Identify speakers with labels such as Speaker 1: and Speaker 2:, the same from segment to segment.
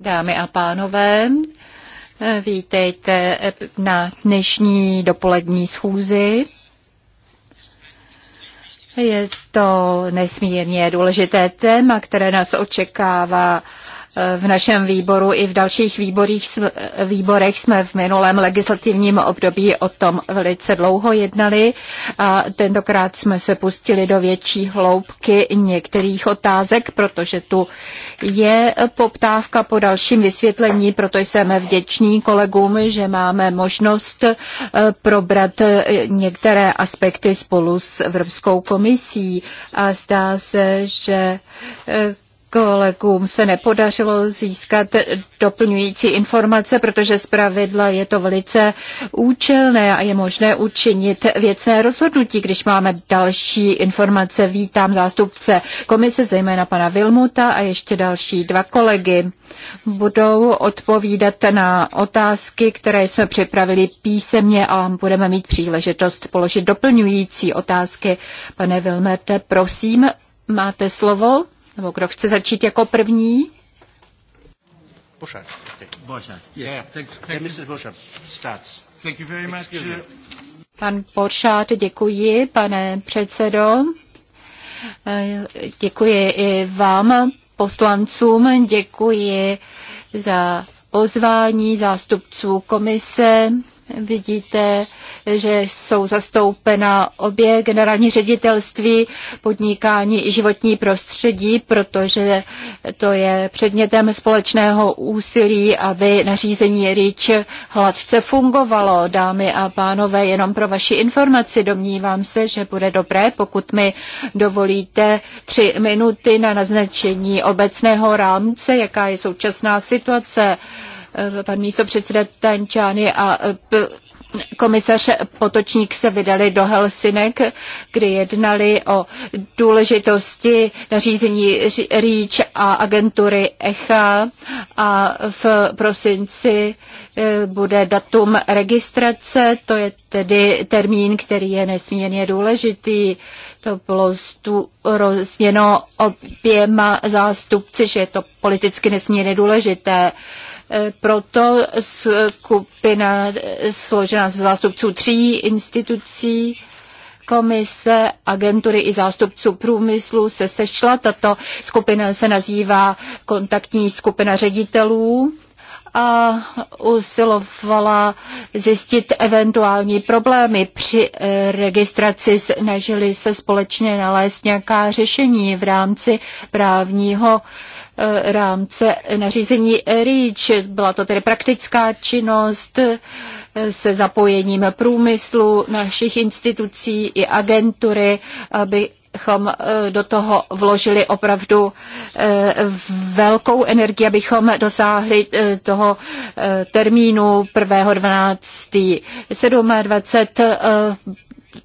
Speaker 1: Dámy a pánové, vítejte na dnešní dopolední schůzi. Je to nesmírně důležité téma, které nás očekává v našem výboru i v dalších výborích, výborech jsme v minulém legislativním období o tom velice dlouho jednali a tentokrát jsme se pustili do větší hloubky některých otázek, protože tu je poptávka po dalším vysvětlení, proto jsem vděčný kolegům, že máme možnost eh, probrat eh, některé aspekty spolu s Evropskou komisí a zdá se, že eh, kolegům se nepodařilo získat doplňující informace, protože pravidla je to velice účelné a je možné učinit věcné rozhodnutí, když máme další informace. Vítám zástupce komise, zejména pana Vilmuta a ještě další dva kolegy. Budou odpovídat na otázky, které jsme připravili písemně a budeme mít příležitost položit doplňující otázky. Pane Vilmete, prosím, máte slovo. Nebo kdo chce začít jako první?
Speaker 2: Borchardt. Borchardt. Yes. Thank, thank, Mr. Borchardt starts. Thank you very much. Uh,
Speaker 1: Pan Borchardt, děkuji, pane předsedo. Eh, děkuji i vám, poslancům, děkuji za pozvání zástupců komise Vidíte, že jsou zastoupena obě generální ředitelství podnikání i životní prostředí, protože to je předmětem společného úsilí, aby nařízení REACH hladce fungovalo. Dámy a pánové, jenom pro vaši informaci domnívám se, že bude dobré, pokud mi dovolíte tři minuty na naznačení obecného rámce, jaká je současná situace. Eh, pan místo předseda Tančány a eh, komisař Potočník se vydali do Helsinek, kdy jednali o důležitosti nařízení REACH a agentury ECHA a v prosinci eh, bude datum registrace, to je tedy termín, který je nesmírně důležitý. To bylo zdůrozněno oběma zástupci, že je to politicky nesmírně důležité. Proto skupina složená z zástupců tří institucí, komise, agentury i zástupců průmyslu se sešla. Tato skupina se nazývá kontaktní skupina ředitelů a usilovala zjistit eventuální problémy. Při eh, registraci snažili se společně nalézt nějaká řešení v rámci právního Eh, rámce nařízení REACH. Byla to tedy praktická činnost eh, se zapojením průmyslu, našich institucí i agentury, aby abychom eh, do toho vložili opravdu velkou energii, abychom dosáhli toho termínu 1.12.27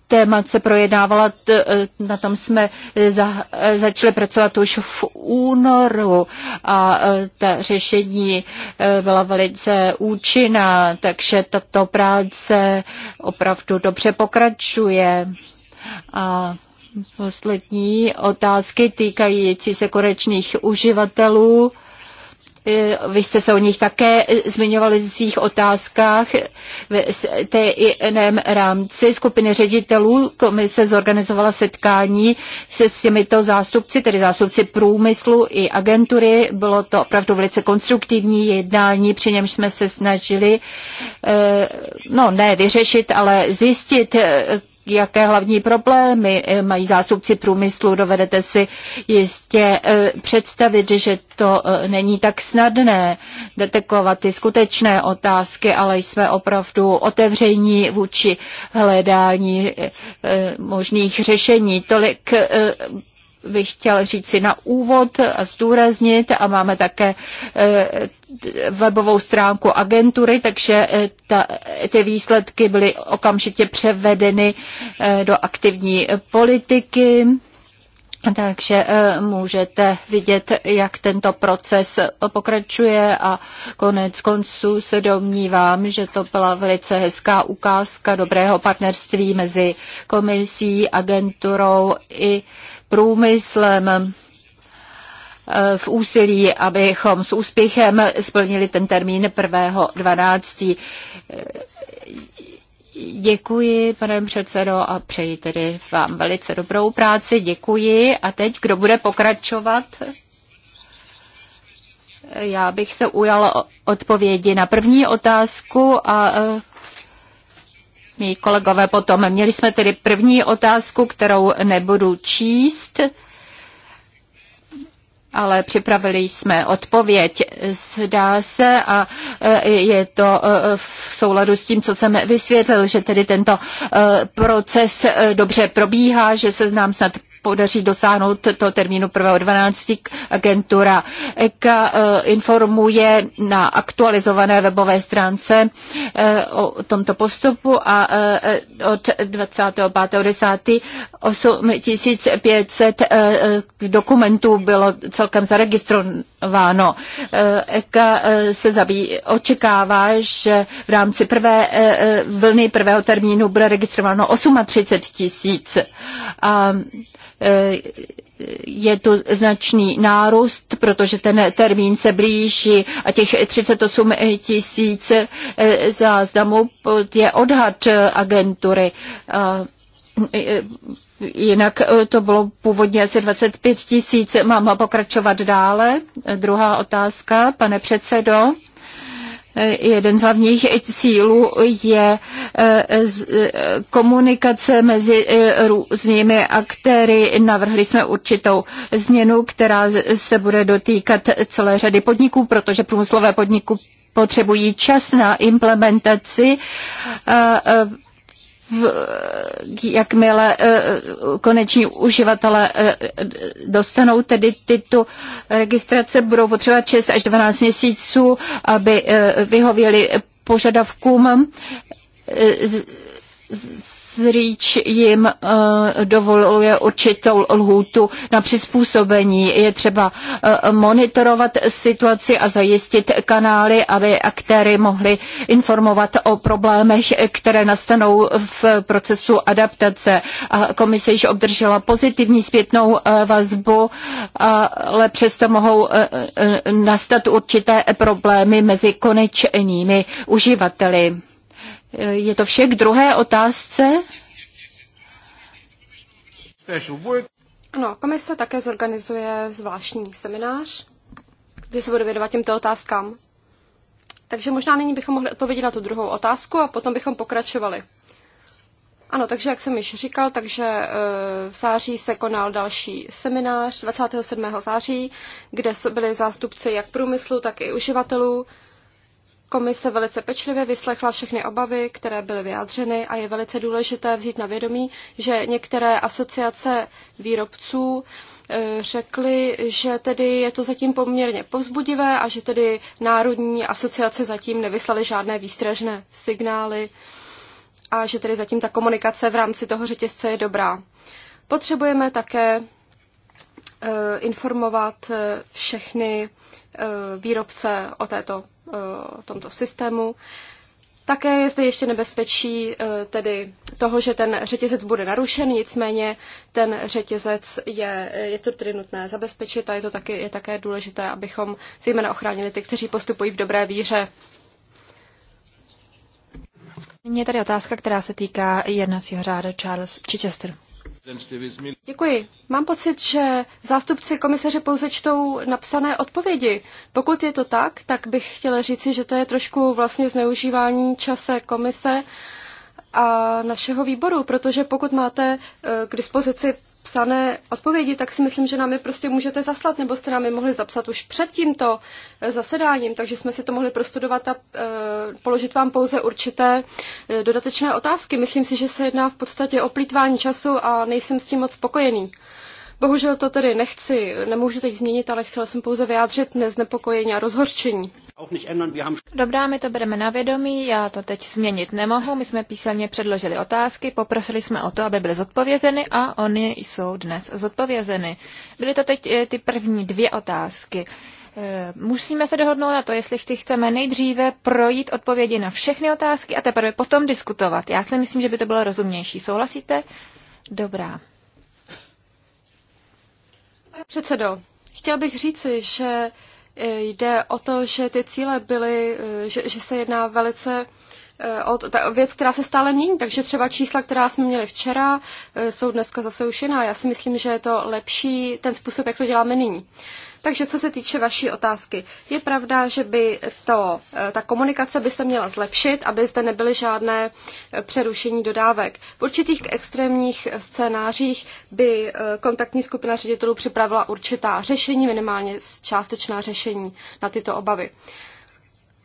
Speaker 1: témat se projednávala, e, na tom jsme e, za, e, začali pracovat už v únoru a ta řešení byla velice účinná, takže tato práce opravdu dobře pokračuje. A poslední otázky týkající se konečných uživatelů E, vy jste se o nich také e, zmiňovali v svých otázkách v TINM rámci skupiny ředitelů. Komise zorganizovala setkání se s těmito zástupci, tedy zástupci průmyslu i agentury. Bylo to opravdu velice konstruktivní jednání, při němž jsme se snažili, e, no ne vyřešit, ale zjistit, jaké hlavní problémy eh, mají zástupci průmyslu. Dovedete si jistě eh, představit, že to eh, není tak snadné detekovat ty skutečné otázky, ale jsme opravdu otevření vůči hledání možných řešení. Tolik bych chtěl říci na úvod a zdůraznit a máme také webovou stránku agentury, takže e, ta, ty výsledky byly okamžitě převedeny e, do aktivní politiky. Takže e, můžete vidět, jak tento proces pokračuje a konec konců se domnívám, že to byla velice hezká ukázka dobrého partnerství mezi komisí, agenturou i průmyslem v úsilí, abychom s úspěchem splnili ten termín 1.12. Děkuji, pane předsedo, a přeji tedy vám velice dobrou práci. Děkuji. A teď, kdo bude pokračovat? Já bych se ujala odpovědi na první otázku a e, mý kolegové potom. Měli jsme tedy první otázku, kterou nebudu číst ale připravili jsme odpověď. Zdá se a e, je to e, v souladu s tím, co jsem vysvětlil, že tedy tento e, proces dobře probíhá, že se nám snad podaří dosáhnout toho termínu 1.12. Agentura ECA e, informuje na aktualizované webové stránce e, o tomto postupu a e, od 25.10. 8500 dokumentů bylo celkem zaregistrováno Váno. Eh, EKA eh, se zabí, očekává, že v rámci prvé eh, vlny prvého termínu bude registrováno 38 tisíc. A je to značný nárůst, protože ten termín se blíží a těch 38 tisíc záznamů je odhad agentury Jinak e, to bylo původně asi 25 tisíc. Mám pokračovat dále? E, druhá otázka, pane předsedo. E, jeden z hlavních cílů je komunikace mezi různými aktéry. Navrhli jsme určitou změnu, která se bude dotýkat celé řady podniků, protože průmyslové podniky potřebují čas na implementaci jakmile eh, koneční uživatelé eh, dostanou tedy tyto registrace, budou potřebovat 6 až 12 měsíců, aby eh, vyhověli požadavkům z Zříč jim eh, dovoluje určitou lhůtu na přizpůsobení. Je třeba eh, monitorovat situaci a zajistit kanály, aby aktéry mohli informovat o problémech, které nastanou v procesu adaptace. A komise již obdržela pozitivní zpětnou eh, vazbu, ale přesto mohou nastat určité problémy mezi konečnými uživateli. Eh, je to vše k druhé otázce?
Speaker 2: Ano, komise také zorganizuje zvláštní seminář, kde se bude věnovat těmto otázkám. Takže možná nyní bychom mohli odpovědět na tu druhou otázku a potom bychom pokračovali. Ano, takže jak jsem již říkal, takže eh, v září se konal další seminář 27. září, kde byli zástupci jak průmyslu, tak i uživatelů. Komise velice pečlivě vyslechla všechny obavy, které byly vyjádřeny a je velice důležité vzít na vědomí, že některé asociace výrobců eh, řekly, že tedy je to zatím poměrně povzbudivé a že tedy Národní asociace zatím nevyslaly žádné výstražné signály a že tedy zatím ta komunikace v rámci toho řetězce je dobrá. Potřebujeme také eh, informovat eh, všechny výrobce o této Eh, tomto systému. Také je zde ještě nebezpečí eh, tedy toho, že ten řetězec bude narušen, nicméně ten řetězec je, je to tedy nutné zabezpečit a je to taky, je také důležité, abychom zejména ochránili ty, kteří postupují v dobré víře. Nyní je tady otázka, která se týká jednacího řádu Charles Chichester. Děkuji. Mám pocit, že zástupci komisaře pouze čtou napsané odpovědi. Pokud je to tak, tak bych chtěla říci, že to je trošku vlastně zneužívání čase komise a našeho výboru, protože pokud máte eh, k dispozici psané odpovědi, tak si myslím, že nám je prostě můžete zaslat, nebo jste nám je mohli zapsat už před tímto eh, zasedáním, takže jsme si to mohli prostudovat a e, položit vám pouze určité e, dodatečné otázky. Myslím si, že se jedná v podstatě o plítvání času a nejsem s tím moc spokojený. Bohužel to tedy nechci, nemůžu teď změnit, ale chtěla jsem pouze vyjádřit neznepokojení a rozhorčení. Dobrá, my to bereme na vědomí, já to teď změnit nemohu. My
Speaker 3: jsme písemně předložili otázky, poprosili jsme o to, aby byly zodpovězeny a oni jsou dnes zodpovězeny. Byly to teď eh, ty první dvě otázky. Eh, musíme se dohodnout na to, jestli chci, chceme nejdříve projít odpovědi na všechny otázky a teprve potom diskutovat. Já si myslím, že by to bylo rozumnější. Souhlasíte? Dobrá.
Speaker 2: Předsedo, chtěl bych říci, že Jde o to, že ty cíle byly, eh, že, že se jedná velice eh, o ta věc, která se stále mění, takže třeba čísla, která jsme měli včera, eh, jsou dneska zase už jiná. Já si myslím, že je to lepší ten způsob, jak to děláme nyní. Takže co se týče vaší otázky, je pravda, že by to, eh, ta komunikace by se měla zlepšit, aby zde nebyly žádné eh, přerušení dodávek. V určitých extrémních eh, scénářích by kontaktní skupina ředitelů připravila určitá řešení, minimálně částečná řešení na tyto obavy.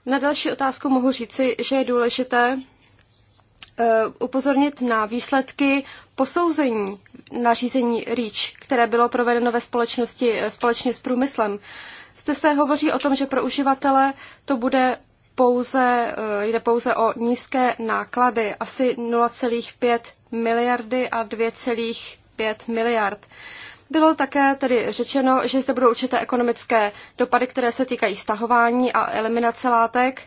Speaker 2: Na další otázku mohu říci, že je důležité upozornit na výsledky posouzení nařízení REACH, které bylo provedeno ve společnosti společně s průmyslem. Zde se hovoří o tom, že pro uživatele to bude pouze, eh, jde pouze o nízké náklady, asi 0,5 miliardy a 2,5 miliard. Bylo také tedy řečeno, že zde budou určité ekonomické dopady, které se týkají stahování a eliminace látek.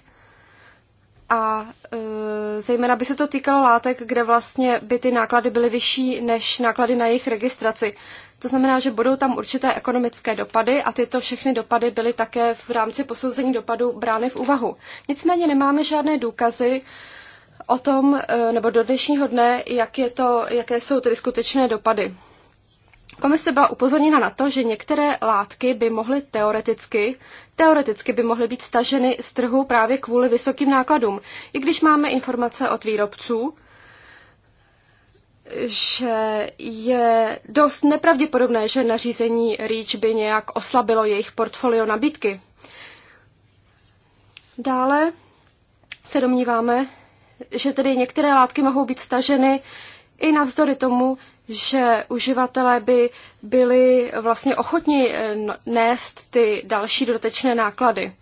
Speaker 2: A e, zejména by se to týkalo látek, kde vlastně by ty náklady byly vyšší než náklady na jejich registraci. To znamená, že budou tam určité ekonomické dopady a tyto všechny dopady byly také v rámci posouzení dopadu brány v úvahu. Nicméně nemáme žádné důkazy o tom, e, nebo do dnešního dne, jak je to, jaké jsou tedy skutečné dopady. Komise byla upozorněna na to, že některé látky by mohly teoreticky, teoreticky by mohly být staženy z trhu právě kvůli vysokým nákladům. I když máme informace od výrobců, že je dost nepravděpodobné, že nařízení REACH by nějak oslabilo jejich portfolio nabídky. Dále se domníváme, že tedy některé látky mohou být staženy i navzdory tomu, že uživatelé by byli vlastně ochotni eh, no, nést ty další dodatečné náklady.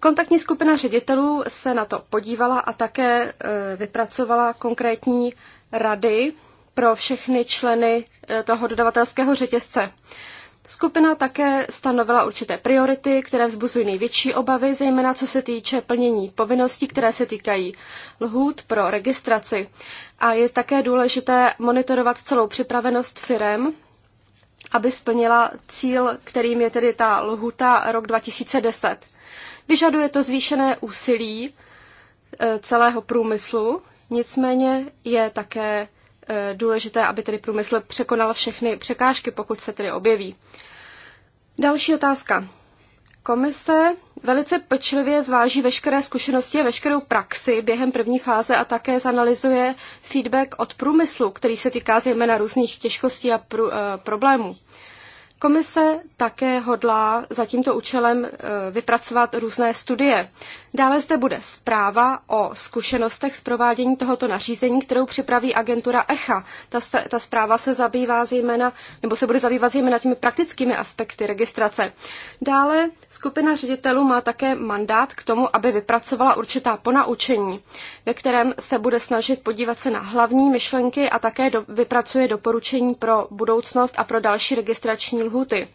Speaker 2: Kontaktní skupina ředitelů se na to podívala a také eh, vypracovala konkrétní rady pro všechny členy eh, toho dodavatelského řetězce. Skupina také stanovila určité priority, které vzbuzují největší obavy, zejména co se týče plnění povinností, které se týkají lhůt pro registraci. A je také důležité monitorovat celou připravenost firem, aby splnila cíl, kterým je tedy ta lhuta rok 2010. Vyžaduje to zvýšené úsilí e, celého průmyslu, nicméně je také e, důležité, aby tedy průmysl překonal všechny překážky, pokud se tedy objeví. Další otázka. Komise velice pečlivě zváží veškeré zkušenosti a veškerou praxi během první fáze a také zanalizuje feedback od průmyslu, který se týká zejména různých těžkostí a pr- eh, problémů. Komise také hodlá za tímto účelem eh, vypracovat různé studie. Dále zde bude zpráva o zkušenostech s provádění tohoto nařízení, kterou připraví agentura ECHA. Ta, se, ta zpráva se zabývá zejména, nebo se bude zabývat zejména těmi praktickými aspekty registrace. Dále skupina ředitelů má také mandát k tomu, aby vypracovala určitá ponaučení, ve kterém se bude snažit podívat se na hlavní myšlenky a také do, vypracuje doporučení pro budoucnost a pro další registrační lhuty.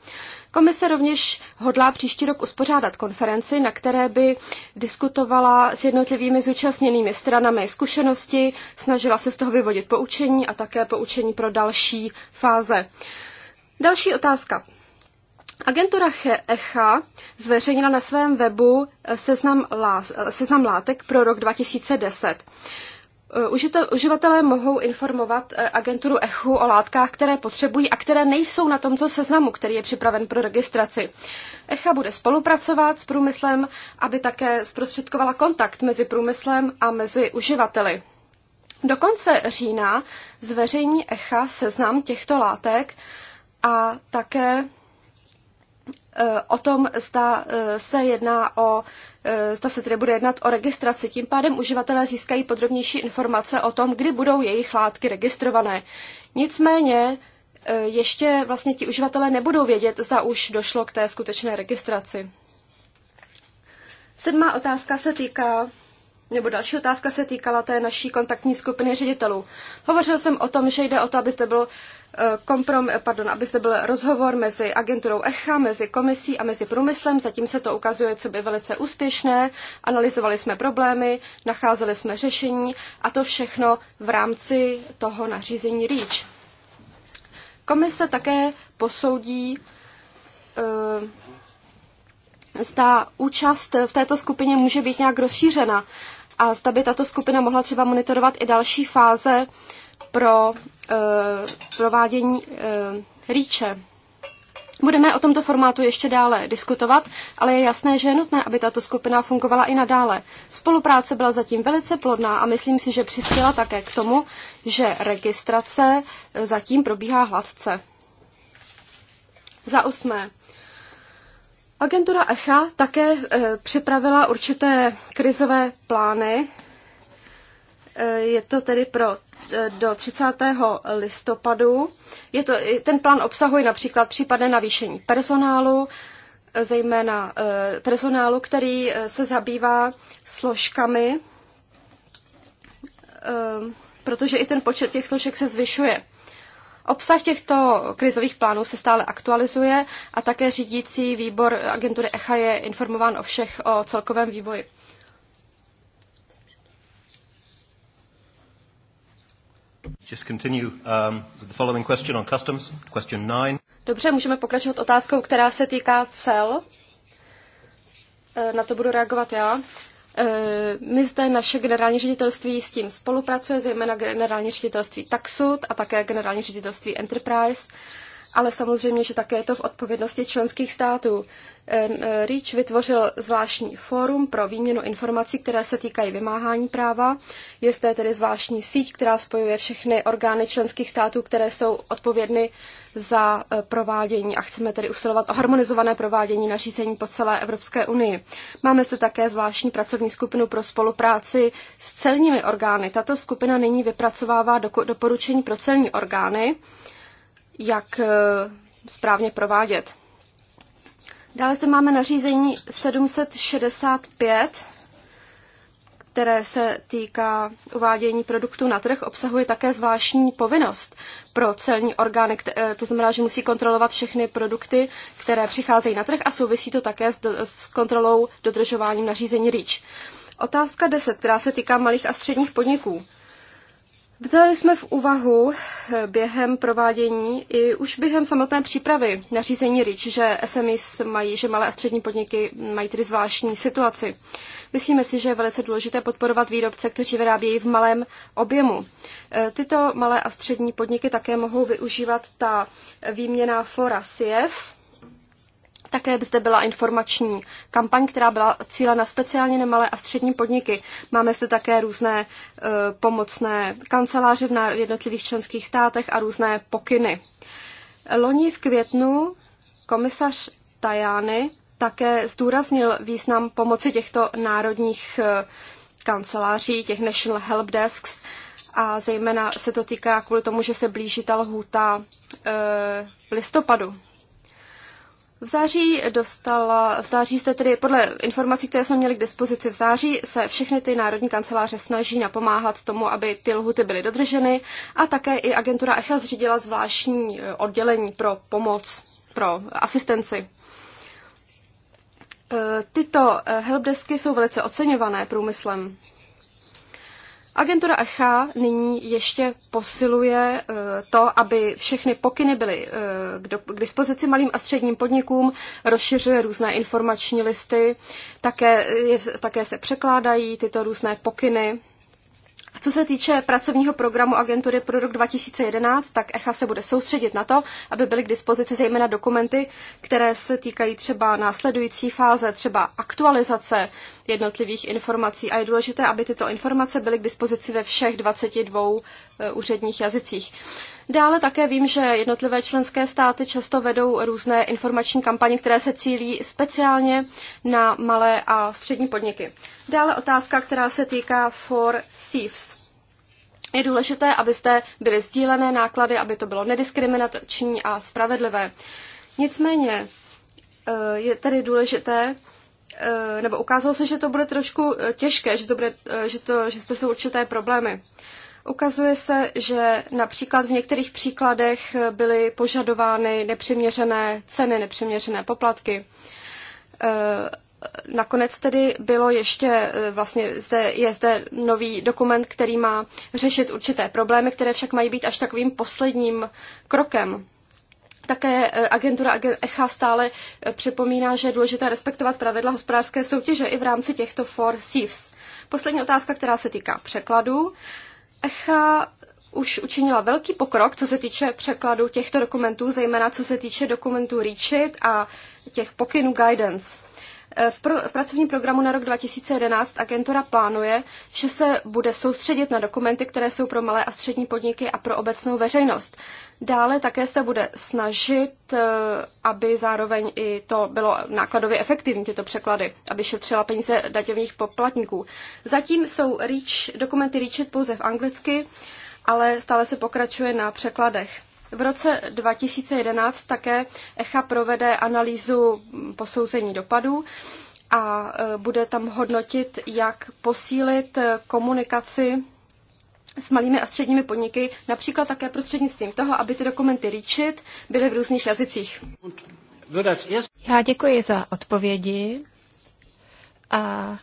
Speaker 2: Komise rovněž hodlá příští rok uspořádat konferenci, na které by diskutovala s jednotlivými zúčastněnými stranami zkušenosti, snažila se z toho vyvodit poučení a také poučení pro další fáze. Další otázka. Agentura ECHA zveřejnila na svém webu eh, seznam, lás, eh, seznam látek pro rok 2010. Eh, uživatelé mohou informovat eh, agenturu ECHU o látkách, které potřebují a které nejsou na tomto seznamu, který je připraven pro registraci. ECHA bude spolupracovat s průmyslem, aby také zprostředkovala kontakt mezi průmyslem a mezi uživateli. Do konce října zveřejní ECHA seznam těchto látek a také o tom, zda e, se jedná o, e, zda se tedy bude jednat o registraci. Tím pádem uživatelé získají podrobnější informace o tom, kdy budou jejich látky registrované. Nicméně e, ještě vlastně ti uživatelé nebudou vědět, zda už došlo k té skutečné registraci. Sedmá otázka se týká nebo další otázka se týkala té naší kontaktní skupiny ředitelů. Hovořil jsem o tom, že jde o to, aby zde byl komprom, pardon, aby zde byl rozhovor mezi agenturou ECHA, mezi komisí a mezi průmyslem. Zatím se to ukazuje, co by velice úspěšné. Analyzovali jsme problémy, nacházeli jsme řešení a to všechno v rámci toho nařízení REACH. Komise také posoudí eh, zda účast v této skupině může být nějak rozšířena a zda by tato skupina mohla třeba monitorovat i další fáze pro eh, provádění eh, rýče. Budeme o tomto formátu ještě dále diskutovat, ale je jasné, že je nutné, aby tato skupina fungovala i nadále. Spolupráce byla zatím velice plodná a myslím si, že přispěla také k tomu, že registrace eh, zatím probíhá hladce. Za osmé. Agentura ECHA také e, připravila určité krizové plány Eh, je to tedy pro eh, do 30. listopadu. Je to, ten plán obsahuje například případné navýšení personálu, eh, zejména personálu, který se zabývá složkami, protože i ten počet těch složek se zvyšuje. Obsah těchto krizových plánů se stále aktualizuje a také řídící výbor agentury ECHA je informován o všech o celkovém vývoji. Dobře, můžeme pokračovat otázkou, která se týká cel. E, na to budu reagovat já. E, my zde naše generální ředitelství s tím spolupracuje, zejména generální ředitelství Taxud a také generální ředitelství Enterprise ale samozřejmě, že také je to v odpovědnosti členských států. Eh, REACH vytvořil zvláštní fórum pro výměnu informací, které se týkají vymáhání práva. Je zde tedy zvláštní síť, která spojuje všechny orgány členských států, které jsou odpovědny za eh, provádění a chceme tedy usilovat o harmonizované provádění nařízení po celé Evropské unii. Máme zde také zvláštní pracovní skupinu pro spolupráci s celními orgány. Tato skupina nyní vypracovává doporučení pro celní orgány jak eh, správně provádět. Dále zde máme nařízení 765, které se týká uvádění produktů na trh, obsahuje také zvláštní povinnost pro celní orgány, eh, to znamená, že musí kontrolovat všechny produkty, které přicházejí na trh a souvisí to také s, do, s kontrolou dodržováním nařízení REACH. Otázka 10, která se týká malých a středních podniků. Vzali jsme v úvahu během provádění i už během samotné přípravy nařízení RIČ, že SMIs mají, že malé a střední podniky mají tedy zvláštní situaci. Myslíme si, že je velice důležité podporovat výrobce, kteří vyrábějí v malém objemu. E, tyto malé a střední podniky také mohou využívat ta výměna fora SIEF, také zde byla informační kampaň, která byla cílena speciálně na malé a střední podniky. Máme zde také různé e, pomocné kanceláře v jednotlivých členských státech a různé pokyny. Loni v květnu komisař Tajány také zdůraznil význam pomoci těchto národních e, kanceláří, těch National Help Desks, a zejména se to týká kvůli tomu, že se blíží ta lhůta e, listopadu. V září dostala, v září jste tedy, podle informací, které jsme měli k dispozici v září, se všechny ty národní kanceláře snaží napomáhat tomu, aby ty lhuty byly dodrženy a také i agentura ECHA zřídila zvláštní eh, oddělení pro pomoc, pro asistenci. Eh, tyto eh, helpdesky jsou velice oceňované průmyslem. Agentura ECHA nyní ještě posiluje eh, to, aby všechny pokyny byly eh, k dispozici malým a středním podnikům, rozšiřuje různé informační listy, také, eh, také se překládají tyto různé pokyny co se týče pracovního programu agentury pro rok 2011, tak ECHA se bude soustředit na to, aby byly k dispozici zejména dokumenty, které se týkají třeba následující fáze, třeba aktualizace jednotlivých informací a je důležité, aby tyto informace byly k dispozici ve všech 22 eh, úředních jazycích. Dále také vím, že jednotlivé členské státy často vedou různé informační kampaně, které se cílí speciálně na malé a střední podniky. Dále otázka, která se týká for thieves. Je důležité, abyste byly sdílené náklady, aby to bylo nediskriminační a spravedlivé. Nicméně eh, je tedy důležité, eh, nebo ukázalo se, že to bude trošku eh, těžké, že, to bude, že, to, že jste jsou určité problémy. Ukazuje se, že například v některých příkladech byly požadovány nepřiměřené ceny, nepřiměřené poplatky. Eh, nakonec tedy bylo ještě, eh, vlastně zde, je zde nový dokument, který má řešit určité problémy, které však mají být až takovým posledním krokem. Také eh, agentura ECHA stále připomíná, že je důležité respektovat pravidla hospodářské soutěže i v rámci těchto for SIFS. Poslední otázka, která se týká překladů. ECHA už učinila velký pokrok, co se týče překladu těchto dokumentů, zejména co se týče dokumentů REACHIT a těch pokynů guidance. Eh, v pro, pracovním programu na rok 2011 agentura plánuje, že se bude soustředit na dokumenty, které jsou pro malé a střední podniky a pro obecnou veřejnost. Dále také se bude snažit, eh, aby zároveň i to bylo nákladově efektivní, tyto překlady, aby šetřila peníze daťových poplatníků. Zatím jsou reach, dokumenty REACHet pouze v anglicky, ale stále se pokračuje na překladech. V roce 2011 také ECHA provede analýzu posouzení dopadů a e, bude tam hodnotit, jak posílit e, komunikaci s malými a středními podniky, například také prostřednictvím toho, aby ty dokumenty REACHIT byly v různých jazycích.
Speaker 3: Já děkuji za odpovědi a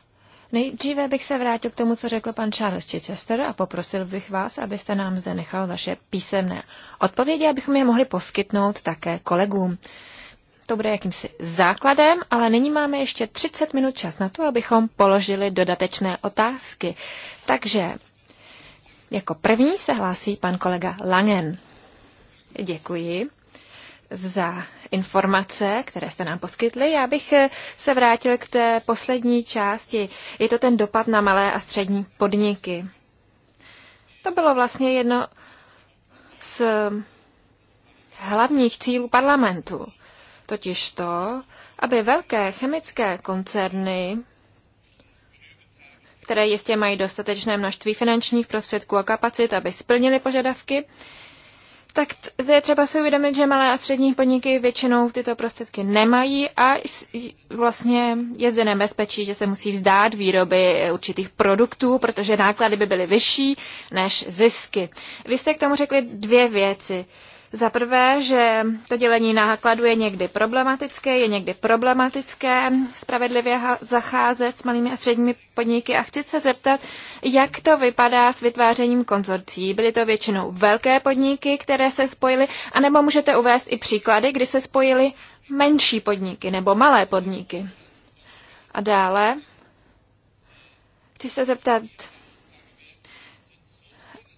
Speaker 3: Nejdříve bych se vrátil k tomu, co řekl pan Charles Chichester a poprosil bych vás, abyste nám zde nechal vaše písemné odpovědi, abychom je mohli poskytnout také kolegům. To bude jakýmsi základem, ale nyní máme ještě 30 minut čas na to, abychom položili dodatečné otázky. Takže jako první se hlásí pan kolega Langen. Děkuji za informace, které jste nám poskytli. Já bych eh, se vrátil k té poslední části. Je to ten dopad na malé a střední podniky. To bylo vlastně jedno z hlavních cílů parlamentu. Totiž to, aby velké chemické koncerny, které jistě mají dostatečné množství finančních prostředků a kapacit, aby splnily požadavky, tak zde je třeba si uvědomit, že malé a střední podniky většinou tyto prostředky nemají a vlastně je zde nebezpečí, že se musí vzdát výroby určitých produktů, protože náklady by byly vyšší než zisky. Vy jste k tomu řekli dvě věci. Uh, za prvé, že to dělení nákladu je někdy problematické, je někdy problematické spravedlivě zacházet s malými a středními podniky a chci se zeptat, jak to vypadá s vytvářením konzorcí. Byly to většinou velké podniky, které se spojily, anebo můžete uvést i příklady, kdy se spojily menší podniky nebo malé podniky. A dále chci se zeptat,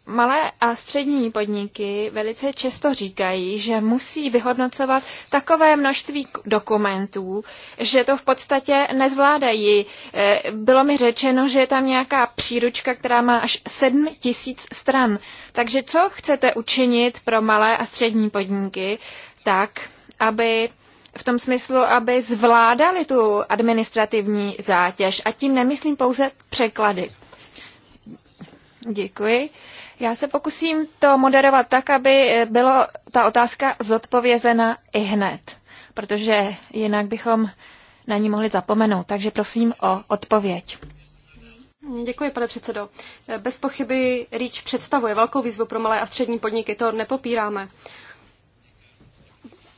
Speaker 3: Malé a střední podniky velice často říkají, že musí vyhodnocovat takové množství dokumentů, že to v podstatě nezvládají. Eh, bylo mi řečeno, že je tam nějaká příručka, která má až 7 tisíc stran. Takže co chcete učinit pro malé a střední podniky tak, aby v tom smyslu, aby zvládali tu administrativní zátěž. A tím nemyslím pouze překlady. Děkuji. Já se pokusím to moderovat tak, aby eh, byla ta otázka zodpovězena i hned, protože jinak bychom na ní mohli zapomenout. Takže prosím o odpověď.
Speaker 2: Děkuji, pane předsedo. Bez pochyby REACH představuje velkou výzvu pro malé a střední podniky, to nepopíráme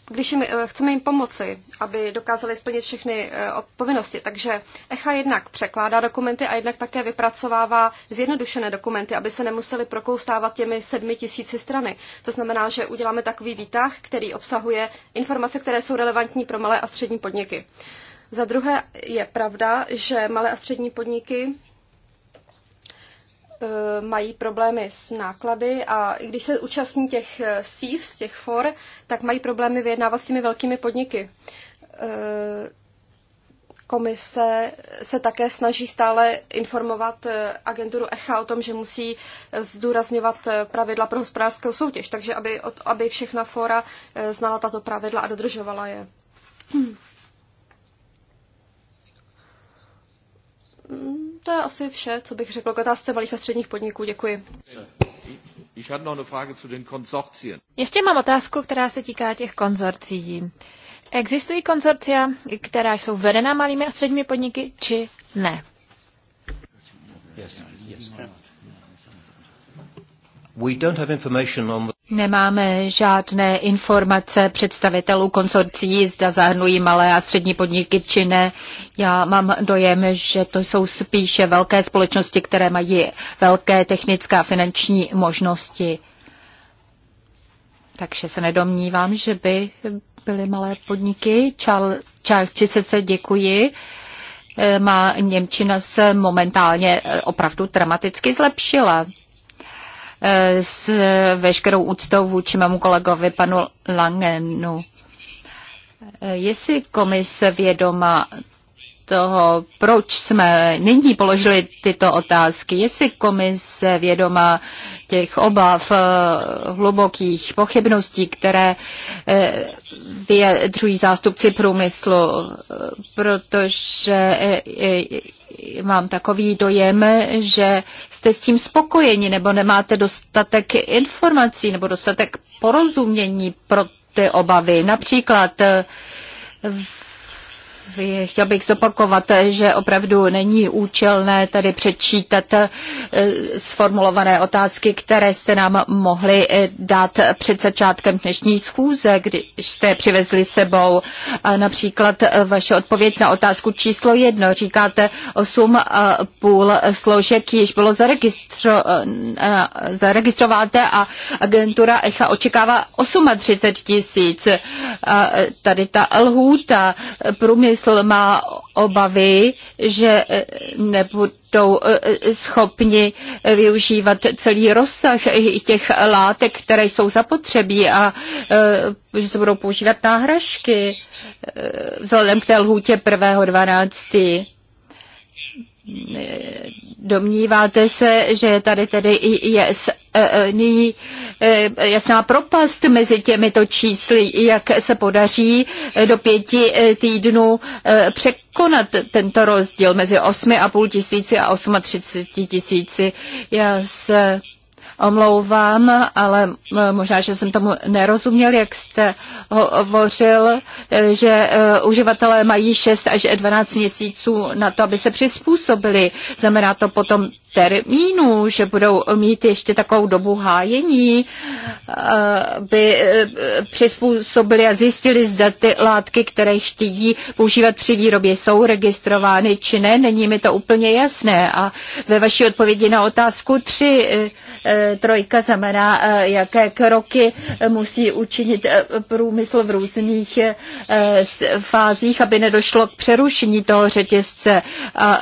Speaker 2: když jim, eh, chceme jim pomoci, aby dokázali splnit všechny eh, povinnosti. Takže ECHA jednak překládá dokumenty a jednak také vypracovává zjednodušené dokumenty, aby se nemuseli prokoustávat těmi sedmi tisíci strany. To znamená, že uděláme takový výtah, který obsahuje informace, které jsou relevantní pro malé a střední podniky. Za druhé je pravda, že malé a střední podniky E, mají problémy s náklady a i když se účastní těch e, SIVs, těch for, tak mají problémy vyjednávat s těmi velkými podniky. E, komise se také snaží stále informovat agenturu ECHA o tom, že musí zdůrazňovat pravidla pro hospodářskou soutěž, takže aby, aby všechna fora znala tato pravidla a dodržovala je. Hmm to je asi vše, co bych řekl k otázce malých a středních podniků. Děkuji. Ještě mám otázku, která se týká těch
Speaker 3: konzorcií. Existují konzorcia, která jsou vedena malými a středními podniky, či
Speaker 1: ne?
Speaker 2: Yes, yes.
Speaker 1: Nemáme žádné informace představitelů konsorcí, zda zahrnují malé a střední podniky či ne. Já mám dojem, že to jsou spíše velké společnosti, které mají velké technické a finanční možnosti. Takže se nedomnívám, že by byly malé podniky. Charles se děkuji. E, má Němčina se momentálně e, opravdu dramaticky zlepšila. Eh, s veškerou úctou vůči mému kolegovi panu Langenu. Eh, jestli komise vědoma toho, proč jsme nyní položili tyto otázky, jestli komise vědoma těch obav, eh, hlubokých pochybností, které eh, vyjadřují zástupci průmyslu, protože eh, mám takový dojem, že jste s tím spokojeni nebo nemáte dostatek informací nebo dostatek porozumění pro ty obavy. Například Chtěl bych zopakovat, že opravdu není účelné tady předčítat eh, sformulované otázky, které jste nám mohli eh, dát před začátkem dnešní schůze, když jste přivezli sebou například eh, vaše odpověď na otázku číslo jedno. Říkáte, 8,5 půl složek již bylo zaregistro, zaregistrováte a agentura ECHA očekává 38 tisíc. Tady ta lhůta průměr průmysl má obavy, že eh, nebudou eh, schopni využívat celý rozsah těch látek, které jsou zapotřebí a eh, že se budou používat náhražky vzhledem k té lhůtě 1.12. Domníváte se, že tady tedy je e, e, nyní e, jasná propast mezi těmito čísly, jak se podaří do pěti týdnů překonat tento rozdíl mezi 8,5 tisíci a 38 tisíci. Já se omlouvám, ale možná, že jsem tomu nerozuměl, jak jste hovořil, že e, uživatelé mají 6 až 12 měsíců na to, aby se přizpůsobili. Znamená to potom termínu, že budou mít ještě takovou dobu hájení, e, aby e, přizpůsobili a zjistili, zda ty látky, které chtějí používat při výrobě, jsou registrovány či ne. Není mi to úplně jasné. A ve vaší odpovědi na otázku 3 Eh, trojka znamená, eh, jaké kroky musí učinit eh, průmysl v různých fázích, aby nedošlo k přerušení toho řetězce. A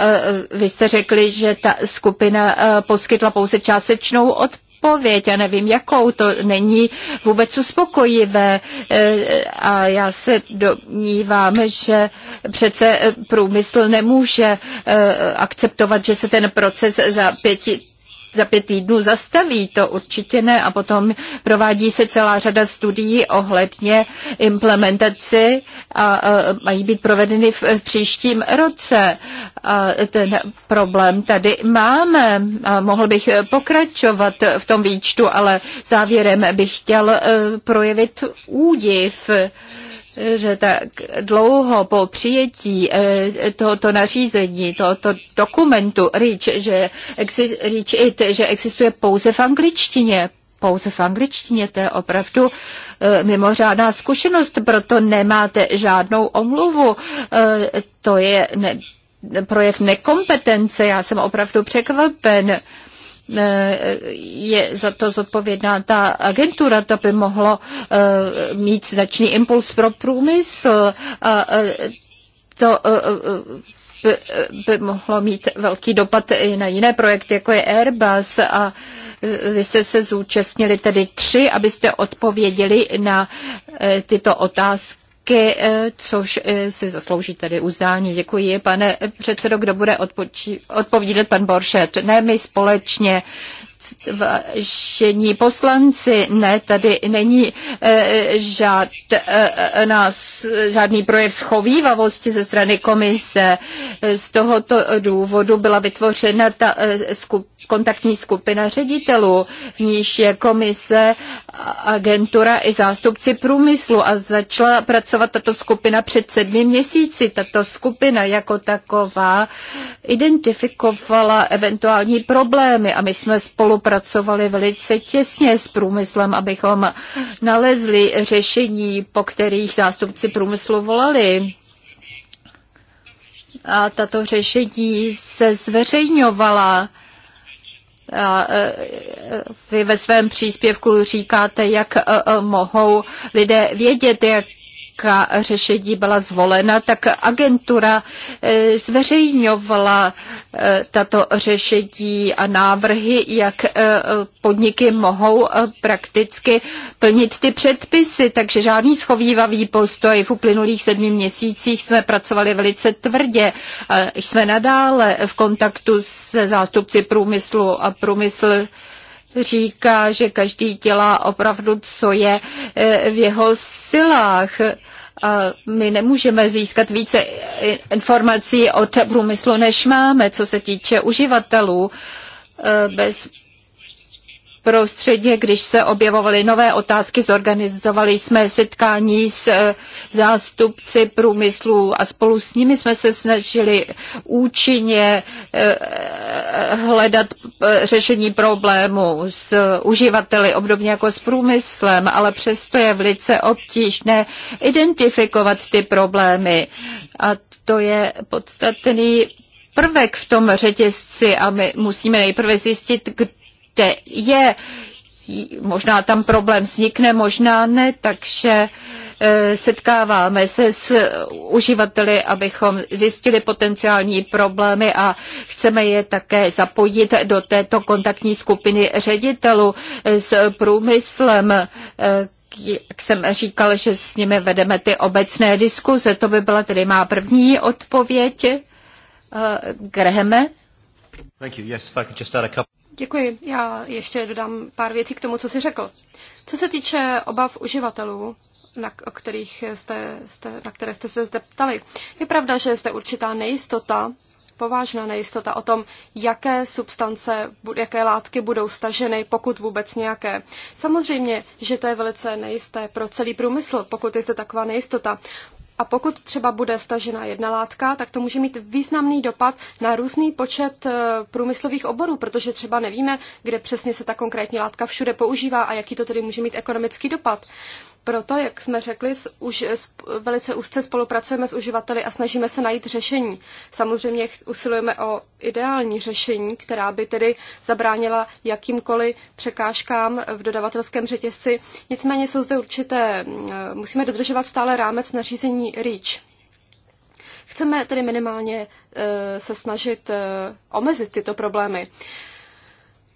Speaker 1: vy jste řekli, že ta skupina poskytla pouze částečnou odpověď odpověď, já nevím jakou, to není vůbec uspokojivé a já se domnívám, že přece průmysl nemůže akceptovat, že se ten proces za pěti za pět týdnů zastaví, to určitě ne. A potom provádí se celá řada studií ohledně implementaci a, mají být provedeny v příštím roce. A ten problém tady máme. A mohl bych pokračovat v tom výčtu, ale závěrem bych chtěl e, projevit údiv že tak dlouho po přijetí eh, tohoto nařízení, tohoto dokumentu REACH, že, exi, REACH IT, že existuje pouze v angličtině, pouze v angličtině, to je opravdu eh, mimořádná zkušenost, proto nemáte žádnou omluvu. Eh, to je ne, projev nekompetence, já jsem opravdu překvapen. Eh, je za to zodpovědná ta agentura, to by mohlo eh, mít značný impuls pro průmysl a to eh, by, by mohlo mít velký dopad i na jiné projekty, jako je Airbus a vy jste se zúčastnili tedy tři, abyste odpověděli na tyto otázky ke, eh, což eh, si zaslouží tedy uzdání. Děkuji, pane předsedo, kdo bude odpočí, odpovídat, pan Boršet. Ne, my společně vážení poslanci, ne, tady není e, žád, e, nás, žádný projev schovývavosti ze strany komise. Z tohoto důvodu byla vytvořena ta e, eh, skup, kontaktní skupina ředitelů, v níž je komise, agentura i zástupci průmyslu a začala pracovat tato skupina před sedmi měsíci. Tato skupina jako taková identifikovala eventuální problémy a my jsme spolu spolupracovali velice těsně s průmyslem, abychom nalezli řešení, po kterých zástupci průmyslu volali. A tato řešení se zveřejňovala. A e, e, vy ve svém příspěvku říkáte, jak e, mohou lidé vědět, jak jaká řešení byla zvolena, tak agentura eh, zveřejňovala eh, tato řešení a návrhy, jak eh, podniky mohou prakticky plnit ty předpisy, takže žádný schovývavý postoj. V uplynulých sedmi měsících jsme pracovali velice tvrdě. Jsme nadále v kontaktu se zástupci průmyslu a průmysl říká, že každý dělá opravdu, co je e, v jeho silách. A my nemůžeme získat více e, informací od průmyslu, než máme, co se týče uživatelů. E, bez prostředně, když se objevovaly nové otázky, zorganizovali jsme setkání s eh, zástupci průmyslu a spolu s nimi jsme se snažili účinně eh, hledat eh, řešení problému s uživateli, obdobně jako s průmyslem, ale přesto je velice obtížné identifikovat ty problémy. A to je podstatný prvek v tom řetězci a my musíme nejprve zjistit, kdo je. Možná tam problém vznikne, možná ne, takže eh, setkáváme se s uživateli, abychom zjistili potenciální problémy a chceme je také zapojit do této kontaktní skupiny ředitelů eh, s průmyslem, eh, jak jsem říkal, že s nimi vedeme ty obecné diskuze. To by byla tedy má první odpověď. Graheme? Thank you. Yes, if I could just add a couple.
Speaker 2: Děkuji. Já ještě dodám pár věcí k tomu, co jsi řekl. Co se týče obav uživatelů, na, o kterých jste, jste, na které jste se zde ptali, je pravda, že je zde určitá nejistota, povážná nejistota o tom, jaké substance, jaké látky budou staženy, pokud vůbec nějaké. Samozřejmě, že to je velice nejisté pro celý průmysl, pokud je zde taková nejistota. A pokud třeba bude stažena jedna látka, tak to může mít významný dopad na různý počet e, průmyslových oborů, protože třeba nevíme, kde přesně se ta konkrétní látka všude používá a jaký to tedy může mít ekonomický dopad. Proto, jak jsme řekli, už velice úzce spolupracujeme s uživateli a snažíme se najít řešení. Samozřejmě usilujeme o ideální řešení, která by tedy zabránila jakýmkoliv překážkám v dodavatelském řetězci. Nicméně jsou zde určité, mm, musíme dodržovat stále rámec nařízení REACH. Chceme tedy minimálně eh, se snažit eh, omezit tyto problémy.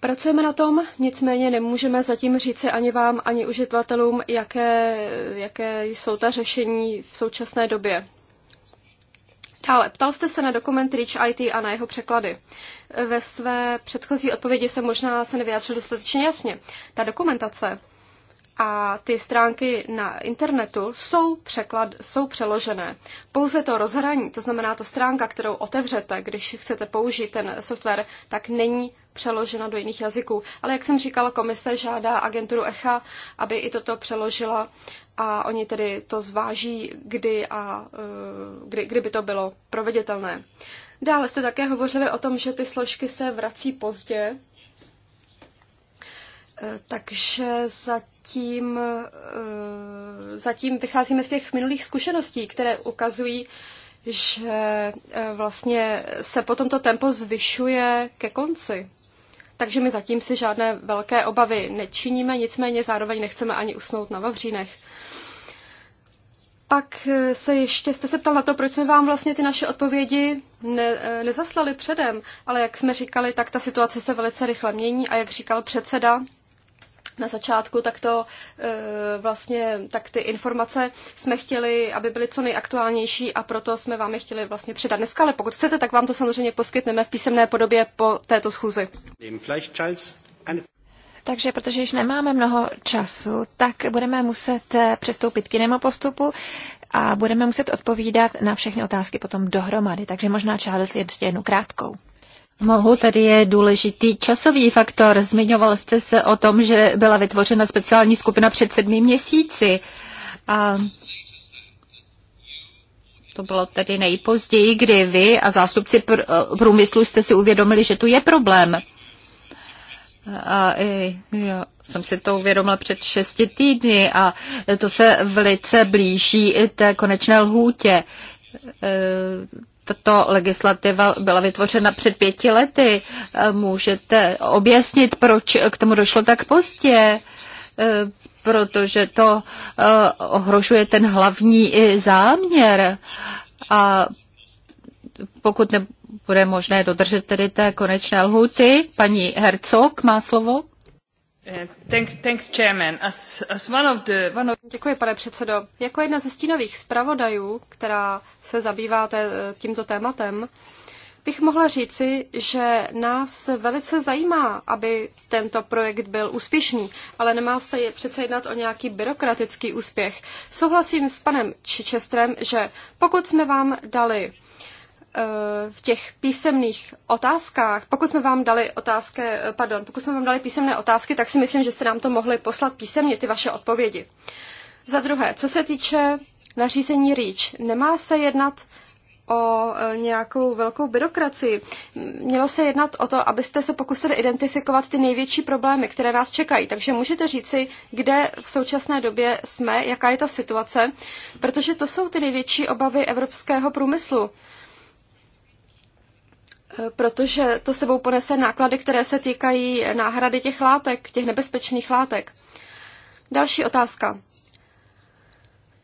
Speaker 2: Pracujeme na tom, nicméně nemůžeme zatím říci ani vám, ani uživatelům, jaké, jaké jsou ta řešení v současné době. Dále, ptal jste se na dokument Reach IT a na jeho překlady. Ve své předchozí odpovědi se možná se nevyjádřil dostatečně jasně. Ta dokumentace a ty stránky na internetu jsou, překlad, jsou přeložené. Pouze to rozhraní, to znamená ta stránka, kterou otevřete, když chcete použít ten software, tak není přeložena do jiných jazyků. Ale jak jsem říkala, komise žádá agenturu ECHA, aby i toto přeložila a oni tedy to zváží, kdy, a, eh, kdy, kdy by to bylo proveditelné. Dále jste také hovořili o tom, že ty složky se vrací pozdě Eh, takže zatím, eh, zatím vycházíme z těch minulých zkušeností, které ukazují, že eh, vlastně se potom to tempo zvyšuje ke konci. Takže my zatím si žádné velké obavy nečiníme, nicméně zároveň nechceme ani usnout na Vavřínech. Pak se ještě jste se ptal na to, proč jsme vám vlastně ty naše odpovědi ne, nezaslali předem, ale jak jsme říkali, tak ta situace se velice rychle mění a jak říkal předseda, na začátku, tak to e, vlastně, tak ty informace jsme chtěli, aby byly co nejaktuálnější a proto jsme vám je chtěli vlastně předat dneska, ale pokud chcete, tak vám to samozřejmě poskytneme v písemné podobě po této schůzi. Takže
Speaker 3: protože již nemáme mnoho času, tak budeme muset e, přestoupit k jinému postupu a budeme muset odpovídat na všechny otázky potom dohromady. Takže možná Charles ještě jednu
Speaker 1: krátkou mohu, tady je důležitý časový faktor. Zmiňoval jste se o tom, že byla vytvořena speciální skupina před sedmi měsíci. A to bylo tedy nejpozději, kdy vy a zástupci pr- průmyslu jste si uvědomili, že tu je problém. A i, jo, jsem si to uvědomila před šesti týdny a to se velice blíží i té konečné lhůtě. E- tato legislativa byla vytvořena před pěti lety. Můžete objasnit, proč k tomu došlo tak pozdě? E, protože to e, ohrožuje ten hlavní e, záměr. A pokud nebude možné dodržet tedy té konečné lhuty, paní Hercog má slovo. Eh,
Speaker 2: Děkuji, pane předsedo. Jako jedna ze stínových zpravodajů, která se zabývá tímto tématem, bych mohla říci, že nás velice zajímá, aby tento projekt byl úspěšný, ale nemá se je přece jednat o nějaký byrokratický úspěch. Souhlasím s panem Čičestrem, že pokud jsme vám dali Eh, v těch písemných otázkách, pokud jsme vám dali otázky, eh, pardon, pokud jsme vám dali písemné otázky, tak si myslím, že jste nám to mohli poslat písemně, ty vaše odpovědi. Za druhé, co se týče nařízení REACH, nemá se jednat o eh, nějakou velkou byrokracii. Mělo se jednat o to, abyste se pokusili identifikovat ty největší problémy, které nás čekají. Takže můžete říci, kde v současné době jsme, jaká je ta situace, protože to jsou ty největší obavy evropského průmyslu protože to sebou ponese náklady, které se týkají náhrady těch látek, těch nebezpečných látek. Další otázka.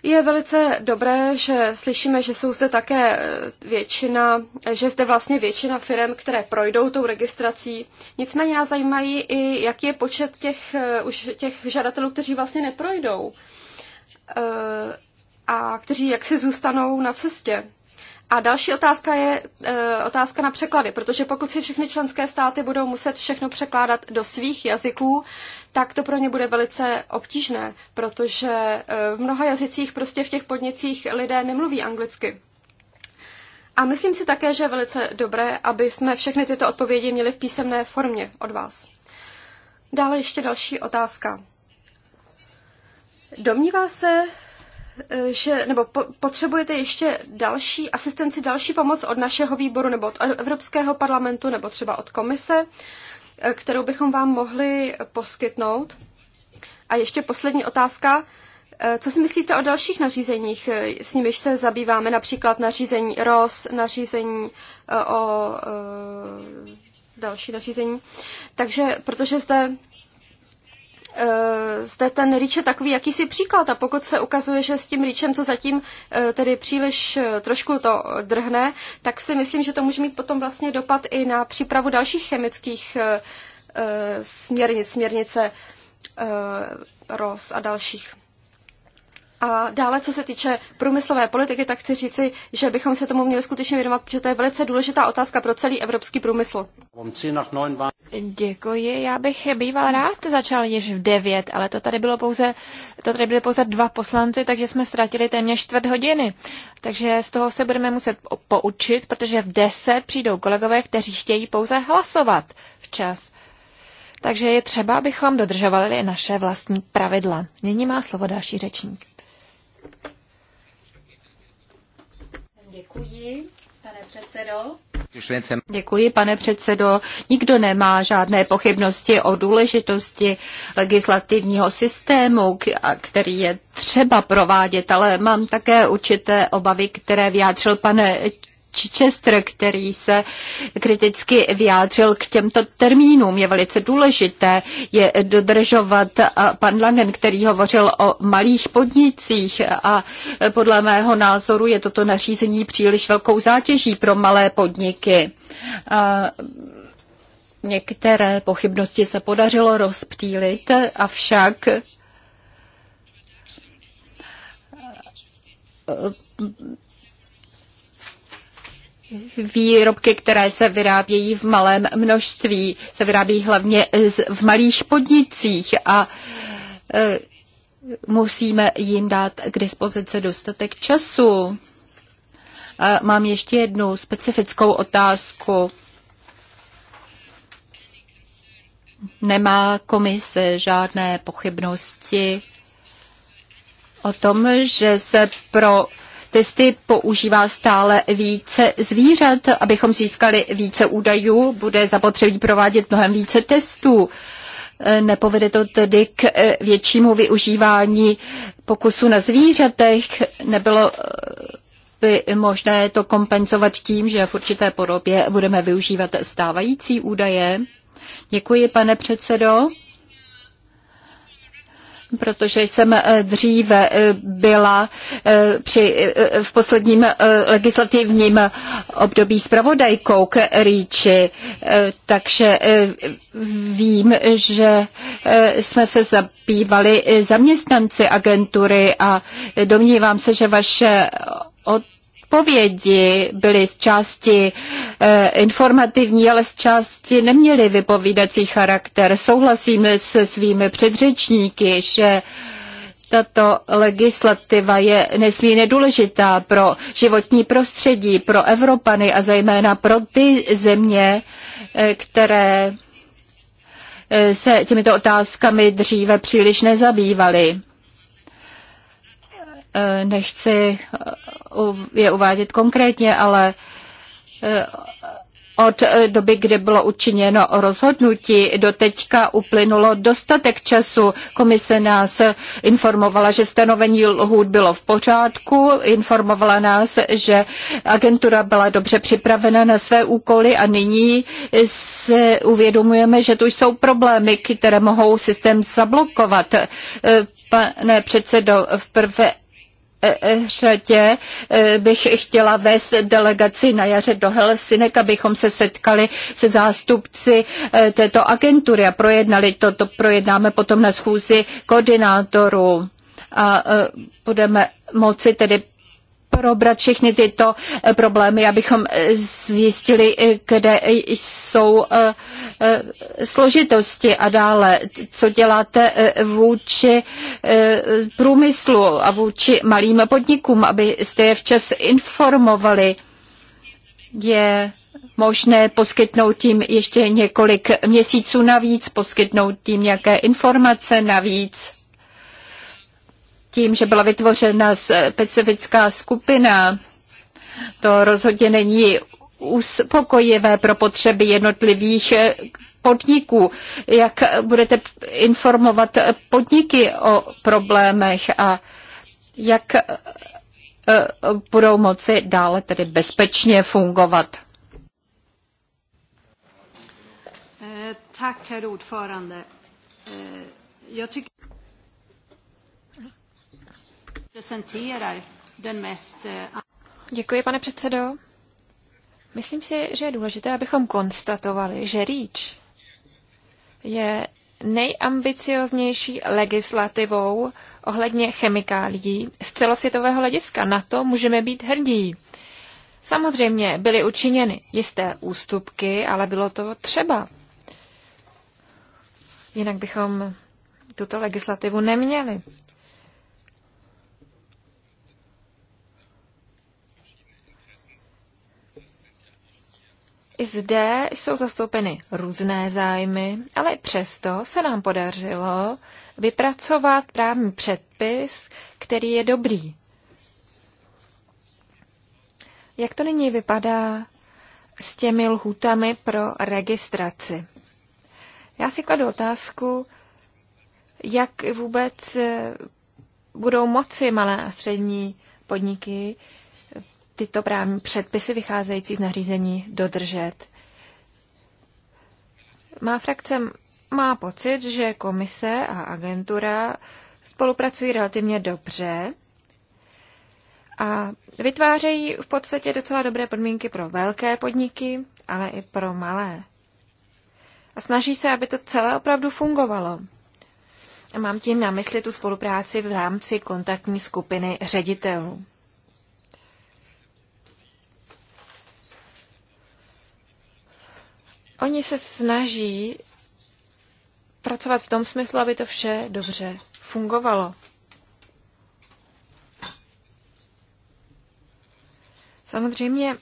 Speaker 2: Je velice dobré, že slyšíme, že jsou zde také eh, většina, že zde vlastně většina firm, které projdou tou registrací. Nicméně nás zajímají i, jaký je počet těch, eh, už těch žadatelů, kteří vlastně neprojdou eh, a kteří jaksi zůstanou na cestě. A další otázka je e, otázka na překlady, protože pokud si všechny členské státy budou muset všechno překládat do svých jazyků, tak to pro ně bude velice obtížné, protože e, v mnoha jazycích prostě v těch podnicích lidé nemluví anglicky. A myslím si také, že je velice dobré, aby jsme všechny tyto odpovědi měli v písemné formě od vás. Dále ještě další otázka. Domnívá se Eh, že, nebo po, potřebujete ještě další asistenci, další pomoc od našeho výboru nebo od Evropského parlamentu nebo třeba od komise, eh, kterou bychom vám mohli poskytnout. A ještě poslední otázka. Eh, co si myslíte o dalších nařízeních, s nimiž se zabýváme, například nařízení ROS, nařízení o, o další nařízení? Takže, protože zde Eh, zde ten REACH takový jakýsi příklad a pokud se ukazuje, že s tím REACHem to zatím eh, tedy příliš eh, trošku to drhne, tak si myslím, že to může mít potom vlastně dopad i na přípravu dalších chemických směrnic, směrnice ROS a dalších. A dále, co se týče průmyslové politiky, tak chci říci, že bychom se tomu měli skutečně věnovat, protože to je velice důležitá otázka pro celý evropský průmysl. Děkuji. Já bych býval rád začal
Speaker 3: již v 9, ale to tady bylo pouze, to tady byly pouze dva poslanci, takže jsme ztratili téměř čtvrt hodiny. Takže z toho se budeme muset poučit, protože v 10 přijdou kolegové, kteří chtějí pouze hlasovat včas. Takže je třeba, abychom dodržovali naše vlastní pravidla. Nyní má slovo další řečník.
Speaker 1: Děkuji, pane předsedo. Děkuji, pane předsedo. Nikdo nemá žádné pochybnosti o důležitosti legislativního systému, který je třeba provádět, ale mám také určité obavy, které vyjádřil pane Chichester, který se kriticky vyjádřil k těmto termínům. Je velice důležité je dodržovat eh, pan Langen, který hovořil o malých podnicích a eh, podle mého názoru je toto nařízení příliš velkou zátěží pro malé podniky. A některé pochybnosti se podařilo rozptýlit, avšak eh, výrobky, které se vyrábějí v malém množství, se vyrábí hlavně v malých podnicích a e, musíme jim dát k dispozici dostatek času. A mám ještě jednu specifickou otázku. Nemá komise žádné pochybnosti o tom, že se pro testy používá stále více zvířat. Abychom získali více údajů, bude zapotřebí provádět mnohem více testů. Nepovede to tedy k eh, většímu využívání pokusů na zvířatech? Nebylo eh, by možné to kompenzovat tím, že v určité podobě budeme využívat stávající údaje? Děkuji, pane předsedo protože jsem eh, dříve eh, byla eh, při, v posledním legislativním období zpravodajkou k Rýči, takže vím, že jsme se zabývali zaměstnanci agentury a domnívám se, že vaše vypovědi byly z části e, informativní, ale z části neměly vypovídací charakter. Souhlasím se svými předřečníky, že tato legislativa je nesmírně důležitá pro životní prostředí, pro Evropany a zejména pro ty země, eh, které eh, se těmito otázkami dříve příliš nezabývaly. Eh, nechci eh, je uvádět konkrétně, ale eh, od doby, kdy bylo učiněno rozhodnutí, do teďka uplynulo dostatek času. Komise nás informovala, že stanovení lhůt bylo v pořádku, informovala nás, že agentura byla dobře připravena na své úkoly a nyní se uvědomujeme, že tu jsou problémy, které mohou systém zablokovat. Pane předsedo, v prvé řadě eh, bych chtěla vést delegaci na jaře do Helsinek, abychom se setkali se zástupci eh, této agentury a projednali to. To projednáme potom na schůzi koordinátorů a eh, budeme moci tedy probrat všechny tyto eh, problémy, abychom eh, zjistili, eh, kde jsou složitosti a dále, co děláte vůči průmyslu a vůči malým podnikům, abyste je včas informovali. Je možné poskytnout jim ještě několik měsíců navíc, poskytnout jim nějaké informace navíc tím, že byla vytvořena specifická skupina. To rozhodně není uspokojivé pro potřeby jednotlivých podniků. Jak budete informovat podniky o problémech a jak eh, budou moci dále tedy bezpečně fungovat?
Speaker 3: Eh, tak, Eh, Děkuji, pane předsedo. Myslím si, že je důležité, abychom konstatovali, že REACH je nejambicioznější legislativou ohledně chemikálií z celosvětového hlediska. Na to můžeme být hrdí. Samozřejmě byly učiněny jisté ústupky, ale bylo to třeba. Jinak bychom tuto legislativu neměli. I zde jsou zastoupeny různé zájmy, ale i přesto se nám podařilo vypracovat právní předpis, který je dobrý. Jak to nyní vypadá s těmi lhutami pro registraci? Já si kladu otázku, jak vůbec budou moci malé a střední podniky tyto právní předpisy vycházející z nařízení dodržet. Má frakce má pocit, že komise a agentura spolupracují relativně dobře a vytvářejí v podstatě docela dobré podmínky pro velké podniky, ale i pro malé. A snaží se, aby to celé opravdu fungovalo. A mám tím na mysli tu spolupráci v rámci kontaktní skupiny ředitelů. Oni se snaží pracovat v tom smyslu, aby to vše dobře fungovalo. Samozřejmě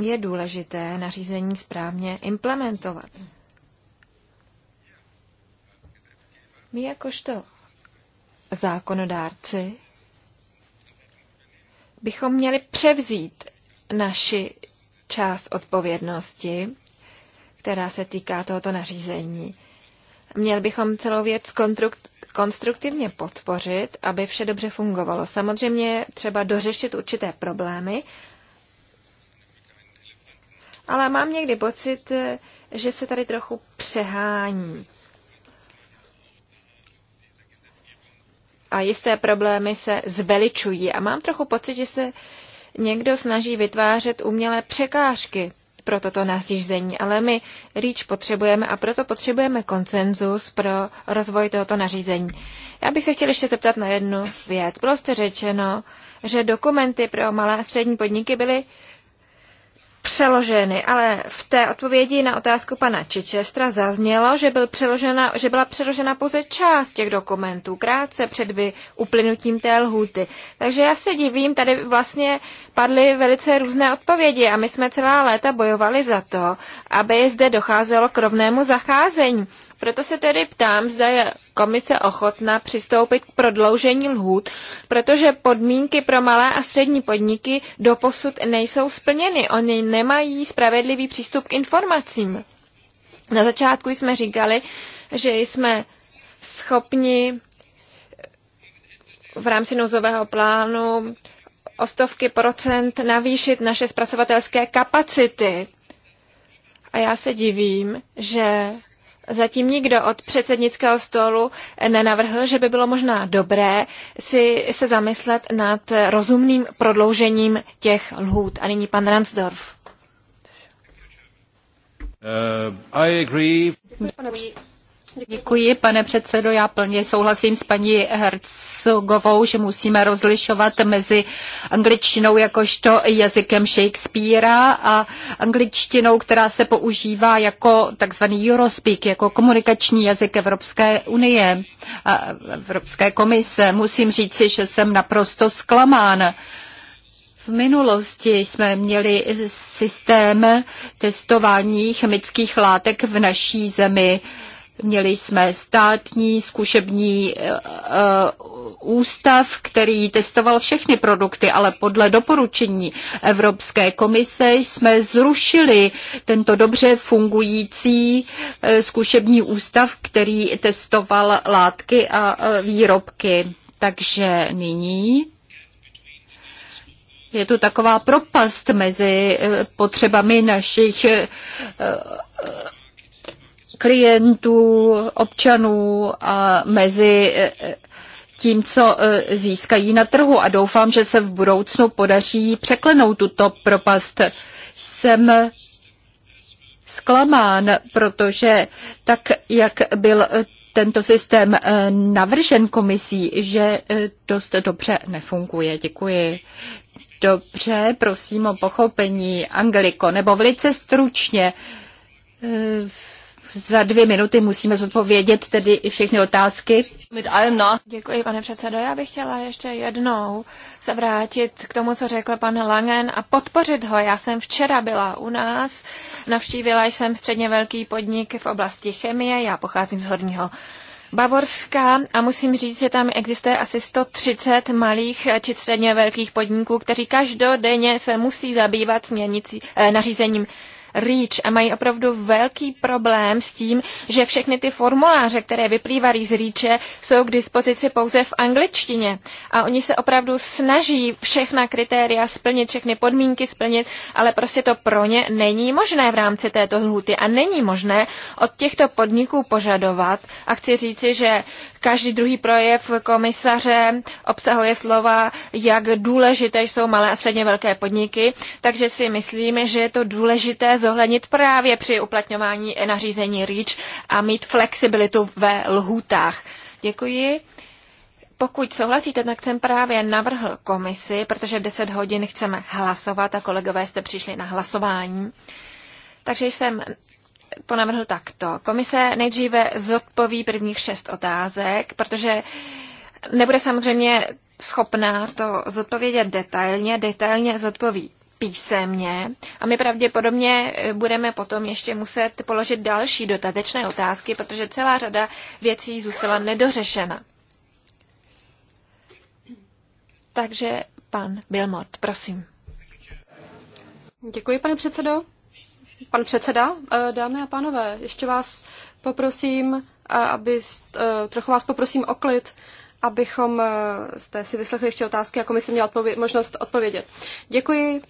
Speaker 3: je důležité nařízení správně implementovat. My jakožto zákonodárci bychom měli převzít naši část odpovědnosti která se týká tohoto nařízení. Měl bychom celou věc konstruktivně podpořit, aby vše dobře fungovalo. Samozřejmě třeba dořešit určité problémy, ale mám někdy pocit, že se tady trochu přehání. A jisté problémy se zveličují. A mám trochu pocit, že se někdo snaží vytvářet umělé překážky pro toto nařízení, ale my REACH potřebujeme a proto potřebujeme konsenzus pro rozvoj tohoto nařízení. Já bych se chtěl ještě zeptat na jednu věc. Bylo jste řečeno, že dokumenty pro malé a střední podniky byly přeloženy, ale v té odpovědi na otázku pana Čičestra zaznělo, že, byl přeložena, že byla přeložena pouze část těch dokumentů, krátce před vy, uplynutím té lhůty. Takže já se divím, tady vlastně padly velice různé odpovědi a my jsme celá léta bojovali za to, aby zde docházelo k rovnému zacházení. Proto se tedy ptám, zda je komise ochotná přistoupit k prodloužení lhůt, protože podmínky pro malé a střední podniky doposud nejsou splněny. Oni nemají spravedlivý přístup k informacím. Na začátku jsme říkali, že jsme schopni v rámci nouzového plánu o stovky procent navýšit naše zpracovatelské kapacity. A já se divím, že zatím nikdo od předsednického stolu nenavrhl, že by bylo možná dobré si se zamyslet nad rozumným prodloužením těch lhůt. A nyní pan Ransdorf.
Speaker 2: Uh, I agree.
Speaker 1: Děkuji, pane předsedo. Já plně souhlasím s paní Hercogovou, že musíme rozlišovat mezi angličtinou jakožto jazykem Shakespearea a angličtinou, která se používá jako takzvaný Eurospeak, jako komunikační jazyk Evropské unie a Evropské komise. Musím říci, že jsem naprosto zklamán. V minulosti jsme měli systém testování chemických látek v naší zemi Měli jsme státní zkušební eh, ústav, který testoval všechny produkty, ale podle doporučení Evropské komise jsme zrušili tento dobře fungující eh, zkušební ústav, který testoval látky a eh, výrobky. Takže nyní je tu taková propast mezi potřebami našich klientů, občanů a mezi eh, tím, co eh, získají na trhu a doufám, že se v budoucnu podaří překlenout tuto propast. Jsem zklamán, protože tak, jak byl eh, tento systém navržen komisí, že dost dobře nefunguje. Děkuji. Dobře, prosím o pochopení. Angeliko, nebo velice stručně. V za dvě minuty musíme zodpovědět tedy i všechny otázky.
Speaker 3: Děkuji, pane předsedo.
Speaker 1: Já bych chtěla ještě jednou se
Speaker 3: vrátit k tomu, co řekl pan Langen a podpořit ho. Já jsem včera byla u nás, navštívila jsem středně velký podnik v oblasti chemie, já pocházím z Horního Bavorska a musím říct, že tam existuje asi 130 malých či středně velkých podniků, kteří každodenně se musí zabývat směrnicí, eh, nařízením REACH a mají opravdu velký problém s tím, že všechny ty formuláře, které vyplývají z REACHe, jsou k dispozici pouze v angličtině. A oni se opravdu snaží všechna kritéria splnit, všechny podmínky splnit, ale prostě to pro ně není možné v rámci této lhuty a není možné od těchto podniků požadovat. A chci říci, že Každý druhý projev komisaře obsahuje slova, jak důležité jsou malé a středně velké podniky, takže si myslíme, že je to důležité zohlednit právě při uplatňování nařízení REACH a mít flexibilitu ve lhůtách. Děkuji. Pokud souhlasíte, tak jsem právě navrhl komisi, protože v 10 hodin chceme hlasovat a kolegové jste přišli na hlasování. Takže jsem to navrhl takto. Komise nejdříve zodpoví prvních šest otázek, protože nebude samozřejmě schopná to zodpovědět detailně, detailně zodpoví písemně a my pravděpodobně budeme potom ještě muset položit další dotatečné otázky, protože celá řada věcí zůstala nedořešena. Takže
Speaker 2: pan Bilmot, prosím. Děkuji, pane předsedo. Pan předseda, eh, dámy a pánové, ještě vás poprosím, eh, aby, eh, trochu vás poprosím o klid, abychom jste si vyslechli ještě otázky a komise měla odpověd, možnost odpovědět. Děkuji,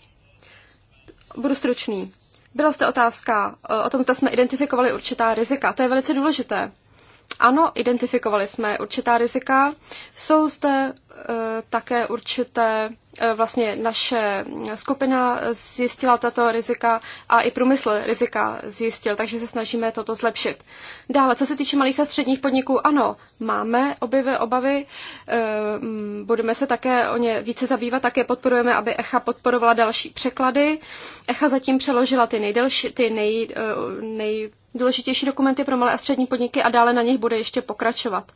Speaker 2: budu stručný. Byla zde otázka o tom, zda jsme identifikovali určitá rizika. To je velice důležité. Ano, identifikovali jsme určitá rizika. Jsou zde také určité Eh, vlastně naše skupina zjistila tato rizika a i průmysl rizika zjistil, takže se snažíme toto zlepšit. Dále, co se týče malých a středních podniků, ano, máme objevy, obavy, eh, budeme se také o ně více zabývat, také podporujeme, aby ECHA podporovala další překlady. ECHA zatím přeložila ty nejdelší, ty nej, eh, nej důležitější dokumenty pro malé a střední podniky a dále na nich bude ještě pokračovat.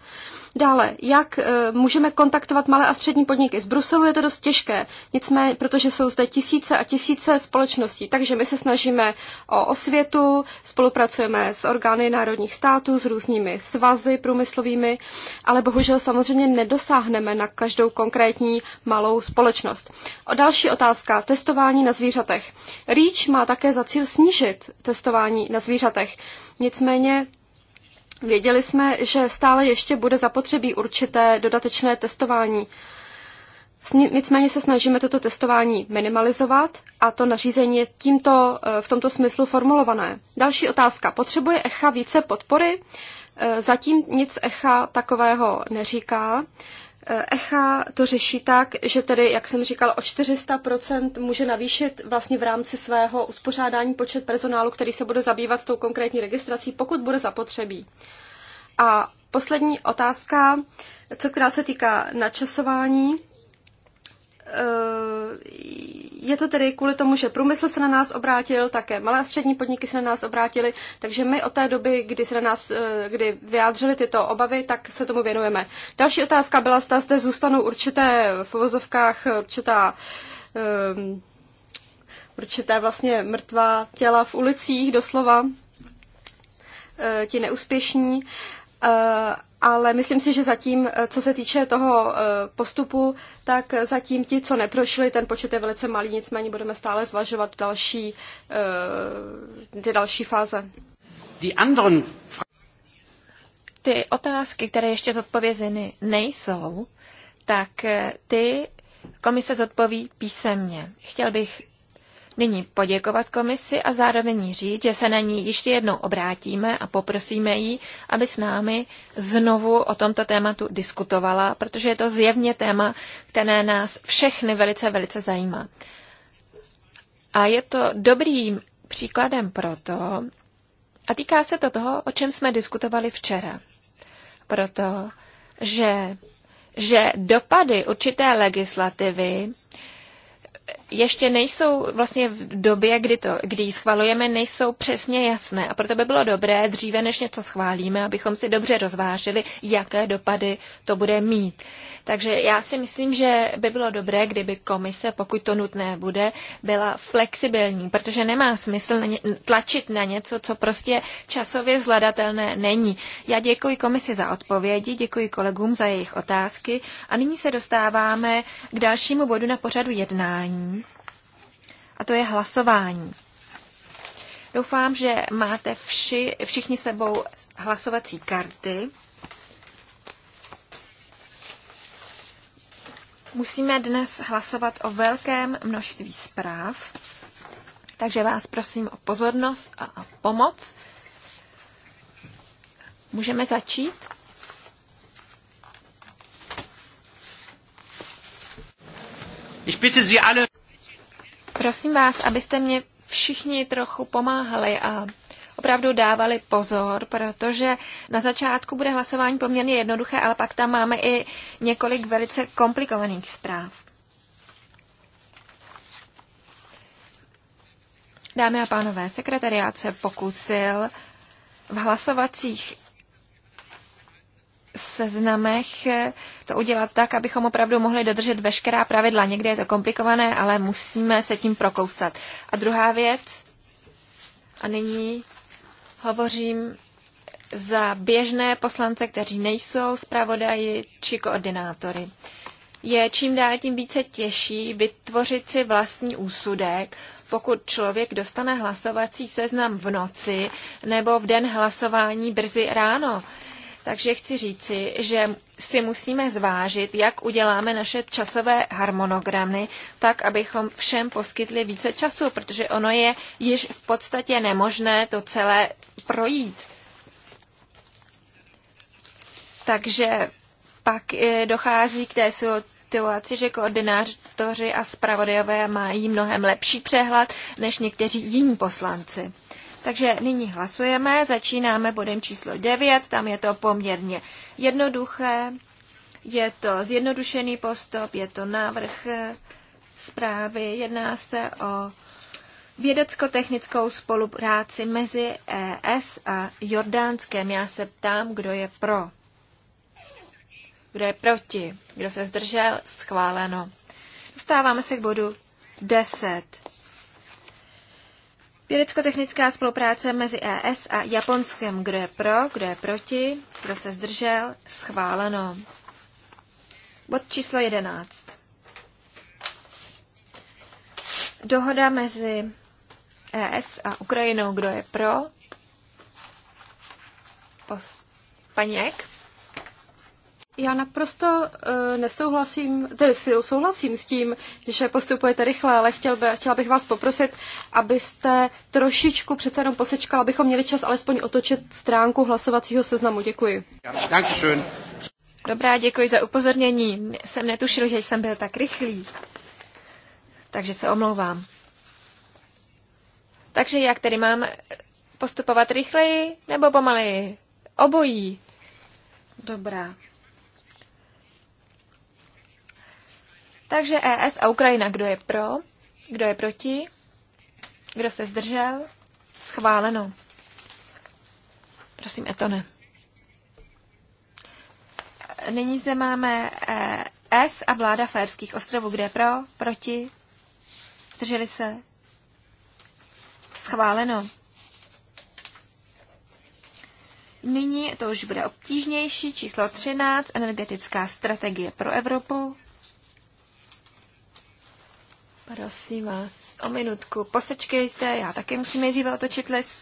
Speaker 2: Dále, jak eh, můžeme kontaktovat malé a střední podniky? Z Bruselu je to dost těžké, nicméně, protože jsou zde tisíce a tisíce společností, takže my se snažíme o osvětu, spolupracujeme s orgány národních států, s různými svazy průmyslovými, ale bohužel samozřejmě nedosáhneme na každou konkrétní malou společnost. O další otázka, testování na zvířatech. REACH má také za cíl snížit testování na zvířatech. Nicméně věděli jsme, že stále ještě bude zapotřebí určité dodatečné testování. Nicméně se snažíme toto testování minimalizovat a to nařízení je tímto, eh, v tomto smyslu formulované. Další otázka. Potřebuje ECHA více podpory? Eh, zatím nic ECHA takového neříká. Eh, ECHA to řeší tak, že tedy, jak jsem říkal, o 400% může navýšit vlastně v rámci svého uspořádání počet personálu, který se bude zabývat tou konkrétní registrací, pokud bude zapotřebí. A poslední otázka, co která se týká načasování. Eh, je to tedy kvůli tomu, že průmysl se na nás obrátil, také malé a střední podniky se na nás obrátily, takže my od té doby, kdy se na nás, eh, kdy vyjádřili tyto obavy, tak se tomu věnujeme. Další otázka byla, zda zde zůstanou určité v uvozovkách určitá eh, určité vlastně mrtvá těla v ulicích doslova, ti neúspěšní. Eh, ale myslím si, že zatím, eh, co se týče toho eh, postupu, tak zatím ti, co neprošli, ten počet je velice malý, nicméně budeme stále zvažovat další, ty další fáze. Ty otázky,
Speaker 3: které ještě zodpovězeny nejsou, tak ty komise zodpoví písemně. Chtěl bych nyní poděkovat komisi a zároveň jí říct, že se na ní ještě jednou obrátíme a poprosíme ji, aby s námi znovu o tomto tématu diskutovala, protože je to zjevně téma, které nás všechny velice, velice zajímá. A je to dobrým příkladem proto, a týká se to toho, o čem jsme diskutovali včera. Proto, že, že dopady určité legislativy ještě nejsou vlastně v době, kdy, to, kdy ji schvalujeme, nejsou přesně jasné. A proto by bylo dobré dříve, než něco schválíme, abychom si dobře rozvážili, jaké dopady to bude mít. Takže já si myslím, že by bylo dobré, kdyby komise, pokud to nutné bude, byla flexibilní, protože nemá smysl na ně, tlačit na něco, co prostě časově zvladatelné není. Já děkuji komisi za odpovědi, děkuji kolegům za jejich otázky a nyní se dostáváme k dalšímu bodu na pořadu jednání a to je hlasování. Doufám, že máte vši, všichni sebou hlasovací karty. Musíme dnes hlasovat o velkém množství zpráv, takže vás prosím o pozornost a o pomoc. Můžeme začít?
Speaker 2: Ich bitte Sie alle.
Speaker 3: Prosím vás, abyste mě všichni trochu pomáhali a opravdu dávali pozor, protože na začátku bude hlasování poměrně jednoduché, ale pak tam máme i několik velice komplikovaných zpráv. Dámy a pánové, sekretariát se pokusil v hlasovacích seznamech eh, to udělat tak, abychom opravdu mohli dodržet veškerá pravidla. Někdy je to komplikované, ale musíme se tím prokousat. A druhá věc, a nyní hovořím za běžné poslance, kteří nejsou zpravodaji či koordinátory. Je čím dál tím více těžší vytvořit si vlastní úsudek, pokud člověk dostane hlasovací seznam v noci nebo v den hlasování brzy ráno. Takže chci říci, že si musíme zvážit, jak uděláme naše časové harmonogramy, tak, abychom všem poskytli více času, protože ono je již v podstatě nemožné to celé projít. Takže pak eh, dochází k té situaci, že koordinátoři a zpravodajové mají mnohem lepší přehled než někteří jiní poslanci. Takže nyní hlasujeme, začínáme bodem číslo 9, tam je to poměrně jednoduché, je to zjednodušený postup, je to návrh zprávy, jedná se o vědecko-technickou spolupráci mezi ES a Jordánskem. Já se ptám, kdo je pro, kdo je proti, kdo se zdržel, schváleno. Dostáváme se k bodu 10. Vědecko-technická spolupráce mezi ES a Japonskem. Kdo je pro, kdo je proti, kdo se zdržel, schváleno. Bod číslo 11. Dohoda mezi ES a Ukrajinou. Kdo
Speaker 2: je pro? Pos- Paněk? Já naprosto uh, nesouhlasím, tedy souhlasím s tím, že postupujete rychle, ale chtěl by, chtěla bych vás poprosit, abyste trošičku přece jenom posečkal, abychom měli čas alespoň otočit stránku hlasovacího seznamu. Děkuji. Dobrá, děkuji za upozornění. Jsem netušil, že jsem byl tak rychlý.
Speaker 3: Takže se omlouvám. Takže jak tedy mám postupovat rychleji nebo pomaleji? Obojí. Dobrá. Takže ES a Ukrajina, kdo je pro, kdo je proti, kdo se zdržel, schváleno. Prosím, Etone. Nyní zde máme eh, S a vláda Férských ostrovů. Kde pro? Proti? Drželi se? Schváleno. Nyní to už bude obtížnější. Číslo 13. Energetická strategie pro Evropu. Prosím vás, o minutku. Posečkejte, já taky musím nejdříve otočit list.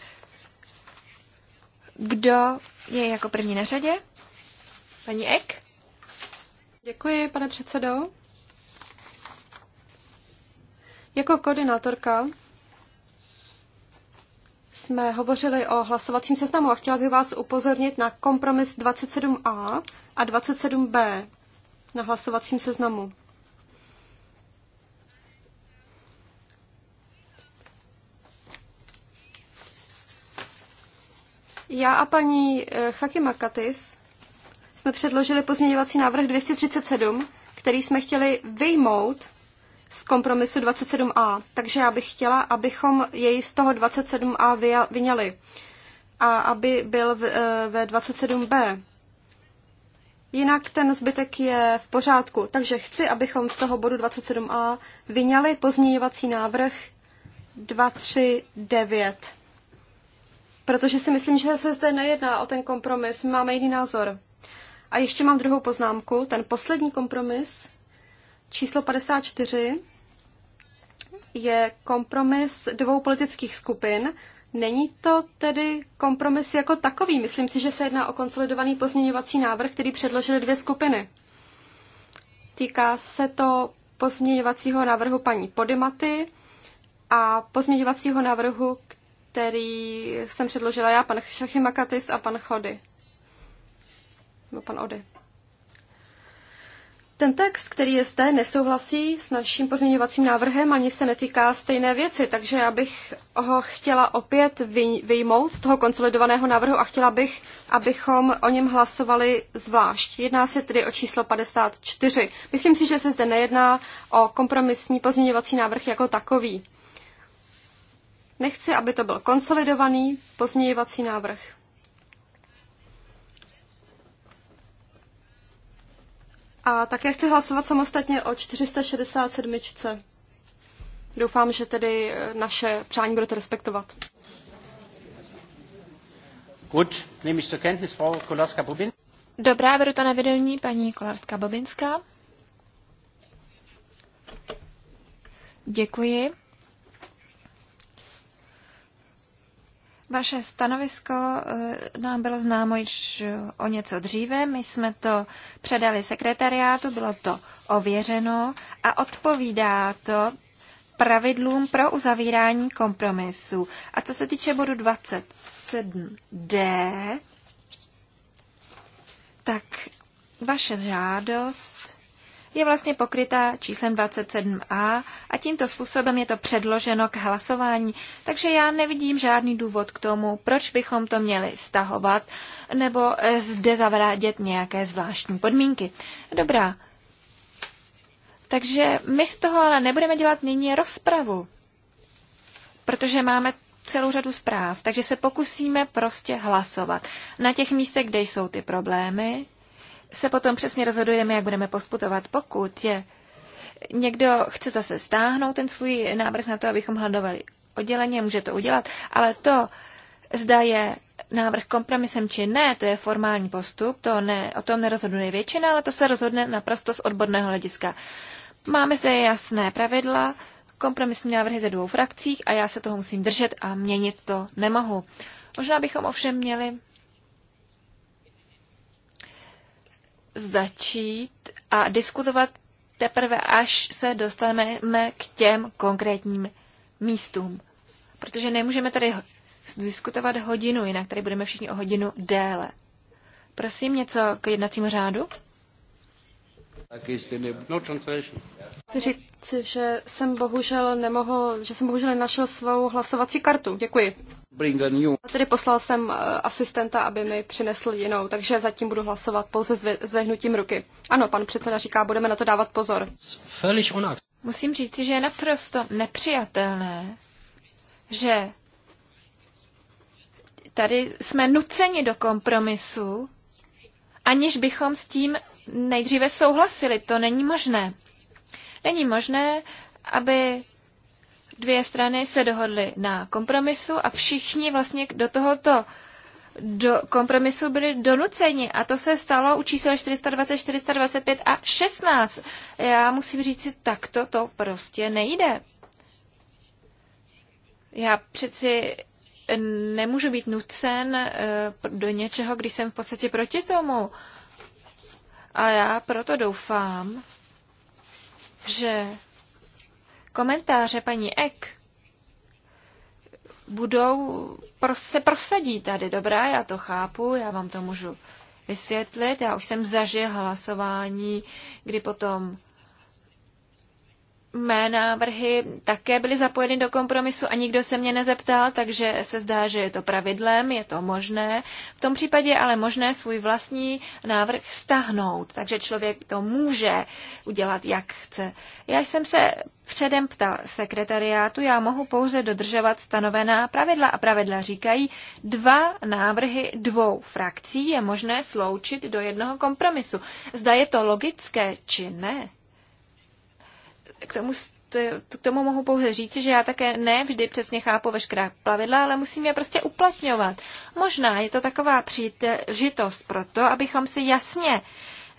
Speaker 3: Kdo je jako první na řadě?
Speaker 2: Paní Ek? Děkuji, pane předsedo. Jako koordinátorka jsme hovořili o hlasovacím seznamu a chtěla bych vás upozornit na kompromis 27a a 27b na hlasovacím seznamu. Já a paní eh, Chakima Katis jsme předložili pozměňovací návrh 237, který jsme chtěli vyjmout z kompromisu 27a. Takže já bych chtěla, abychom jej z toho 27a vyňali a aby byl eh, ve 27b. Jinak ten zbytek je v pořádku. Takže chci, abychom z toho bodu 27a vyňali pozměňovací návrh 239 protože si myslím, že se zde nejedná o ten kompromis, my máme jiný názor. A ještě mám druhou poznámku, ten poslední kompromis, číslo 54, je kompromis dvou politických skupin. Není to tedy kompromis jako takový. Myslím si, že se jedná o konsolidovaný pozměňovací návrh, který předložily dvě skupiny. Týká se to pozměňovacího návrhu paní Podimaty a pozměňovacího návrhu, který který jsem předložila já, pan Šachimakatis a pan Chody. Nebo pan Ody. Ten text, který je zde, nesouhlasí s naším pozměňovacím návrhem ani se netýká stejné věci, takže já bych ho chtěla opět vyjmout z toho konsolidovaného návrhu a chtěla bych, abychom o něm hlasovali zvlášť. Jedná se tedy o číslo 54. Myslím si, že se zde nejedná o kompromisní pozměňovací návrh jako takový. Nechci, aby to byl konsolidovaný pozměňovací návrh. A také chci hlasovat samostatně o 467. Doufám, že tedy eh, naše přání budete respektovat. Gut, nehme ich zur Kenntnis, Frau Kolarska-Bobin. Dobrá, beru
Speaker 3: to na vědomí, paní Kolarska-Bobinská. Děkuji. Vaše stanovisko eh, nám bylo známo již eh, o něco dříve. My jsme to předali sekretariátu, bylo to ověřeno a odpovídá to pravidlům pro uzavírání kompromisu. A co se týče bodu 27d, tak vaše žádost je vlastně pokrytá číslem 27a a tímto způsobem je to předloženo k hlasování. Takže já nevidím žádný důvod k tomu, proč bychom to měli stahovat nebo eh, zde zavrádět nějaké zvláštní podmínky. Dobrá. Takže my z toho ale nebudeme dělat nyní rozpravu, protože máme celou řadu zpráv, takže se pokusíme prostě hlasovat na těch místech, kde jsou ty problémy, se potom přesně rozhodujeme, jak budeme posputovat, Pokud je někdo chce zase stáhnout ten svůj návrh na to, abychom hledovali odděleně, může to udělat, ale to, zda je návrh kompromisem či ne, to je formální postup, to ne, o tom nerozhoduje většina, ale to se rozhodne naprosto z odborného hlediska. Máme zde jasné pravidla, kompromisní návrhy ze dvou frakcích a já se toho musím držet a měnit to nemohu. Možná bychom ovšem měli začít a diskutovat teprve, až se dostaneme k těm konkrétním místům. Protože nemůžeme tady diskutovat hodinu, jinak tady budeme všichni o hodinu déle. Prosím něco k jednacímu
Speaker 2: řádu. No Chci říct, že jsem bohužel nemohl, že jsem bohužel nenašel svou hlasovací kartu. Děkuji. Tedy poslal jsem eh, asistenta, aby mi přinesl jinou, takže zatím budu hlasovat pouze zvehnutím ruky. Ano, pan předseda říká, budeme na to dávat pozor. Musím říct, že je naprosto nepřijatelné, že
Speaker 3: tady jsme nuceni do kompromisu, aniž bychom s tím nejdříve souhlasili. To není možné. Není možné, aby dvě strany se dohodly na kompromisu a všichni vlastně do tohoto do kompromisu byli donuceni a to se stalo u čísel 420, 425 a 16. Já musím říct si, tak to, to prostě nejde. Já přeci nemůžu být nucen eh, do něčeho, když jsem v podstatě proti tomu. A já proto doufám, že komentáře paní Ek budou, se prosadí tady. Dobrá, já to chápu, já vám to můžu vysvětlit. Já už jsem zažil hlasování, kdy potom mé návrhy také byly zapojeny do kompromisu a nikdo se mě nezeptal, takže se zdá, že je to pravidlem, je to možné. V tom případě je ale možné svůj vlastní návrh stahnout, takže člověk to může udělat, jak chce. Já jsem se předem ptal sekretariátu, já mohu pouze dodržovat stanovená pravidla a pravidla říkají, dva návrhy dvou frakcí je možné sloučit do jednoho kompromisu. Zda je to logické či ne? k tomu k tomu mohu pouze říct, že já také ne vždy přesně chápu veškerá plavidla, ale musím je prostě uplatňovat. Možná je to taková příležitost pro to, abychom si jasně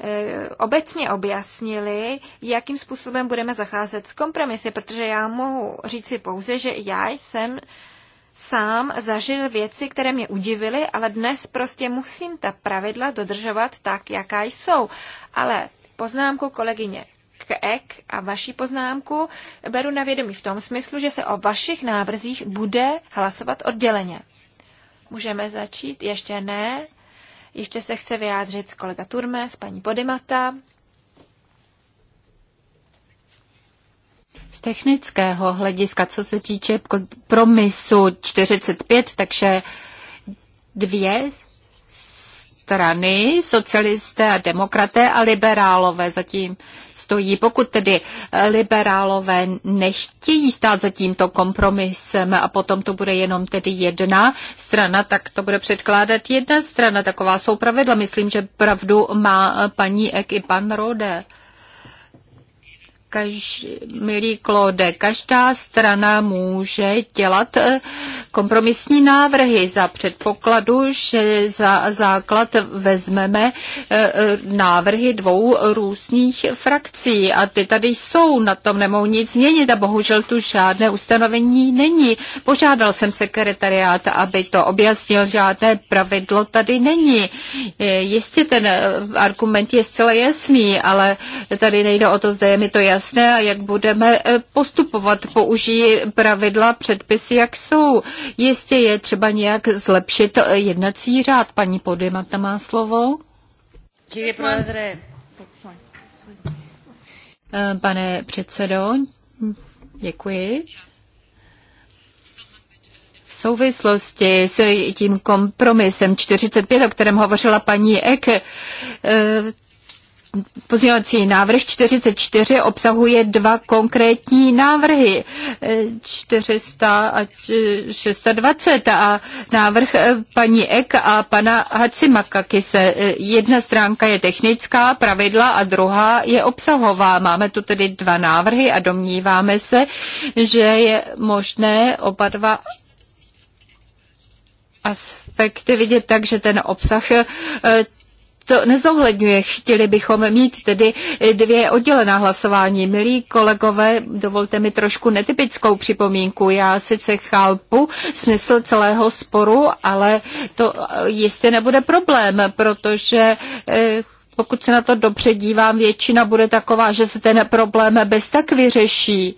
Speaker 3: eh, obecně objasnili, jakým způsobem budeme zacházet s kompromisy, protože já mohu říci pouze, že já jsem sám zažil věci, které mě udivily, ale dnes prostě musím ta pravidla dodržovat tak, jaká jsou. Ale poznámku kolegyně Ek a vaší poznámku beru na vědomí v tom smyslu, že se o vašich návrzích bude hlasovat odděleně. Můžeme začít? Ještě ne. Ještě se chce vyjádřit kolega Turme, s paní Podimata.
Speaker 1: Z technického hlediska, co se týče promisu 45, takže dvě strany, socialisté a demokraté a liberálové zatím stojí. Pokud tedy eh, liberálové nechtějí stát za tímto kompromisem a potom to bude jenom tedy jedna strana, tak to bude předkládat jedna strana. Taková jsou pravidla. Myslím, že pravdu má eh, paní Ek i pan Rode. Kaž, milí Klode, každá strana může dělat eh, kompromisní návrhy za předpokladu, že za základ vezmeme eh, eh, návrhy dvou různých frakcí. A ty tady jsou, na tom nemohou nic změnit a bohužel tu žádné ustanovení není. Požádal jsem sekretariát, aby to objasnil, žádné pravidlo tady není. Jistě ten argument je zcela jasný, ale tady nejde o to, zda je mi to jasné jasné a jak budeme eh, postupovat. Použijí pravidla, předpisy, jak jsou. Jistě je třeba nějak zlepšit eh, jednací řád. Paní Podimata má slovo. Eh, pane předsedo, děkuji v souvislosti s tím kompromisem 45, o kterém hovořila paní Ek, Pozměňovací návrh 44 obsahuje dva konkrétní návrhy, 400 eh, a 620 a návrh eh, paní Ek a pana se eh, Jedna stránka je technická pravidla a druhá je obsahová. Máme tu tedy dva návrhy a domníváme se, že je možné oba dva aspekty vidět tak, že ten obsah to nezohledňuje. Chtěli bychom mít tedy dvě oddělená hlasování. Milí kolegové, dovolte mi trošku netypickou připomínku. Já sice chápu smysl celého sporu, ale to jistě nebude problém, protože eh, pokud se na to dobře dívám, většina bude taková, že se ten problém bez tak vyřeší.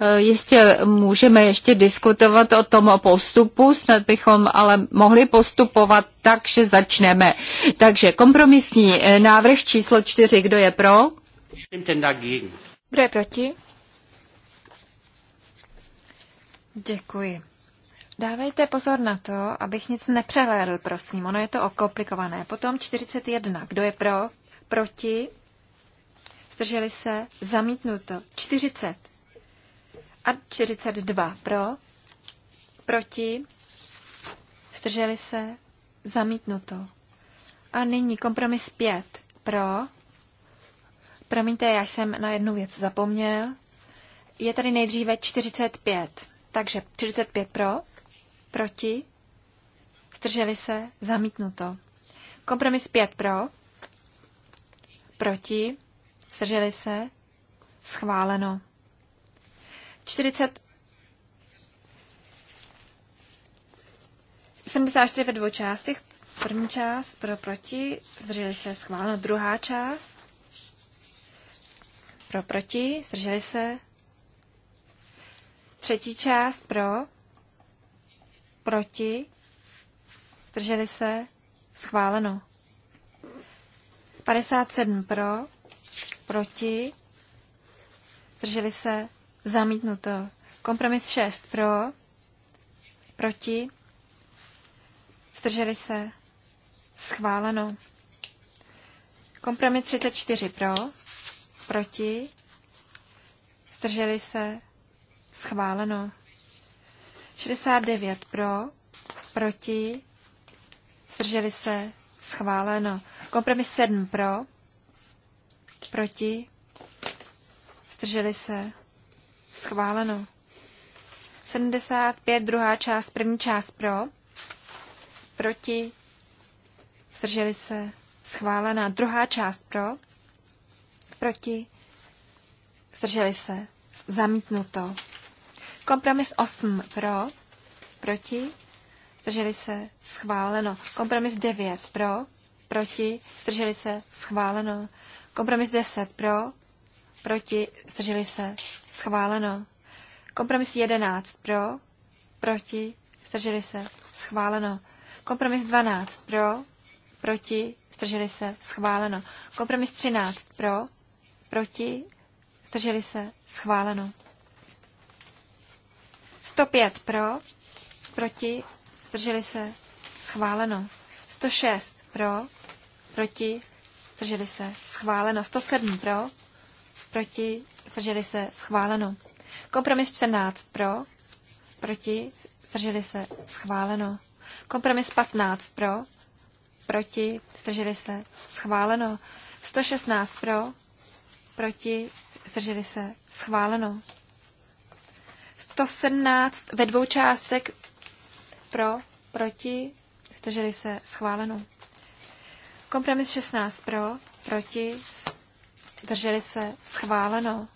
Speaker 1: Eh, jistě můžeme ještě diskutovat o tom postupu, snad bychom ale mohli postupovat tak, že začneme. Takže kompromisní eh, návrh číslo čtyři, kdo je pro? Kdo je proti? Děkuji. Dávejte pozor na
Speaker 3: to, abych nic nepřehlédl, prosím. Ono je to okomplikované. Potom 41. Kdo je pro? Proti? Zdrželi se? Zamítnuto. 40. A 42 pro, proti, zdrželi se, zamítnuto. A nyní kompromis 5 pro. Promiňte, já jsem na jednu věc zapomněl. Je tady nejdříve 45. Takže 45 pro, proti, zdrželi se, zamítnuto. Kompromis 5 pro, proti, zdrželi se, schváleno. 40, 74 ve dvou částech. První část pro proti, zdrželi se schváleno. Druhá část pro proti, zdrželi se. Třetí část pro, proti, zdrželi se, schváleno. 57 pro, proti, zdrželi se, Zamítnuto. Kompromis 6 pro, proti, zdrželi se, schváleno. Kompromis 34 pro, proti, zdrželi se, schváleno. 69 pro, proti, zdrželi se, schváleno. Kompromis 7 pro, proti, zdrželi se, Schváleno. 75, druhá část, první část pro. Proti. Zdrželi se. Schválená. Druhá část pro. Proti. Zdrželi se. Zamítnuto. Kompromis 8 pro. Proti. Zdrželi se. Schváleno. Kompromis 9 pro. Proti. Zdrželi se. Schváleno. Kompromis 10 pro proti, zdrželi se, schváleno. Kompromis 11 pro, proti, zdrželi se, schváleno. Kompromis 12 pro, proti, zdrželi se, schváleno. Kompromis 13 pro, proti, zdrželi se, schváleno. 105 pro, proti, zdrželi se, schváleno. 106 pro, proti, zdrželi se, schváleno. 107 pro, proti, zdrželi se, schváleno. Kompromis 14 pro, proti, zdrželi se, schváleno. Kompromis 15 pro, proti, zdrželi se, schváleno. 116 pro, proti, zdrželi se, schváleno. 117 ve dvou částek pro, proti, zdrželi se, schváleno. Kompromis 16 pro, proti, Zdrželi se? Schváleno.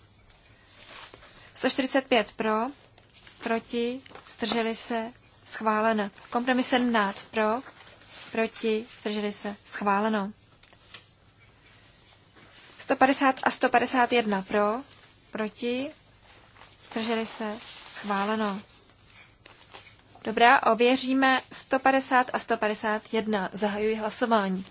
Speaker 3: 145 pro, proti, zdrželi se, schváleno. Kompromis 17 pro, proti, zdrželi se, schváleno. 150 a 151 pro, proti, zdrželi se, schváleno. Dobrá, ověříme 150 a 151. Zahajuji hlasování.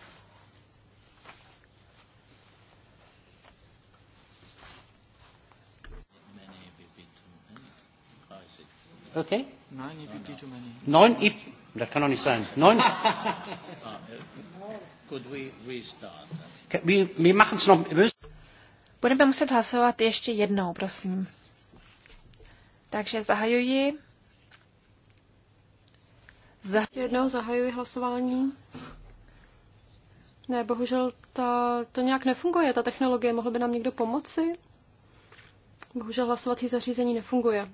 Speaker 1: Okay? Neun EPP no, no. too many. Neun ich,
Speaker 2: das kann doch nicht sein. Neun.
Speaker 1: Could we restart?
Speaker 2: My, my machen es noch.
Speaker 3: Budeme muset hlasovat ještě jednou, prosím.
Speaker 2: Takže zahajuji. Zah- jednou zahajuji hlasování. Ne, bohužel ta, to nějak nefunguje, ta technologie. Mohl by nám někdo pomoci? Bohužel hlasovací zařízení nefunguje.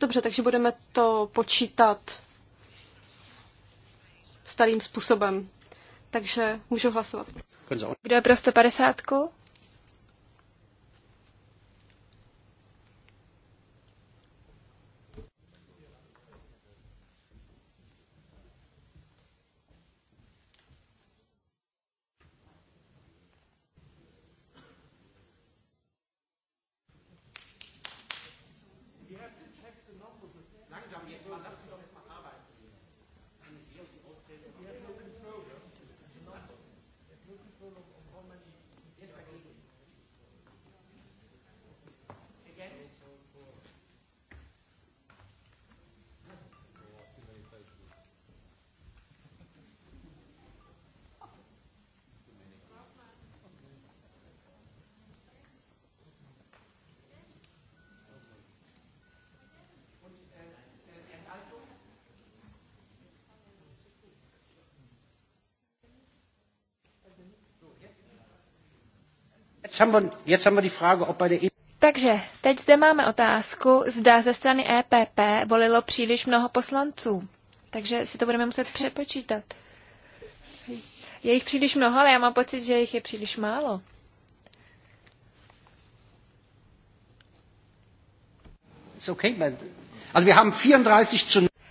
Speaker 2: Dobře, takže budeme to počítat starým způsobem. Takže můžu hlasovat. Kdo je pro 150?
Speaker 3: Takže teď zde máme otázku, zda ze strany EPP volilo příliš mnoho poslanců. Takže si to budeme muset přepočítat. Je jich příliš mnoho, ale já mám pocit, že jich je příliš málo.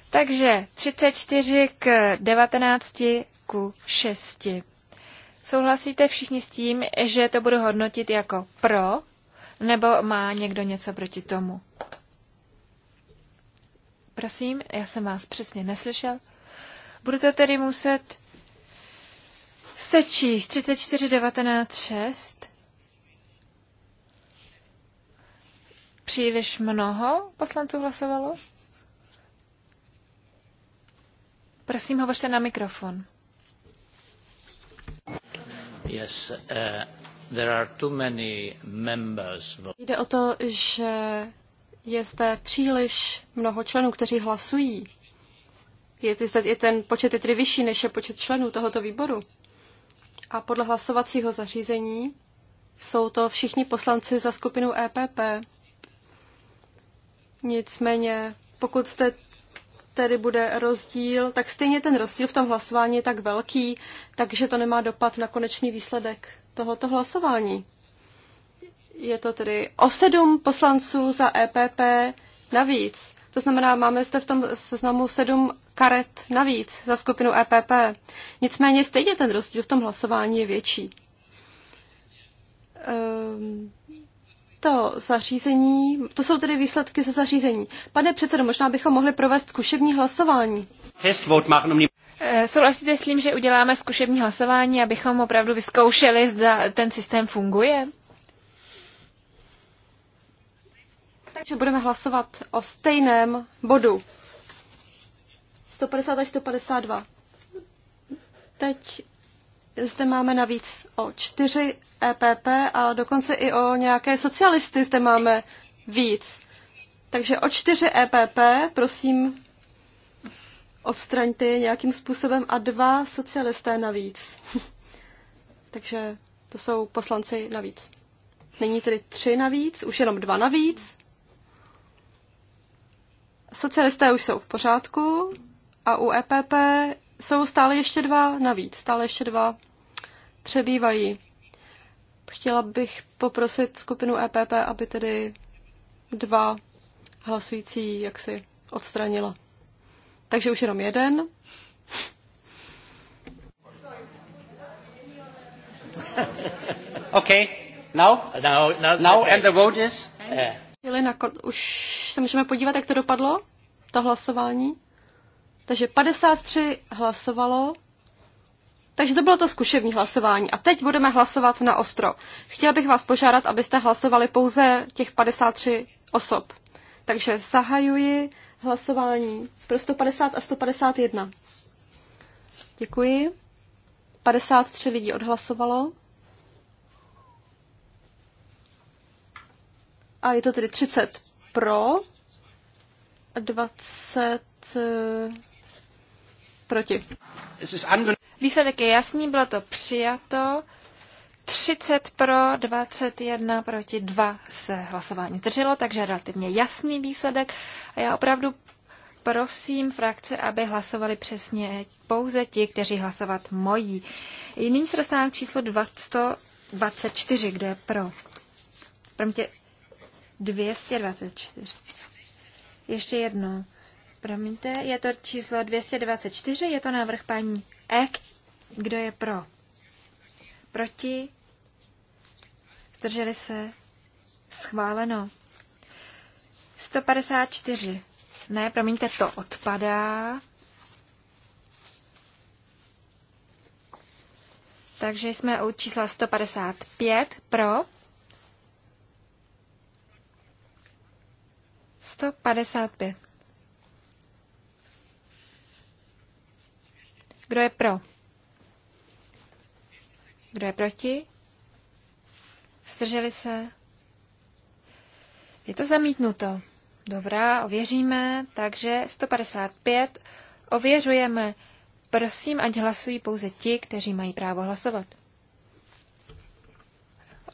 Speaker 3: Takže 34 k 19 ku 6. Souhlasíte všichni s tím, že to budu hodnotit jako pro, nebo má někdo něco proti tomu? Prosím, já jsem vás přesně neslyšel. Budu to tedy muset sečíst 34196. Příliš mnoho poslanců hlasovalo? Prosím, hovořte na mikrofon.
Speaker 1: Yes, uh, there are too many members.
Speaker 2: Jde o to, že je zde příliš mnoho členů, kteří hlasují. Je, zde, je ten počet je tedy vyšší, než je počet členů tohoto výboru. A podle hlasovacího zařízení jsou to všichni poslanci za skupinu EPP. Nicméně, pokud jste tedy bude rozdíl, tak stejně ten rozdíl v tom hlasování je tak velký, takže to nemá dopad na konečný výsledek tohoto hlasování. Je to tedy o sedm poslanců za EPP navíc. To znamená, máme zde v tom seznamu sedm karet navíc za skupinu EPP. Nicméně stejně ten rozdíl v tom hlasování je větší. Um, to zařízení, to jsou tedy výsledky ze zařízení. Pane předsedo, možná bychom mohli provést zkušební hlasování. Test vote um eh, Souhlasíte s tím, že uděláme zkušební hlasování, abychom opravdu
Speaker 3: vyzkoušeli, zda ten systém funguje?
Speaker 2: Takže budeme hlasovat o stejném bodu. 150 až 152. Teď zde máme navíc o čtyři EPP a dokonce i o nějaké socialisty zde máme víc. Takže o čtyři EPP, prosím, odstraňte je nějakým způsobem a dva socialisté navíc. Takže to jsou poslanci navíc. Není tedy tři navíc, už jenom dva navíc. Socialisté už jsou v pořádku a u EPP jsou stále ještě dva navíc, stále ještě dva přebývají. Chtěla bych poprosit skupinu EPP, aby tedy dva hlasující jaksi odstranila. Takže už jenom jeden.
Speaker 1: okay. Now? Now, now, now okay. and the vote is? Yeah.
Speaker 2: Už se můžeme podívat, jak to dopadlo, to hlasování. Takže 53 hlasovalo, takže to bylo to zkušební hlasování. A teď budeme hlasovat na ostro. Chtěla bych vás požádat, abyste hlasovali pouze těch 53 osob. Takže zahajuji hlasování pro 150 a 151. Děkuji. 53 lidí odhlasovalo. A je to tedy 30 pro, 20
Speaker 3: Proti. Výsledek je jasný, bylo to přijato. 30 pro, 21 proti 2 se hlasování drželo, takže relativně jasný výsledek. A já opravdu prosím frakce, aby hlasovali přesně pouze ti, kteří hlasovat mojí. Nyní se dostávám k číslu 224, kde je pro. Promiňte, 224. Ještě jednou. Promiňte, je to číslo 224, je to návrh paní Ek. Kdo je pro? Proti? Zdrželi se? Schváleno. 154. Ne, promiňte, to odpadá. Takže jsme u čísla 155 pro. 155. Kdo je pro? Kdo je proti? Zdrželi se? Je to zamítnuto. Dobrá, ověříme. Takže 155 ověřujeme. Prosím, ať hlasují pouze ti, kteří mají právo hlasovat.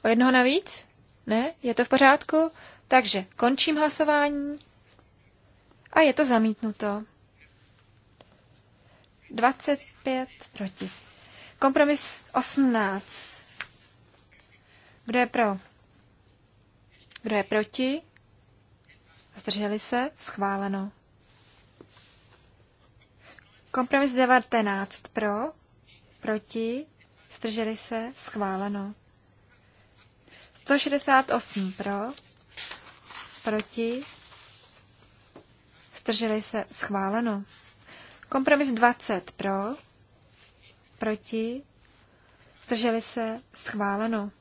Speaker 3: O jednoho navíc? Ne? Je to v pořádku? Takže končím hlasování. A je to zamítnuto. 25 proti. Kompromis 18. Kdo je pro? Kdo je proti? Zdrželi se? Schváleno. Kompromis 19 pro, proti, zdrželi se, schváleno. 168 pro, proti, zdrželi se, schváleno. Kompromis 20 pro, proti, zdrželi se, schváleno.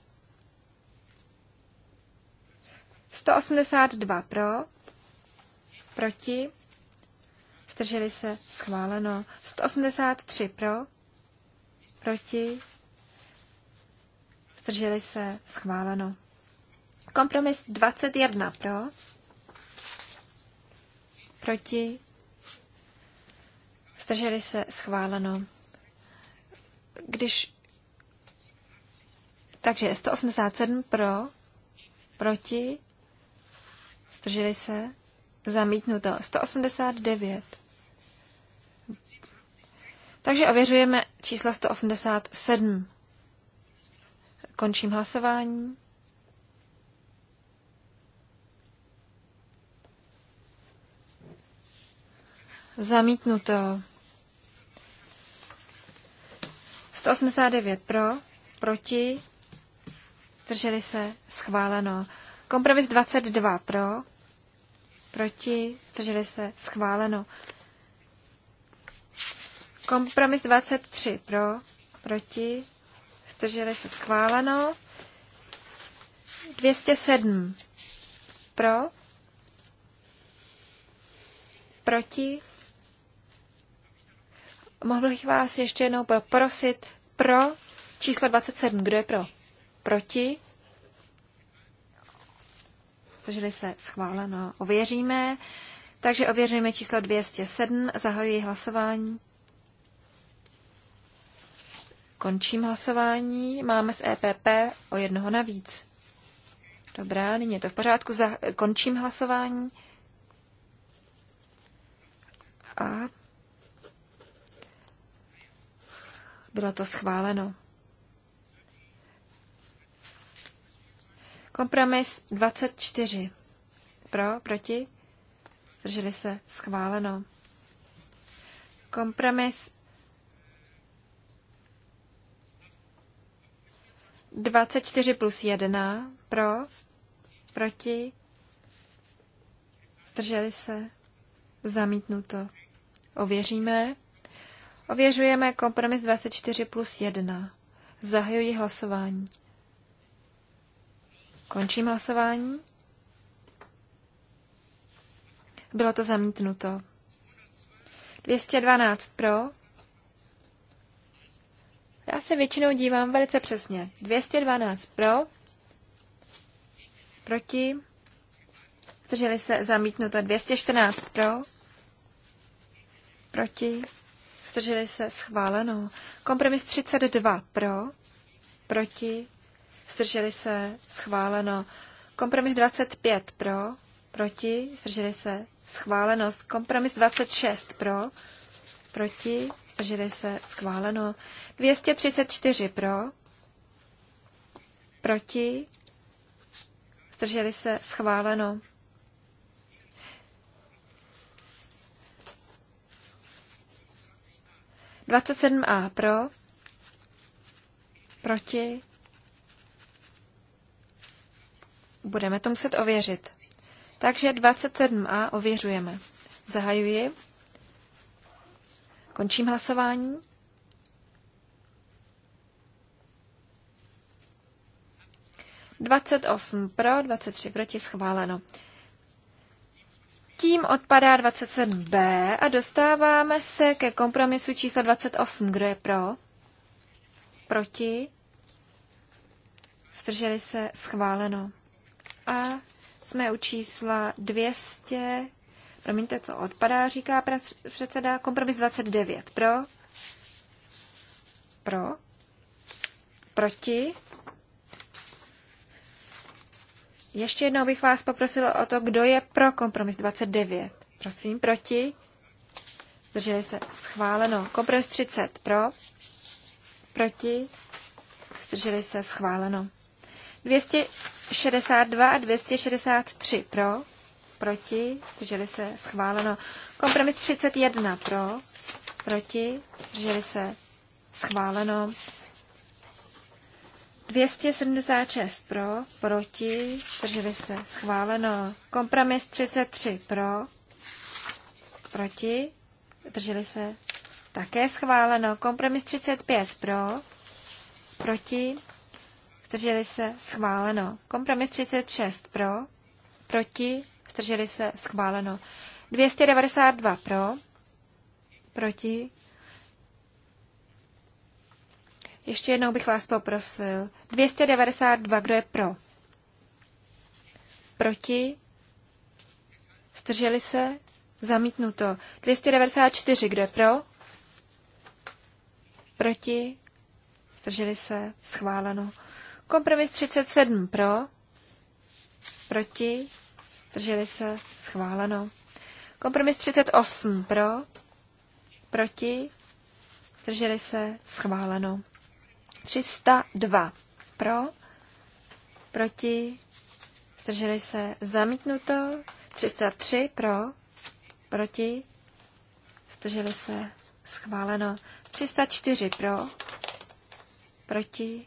Speaker 3: 182 pro, proti, zdrželi se, schváleno. 183 pro, proti, zdrželi se, schváleno. Kompromis 21 pro, proti, Zdrželi se schváleno. Když... Takže 187 pro, proti, zdrželi se, zamítnuto. 189. Takže ověřujeme číslo 187. Končím hlasování. Zamítnuto. 189 pro, proti, drželi se, schváleno. Kompromis 22 pro, proti, drželi se, schváleno. Kompromis 23 pro, proti, drželi se, schváleno. 207 pro, proti, Mohl bych vás ještě jednou poprosit pro číslo 27. Kdo je pro? Proti? Zdrželi se schváleno. Ověříme. Takže ověříme číslo 207. Zahajuji hlasování. Končím hlasování. Máme z EPP o jednoho navíc. Dobrá, nyní je to v pořádku. Zah- končím hlasování. A Bylo to schváleno. Kompromis 24. Pro, proti? Zdrželi se schváleno. Kompromis 24 plus 1. Pro, proti? Zdrželi se zamítnuto. Ověříme. Ověřujeme kompromis 24 plus 1. Zahajuji hlasování. Končím hlasování. Bylo to zamítnuto. 212 pro. Já se většinou dívám velice přesně. 212 pro. Proti. Zdrželi se zamítnuto. 214 pro. Proti zdrželi se, schváleno. Kompromis 32 pro, proti, zdrželi se, schváleno. Kompromis 25 pro, proti, zdrželi se, schváleno. Kompromis 26 pro, proti, zdrželi se, schváleno. 234 pro, proti, zdrželi se, schváleno. 27a pro, proti, budeme to muset ověřit. Takže 27a ověřujeme. Zahajuji. Končím hlasování. Dvacet osm pro, dvacet tři proti, schváleno. Tím odpadá 27b a dostáváme se ke kompromisu číslo 28. Kdo je pro? Proti? Zdrželi se schváleno. A jsme u čísla 200. Promiňte, co odpadá, říká předseda. Kompromis 29. Pro? Pro? Proti? Ještě jednou bych vás poprosila o to, kdo je pro kompromis 29. Prosím, proti. Zdrželi se schváleno. Kompromis 30 pro. Proti. Zdrželi se schváleno. 262 a 263 pro. Proti. Zdrželi se schváleno. Kompromis 31 pro. Proti. Zdrželi se schváleno. 276 pro, proti, drželi se, schváleno. Kompromis 33 pro, proti, drželi se, také schváleno. Kompromis 35 pro, proti, zdrželi se, schváleno. Kompromis 36 pro, proti, zdrželi se, schváleno. 292 pro, proti, ještě jednou bych vás poprosil. 292, kdo je pro? Proti? Strželi se? Zamítnuto. 294, kdo je pro? Proti? Strželi se? Schváleno. Kompromis 37 pro? Proti? Strželi se? Schváleno. Kompromis 38 pro? Proti? Strželi se? Schváleno. 302 pro, proti, zdrželi se zamítnuto, 303 pro, proti, zdrželi se schváleno, 304 pro, proti,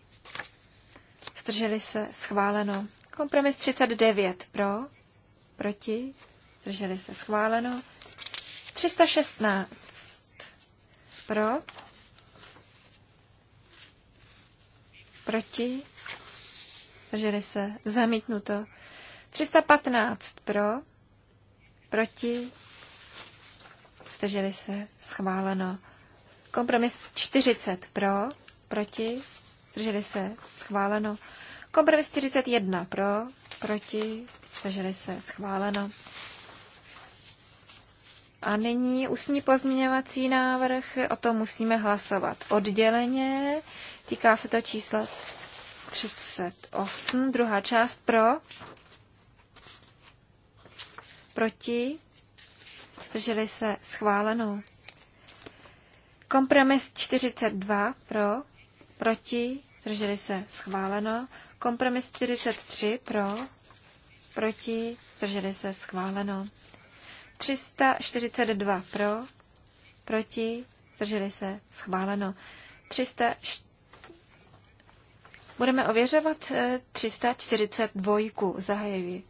Speaker 3: zdrželi se schváleno, kompromis 39 pro, proti, zdrželi se schváleno, 316 pro, proti, zdrželi se, zamítnuto. 315 pro, proti, zdrželi se, schváleno. Kompromis 40 pro, proti, zdrželi se, schváleno. Kompromis 41 pro, proti, zdrželi se, schváleno. A nyní ústní pozměňovací návrh, o tom musíme hlasovat odděleně. Týká se to čísla 38, druhá část pro, proti, zdrželi se schváleno. Kompromis 42 pro, proti, zdrželi se schváleno. Kompromis 43 pro, proti, zdrželi se schváleno. 342 pro, proti, zdrželi se schváleno. 300 Budeme ověřovat 342. Eh, Zahajuji.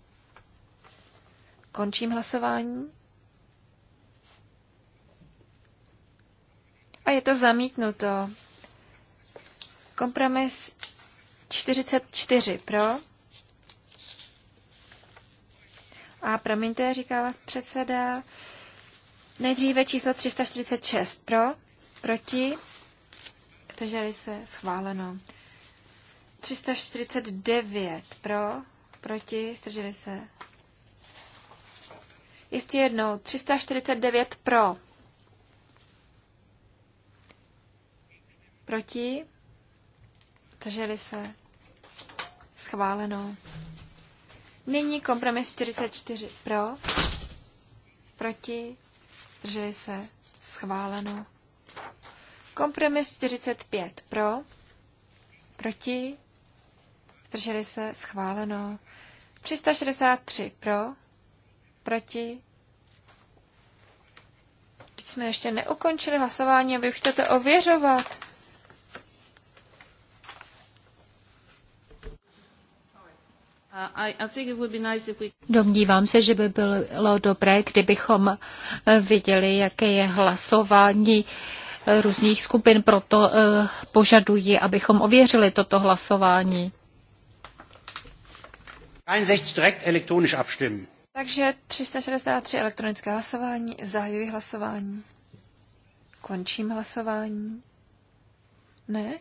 Speaker 3: Končím hlasování. A je to zamítnuto. Kompromis 44 pro. A promiňte, říká vás předseda. Nejdříve číslo 346 pro, proti, Takže se schváleno. 349 pro, proti, zdrželi se. Ještě jednou, 349 pro. Proti, zdrželi se. Schváleno. Nyní kompromis 44 pro, proti, zdrželi se. Schváleno. Kompromis 45 pro, proti, zdrželi se, schváleno. 363 pro, proti. Teď jsme ještě neukončili hlasování a vy chcete
Speaker 1: ověřovat. Domnívám se, že by bylo dobré, kdybychom viděli, jaké je hlasování různých skupin, proto eh, požaduji, abychom ověřili toto hlasování
Speaker 2: direkt elektronisch abstimmen.
Speaker 3: Takže 363 elektronické hlasování, zahajuji hlasování. Končím hlasování. Ne?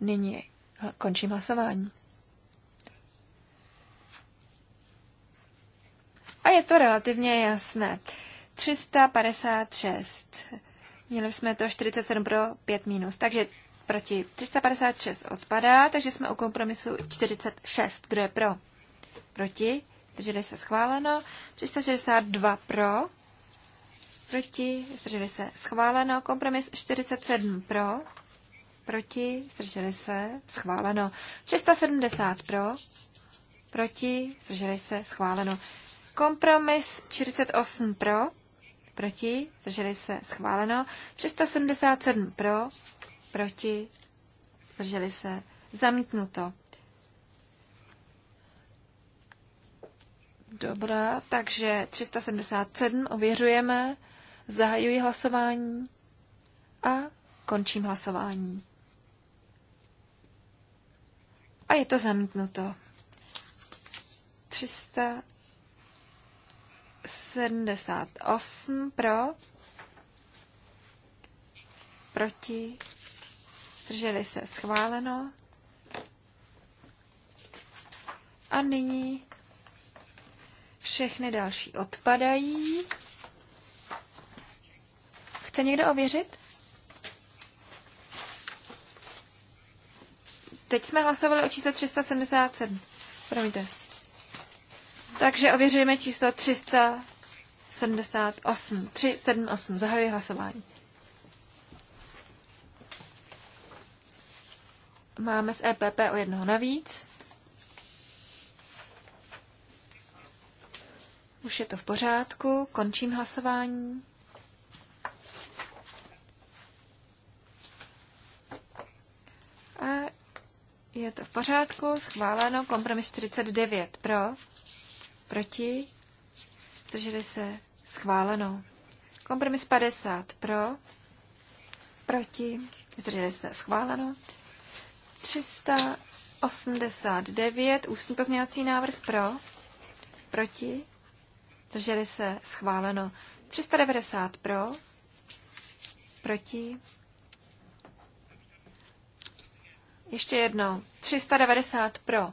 Speaker 3: Nyní končím hlasování. A je to relativně jasné. 356. Měli jsme to 47 pro 5 minus. Takže proti. 356 odpadá, takže jsme u kompromisu 46. Kdo je pro? Proti. Zdrželi se schváleno. 362 pro. Proti. Zdrželi se schváleno. Kompromis 47 pro. Proti. Zdrželi se schváleno. 370 pro. Proti. Zdrželi se schváleno. Kompromis 48 pro. Proti. Zdrželi se schváleno. 377 pro proti, drželi se, zamítnuto. Dobrá, takže 377 ověřujeme, zahajuji hlasování a končím hlasování. A je to zamítnuto. 378 pro, proti, Zdrželi se schváleno. A nyní všechny další odpadají. Chce někdo ověřit? Teď jsme hlasovali o čísle 377. Promiňte. Takže ověřujeme číslo 378. 378. Zahajuji hlasování. Máme z EPP o jednoho navíc. Už je to v pořádku, končím hlasování. A je to v pořádku, schváleno, kompromis 49 pro, proti, drželi se, schváleno. Kompromis 50 pro, proti, zdrželi se, schváleno. 389, ústní pozměňovací návrh pro, proti, drželi se, schváleno. 390 pro, proti, ještě jednou, 390 pro,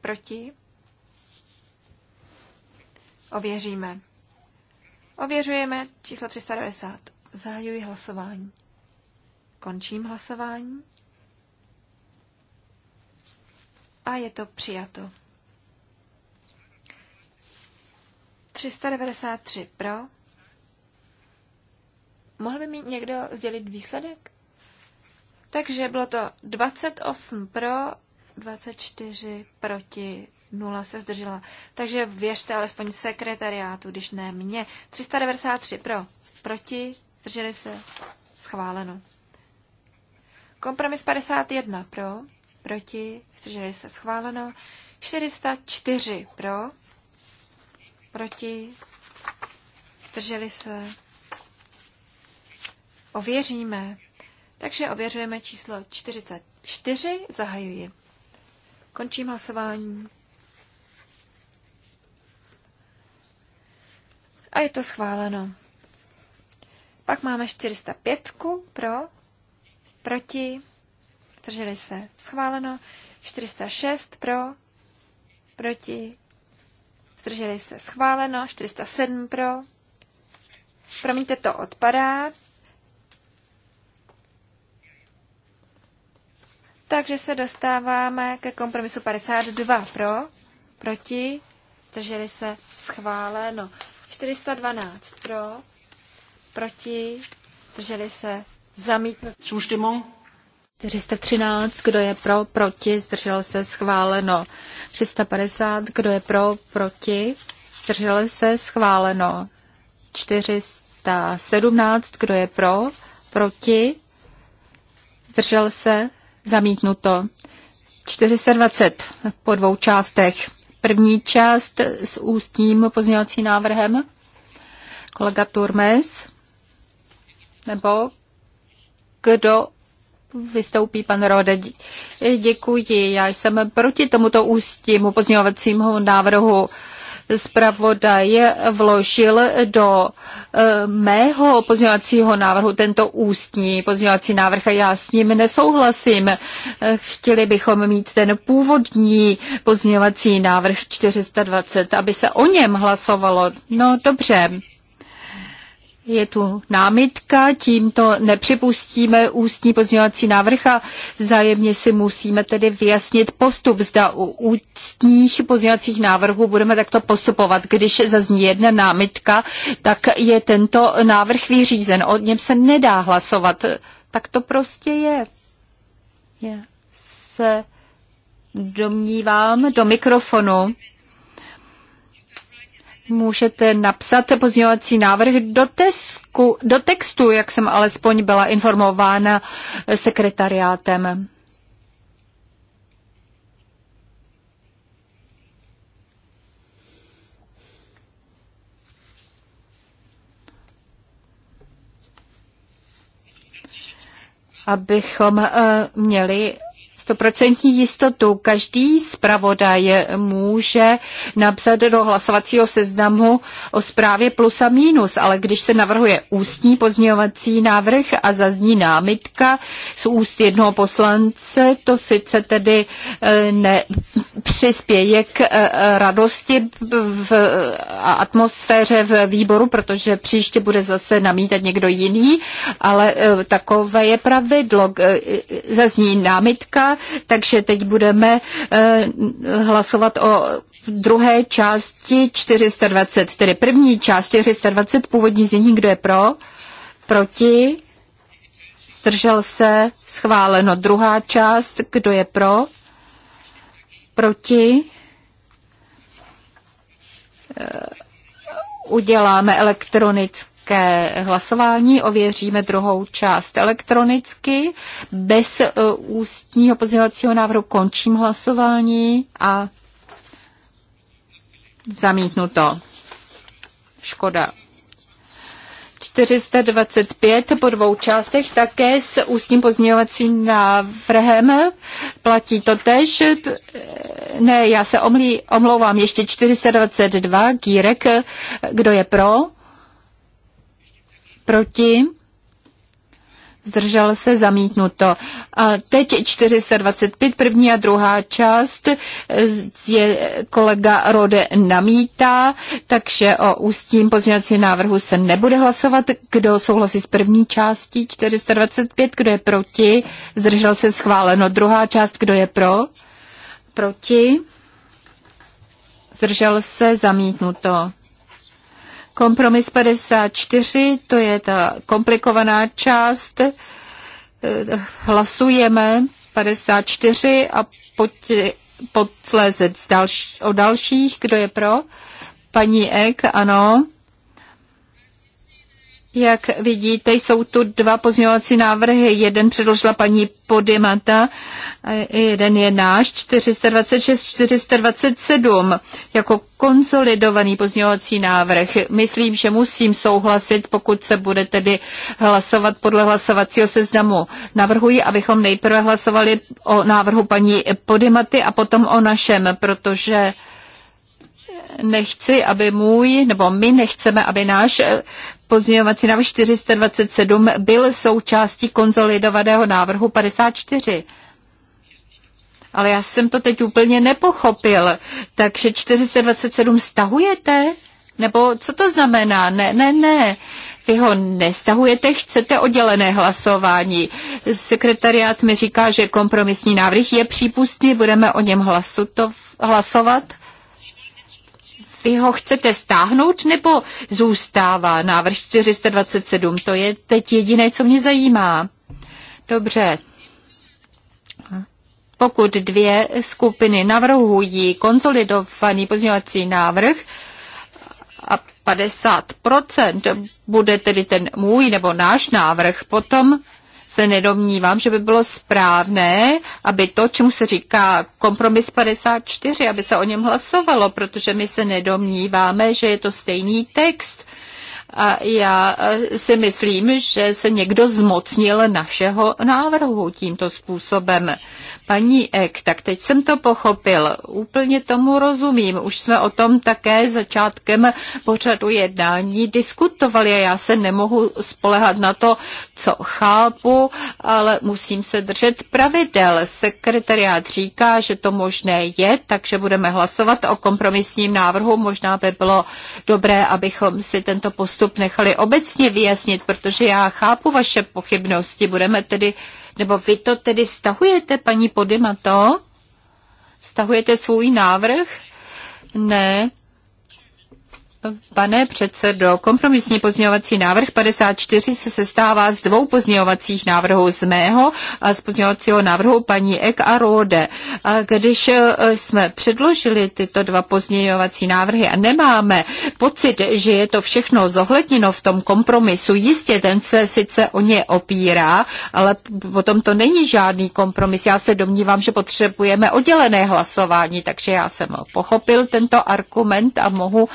Speaker 3: proti, ověříme. Ověřujeme číslo 390. Zahajuji hlasování. Končím hlasování. A je to přijato. 393 pro. Mohl by mi někdo sdělit výsledek? Takže bylo to 28 pro, 24 proti, 0 se zdržela. Takže věřte alespoň sekretariátu, když ne mě. 393 pro, proti, Zdrželi se? Schváleno. Kompromis 51 pro, proti, zdrželi se schváleno. 404 pro, proti, zdrželi se. Ověříme. Takže ověřujeme číslo 44, zahajuji. Končím hlasování. A je to schváleno. Pak máme 405 pro, proti, drželi se, schváleno. 406 pro, proti, drželi se, schváleno. 407 pro, promiňte, to odpadá. Takže se dostáváme ke kompromisu 52 pro, proti, drželi se, schváleno. 412 pro, Proti? Zdrželi se? zamítnout.
Speaker 1: Zustimmung. 413, kdo je pro, proti, zdržel se, schváleno. 350, kdo je pro, proti, zdržel se, schváleno. 417, kdo je pro, proti, zdržel se, zamítnuto. 420 po dvou částech. První část s ústním pozměňovacím návrhem. Kolega Turmes. Nebo kdo vystoupí pan Rode. Děkuji, já jsem proti tomuto ústímu pozměňovacímu návrhu zpravodaj vložil do eh, mého pozměňovacího návrhu tento ústní pozměňovací návrh a já s ním nesouhlasím. Chtěli bychom mít ten původní pozměňovací návrh 420, aby se o něm hlasovalo. No dobře, je tu námitka, tímto nepřipustíme ústní pozměňovací návrh a vzájemně si musíme tedy vyjasnit postup. Zda u ústních pozměňovacích návrhů budeme takto postupovat. Když zazní jedna námitka, tak je tento návrh vyřízen. O něm se nedá hlasovat. Tak to prostě je. Já se domnívám do mikrofonu můžete napsat pozměňovací návrh do, tesku, do textu, jak jsem alespoň byla informována sekretariátem. abychom eh, měli stoprocentní jistotu. Každý zpravodaj může napsat do hlasovacího seznamu o zprávě plus a minus, ale když se navrhuje ústní pozměňovací návrh a zazní námitka z úst jednoho poslance, to sice tedy eh, nepřispěje k eh, radosti v atmosféře v výboru, protože příště bude zase namítat někdo jiný, ale eh, takové je pravidlo. Zazní námitka, takže teď budeme eh, hlasovat o druhé části 420, tedy první část 420, původní znění, kdo je pro, proti, zdržel se, schváleno. Druhá část, kdo je pro, proti, eh, uděláme elektronicky elektronické hlasování. Ověříme druhou část elektronicky. Bez e, ústního pozměňovacího návrhu končím hlasování a zamítnu to. Škoda. 425 po dvou částech, také s ústním pozměňovacím návrhem. Platí to tež. Ne, já se omlí, omlouvám, ještě 422, Gírek, kdo je pro? proti, zdržel se zamítnuto. A teď 425, první a druhá část je kolega Rode namítá, takže o ústním pozměňovací návrhu se nebude hlasovat. Kdo souhlasí s první částí 425, kdo je proti, zdržel se schváleno. Druhá část, kdo je pro, proti, zdržel se zamítnuto. Kompromis 54, to je ta komplikovaná část. Hlasujeme 54 a podsléze o dalších. Kdo je pro? Paní Ek, ano. Jak vidíte, jsou tu dva pozměňovací návrhy. Jeden předložila paní Podimata, jeden je náš, 426, 427, jako konsolidovaný pozměňovací návrh. Myslím, že musím souhlasit, pokud se bude tedy hlasovat podle hlasovacího seznamu. Navrhuji, abychom nejprve hlasovali o návrhu paní Podimaty a potom o našem, protože nechci, aby můj, nebo my nechceme, aby náš pozměňovací návrh 427 byl součástí konzolidovaného návrhu 54. Ale já jsem to teď úplně nepochopil. Takže 427 stahujete? Nebo co to znamená? Ne, ne, ne. Vy ho nestahujete, chcete oddělené hlasování. Sekretariát mi říká, že kompromisní návrh je přípustný, budeme o něm hlasovat. Vy ho chcete stáhnout nebo zůstává návrh 427? To je teď jediné, co mě zajímá. Dobře. Pokud dvě skupiny navrhují konsolidovaný pozměňovací návrh a 50% bude tedy ten můj nebo náš návrh, potom se nedomnívám, že by bylo správné, aby to, čemu se říká kompromis 54, aby se o něm hlasovalo, protože my se nedomníváme, že je to stejný text a já eh, si myslím, že se někdo zmocnil našeho návrhu tímto způsobem. Paní Ek, tak teď jsem to pochopil. Úplně tomu rozumím. Už jsme o tom také začátkem pořadu jednání diskutovali a já se nemohu spolehat na to, co chápu, ale musím se držet pravidel. Sekretariát říká, že to možné je, takže budeme hlasovat o kompromisním návrhu. Možná by bylo dobré, abychom si tento postup postup nechali obecně vyjasnit, protože já chápu vaše pochybnosti. Budeme tedy, nebo vy to tedy stahujete, paní Podimato? Stahujete svůj návrh? Ne, Pane předsedo, kompromisní pozměňovací návrh 54 se sestává z dvou pozměňovacích návrhů z mého a z pozměňovacího návrhu paní Ek a Rode. A když e, jsme předložili tyto dva pozměňovací návrhy a nemáme pocit, že je to všechno zohledněno v tom kompromisu, jistě ten se sice o ně opírá, ale potom to není žádný kompromis. Já se domnívám, že potřebujeme oddělené hlasování, takže já jsem pochopil tento argument a mohu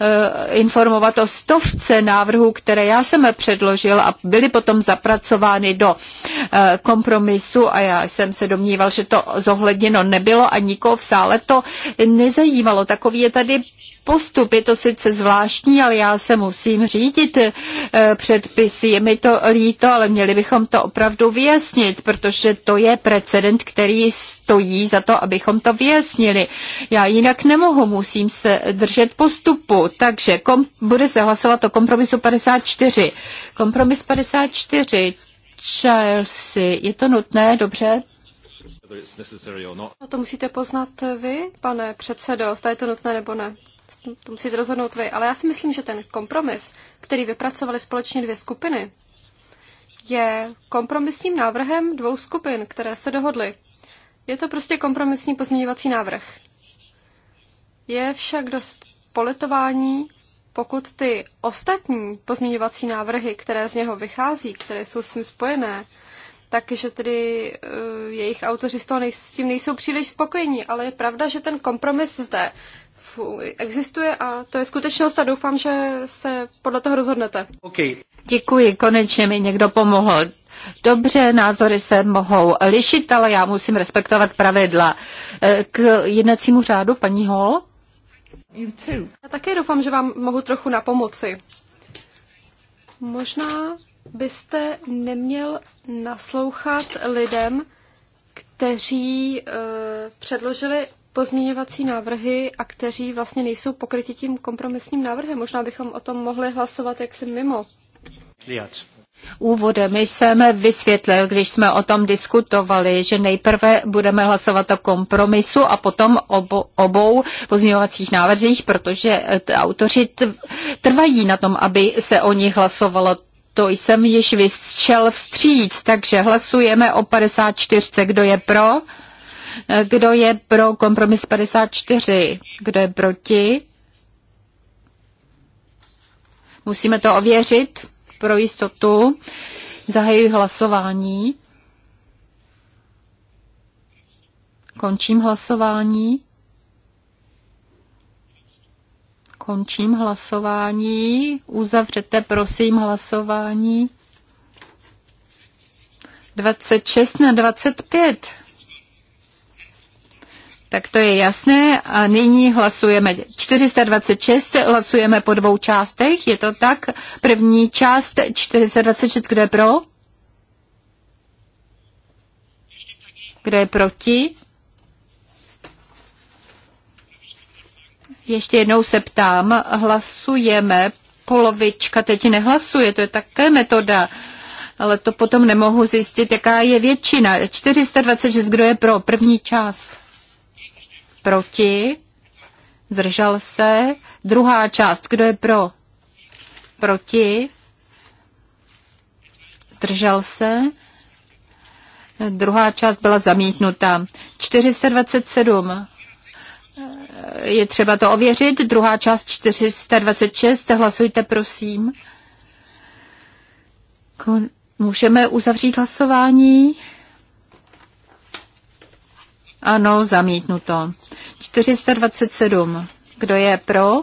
Speaker 1: Eh, informovat o stovce návrhů, které já jsem předložil a byly potom zapracovány do eh, kompromisu a já jsem se domníval, že to zohledněno nebylo a nikoho v sále to nezajímalo. Takový je tady postup. Je to sice zvláštní, ale já se musím řídit eh, předpisy. Je mi to líto, ale měli bychom to opravdu vyjasnit, protože to je precedent, který stojí za to, abychom to vyjasnili. Já jinak nemohu, musím se držet postupu. Takže kom, bude se hlasovat o kompromisu 54. Kompromis 54. Chelsea. Je to nutné, dobře?
Speaker 3: No
Speaker 2: to musíte poznat vy, pane předsedo, zda je to nutné nebo ne to musíte rozhodnout vy, ale já si myslím, že ten kompromis, který vypracovali společně dvě skupiny, je kompromisním návrhem dvou skupin, které se dohodly. Je to prostě kompromisní pozměňovací návrh. Je však dost politování, pokud ty ostatní pozměňovací návrhy, které z něho vychází, které jsou s tím spojené, takže tedy uh, jejich autoři s, toho nej- s tím nejsou příliš spokojení, ale je pravda, že ten kompromis zde existuje a to je skutečnost a doufám, že se podle toho rozhodnete.
Speaker 1: Okay. Děkuji, konečně mi někdo pomohl. Dobře, názory se mohou lišit, ale já musím respektovat pravidla. Eh, k jednacímu řádu, paní Hol?
Speaker 2: Já také doufám, že vám mohu trochu na pomoci. Možná byste neměl naslouchat lidem, kteří uh, předložili pozměňovací návrhy a kteří vlastně nejsou pokryti tím kompromisním návrhem. Možná bychom o tom mohli hlasovat jaksi mimo.
Speaker 1: Liac. Úvodem jsem vysvětlil, když jsme o tom diskutovali, že nejprve budeme hlasovat o kompromisu a potom obo, obou pozměňovacích návrzích, protože autoři trvají na tom, aby se o nich hlasovalo. To jsem již vyšel vstříc, takže hlasujeme o 54. Kdo je pro? Kdo je pro kompromis 54? Kdo je proti? Musíme to ověřit pro jistotu. Zahajuji hlasování. Končím hlasování. Končím hlasování. Uzavřete prosím hlasování. 26 na 25. Tak to je jasné. A nyní hlasujeme 426, hlasujeme po dvou částech, je to tak? První část 426, kdo je pro? Kdo je proti? Ještě jednou se ptám, hlasujeme, polovička teď nehlasuje, to je také metoda, ale to potom nemohu zjistit, jaká je většina. 426, kdo je pro první část? Proti? Zdržel se? Druhá část. Kdo je pro? Proti? Zdržel se? Druhá část byla zamítnuta. 427. Je třeba to ověřit. Druhá část 426. Hlasujte, prosím. Kon- Můžeme uzavřít hlasování. Ano, zamítnuto. 427. Kdo je pro?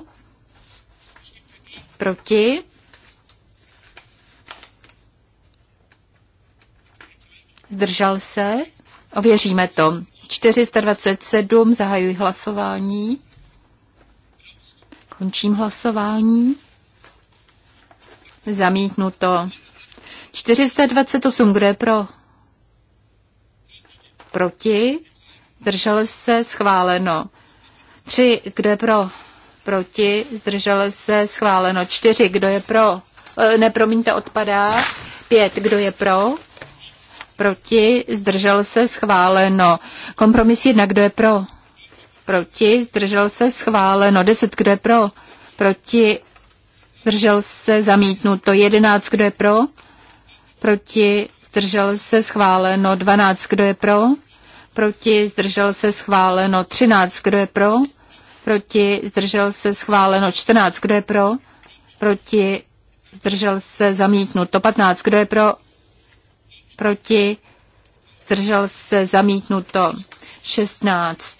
Speaker 1: Proti? Zdržel se? Ověříme to. 427, zahajuji hlasování. Končím hlasování. Zamítnuto. 428, kdo je pro? Proti? zdržel se, schváleno. 3, kdo je pro, proti, zdržel se, schváleno. 4, kdo je pro, e, ne, Nepromiňte, odpadá. 5, kdo je pro, proti, zdržel se, schváleno. Kompromis 1, kdo je pro, proti, zdržel se, schváleno. 10, kdo je pro, proti, zdržel se, zamítnuto. 11, kdo je pro, proti, zdržel se, schváleno. 12, kdo je pro, proti, zdržel se schváleno 13, kdo je pro, proti, zdržel se schváleno 14, kdo je pro, proti, zdržel se zamítnuto 15, kdo je pro, proti, zdržel se zamítnuto 16.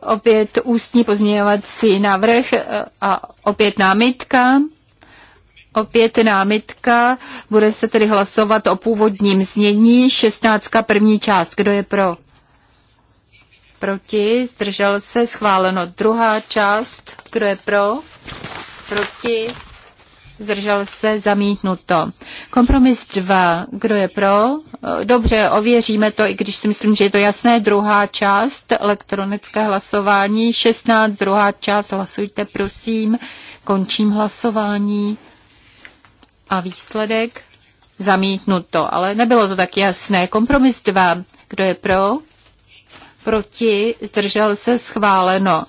Speaker 1: Opět ústní pozměňovací návrh a opět námitka. Opět námitka, bude se tedy hlasovat o původním znění 16. první část. Kdo je pro? proti, zdržel se, schváleno. Druhá část, kdo je pro, proti, zdržel se, zamítnuto. Kompromis 2, kdo je pro, dobře, ověříme to, i když si myslím, že je to jasné. Druhá část, elektronické hlasování, 16, druhá část, hlasujte, prosím. Končím hlasování. A výsledek? Zamítnuto, ale nebylo to tak jasné. Kompromis 2, kdo je pro? proti, zdržel se, schváleno.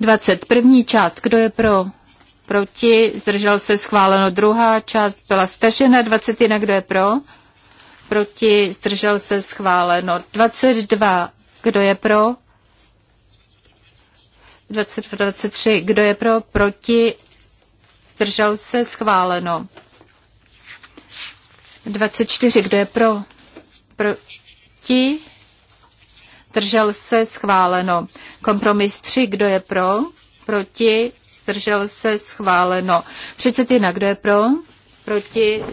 Speaker 1: 21. část, kdo je pro, proti, zdržel se, schváleno. Druhá část byla stažena, 21, kdo je pro, proti, zdržel se, schváleno. 22, kdo je pro, 23, kdo je pro, proti, zdržel se, schváleno. 24, kdo je pro, proti, zdržel se, schváleno. Kompromis 3, kdo je pro, proti, zdržel se, schváleno. 31, kdo je pro, proti,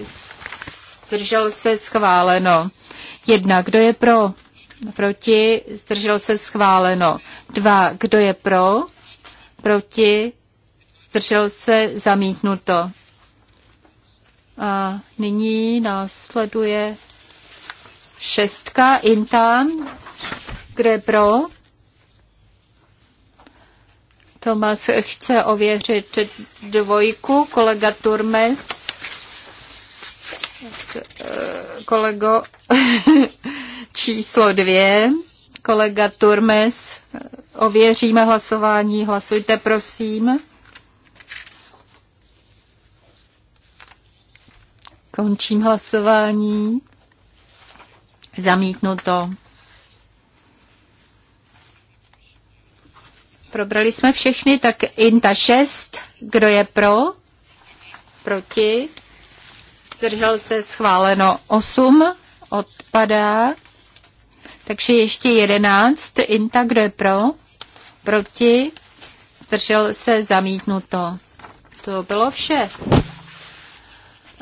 Speaker 1: zdržel se, schváleno. 1, kdo je pro, proti, zdržel se, schváleno. 2, kdo je pro, proti, zdržel se, zamítnuto. A nyní následuje šestka, intan kdo je pro? Tomas chce ověřit dvojku, kolega Turmes. Eh, kolego, číslo dvě, kolega Turmes, ověříme hlasování, hlasujte prosím. Končím hlasování. Zamítnuto. Probrali jsme všechny, tak INTA 6, kdo je pro, proti, zdržel se schváleno 8, odpadá, takže ještě 11, INTA, kdo je pro, proti, zdržel se zamítnuto. To bylo vše.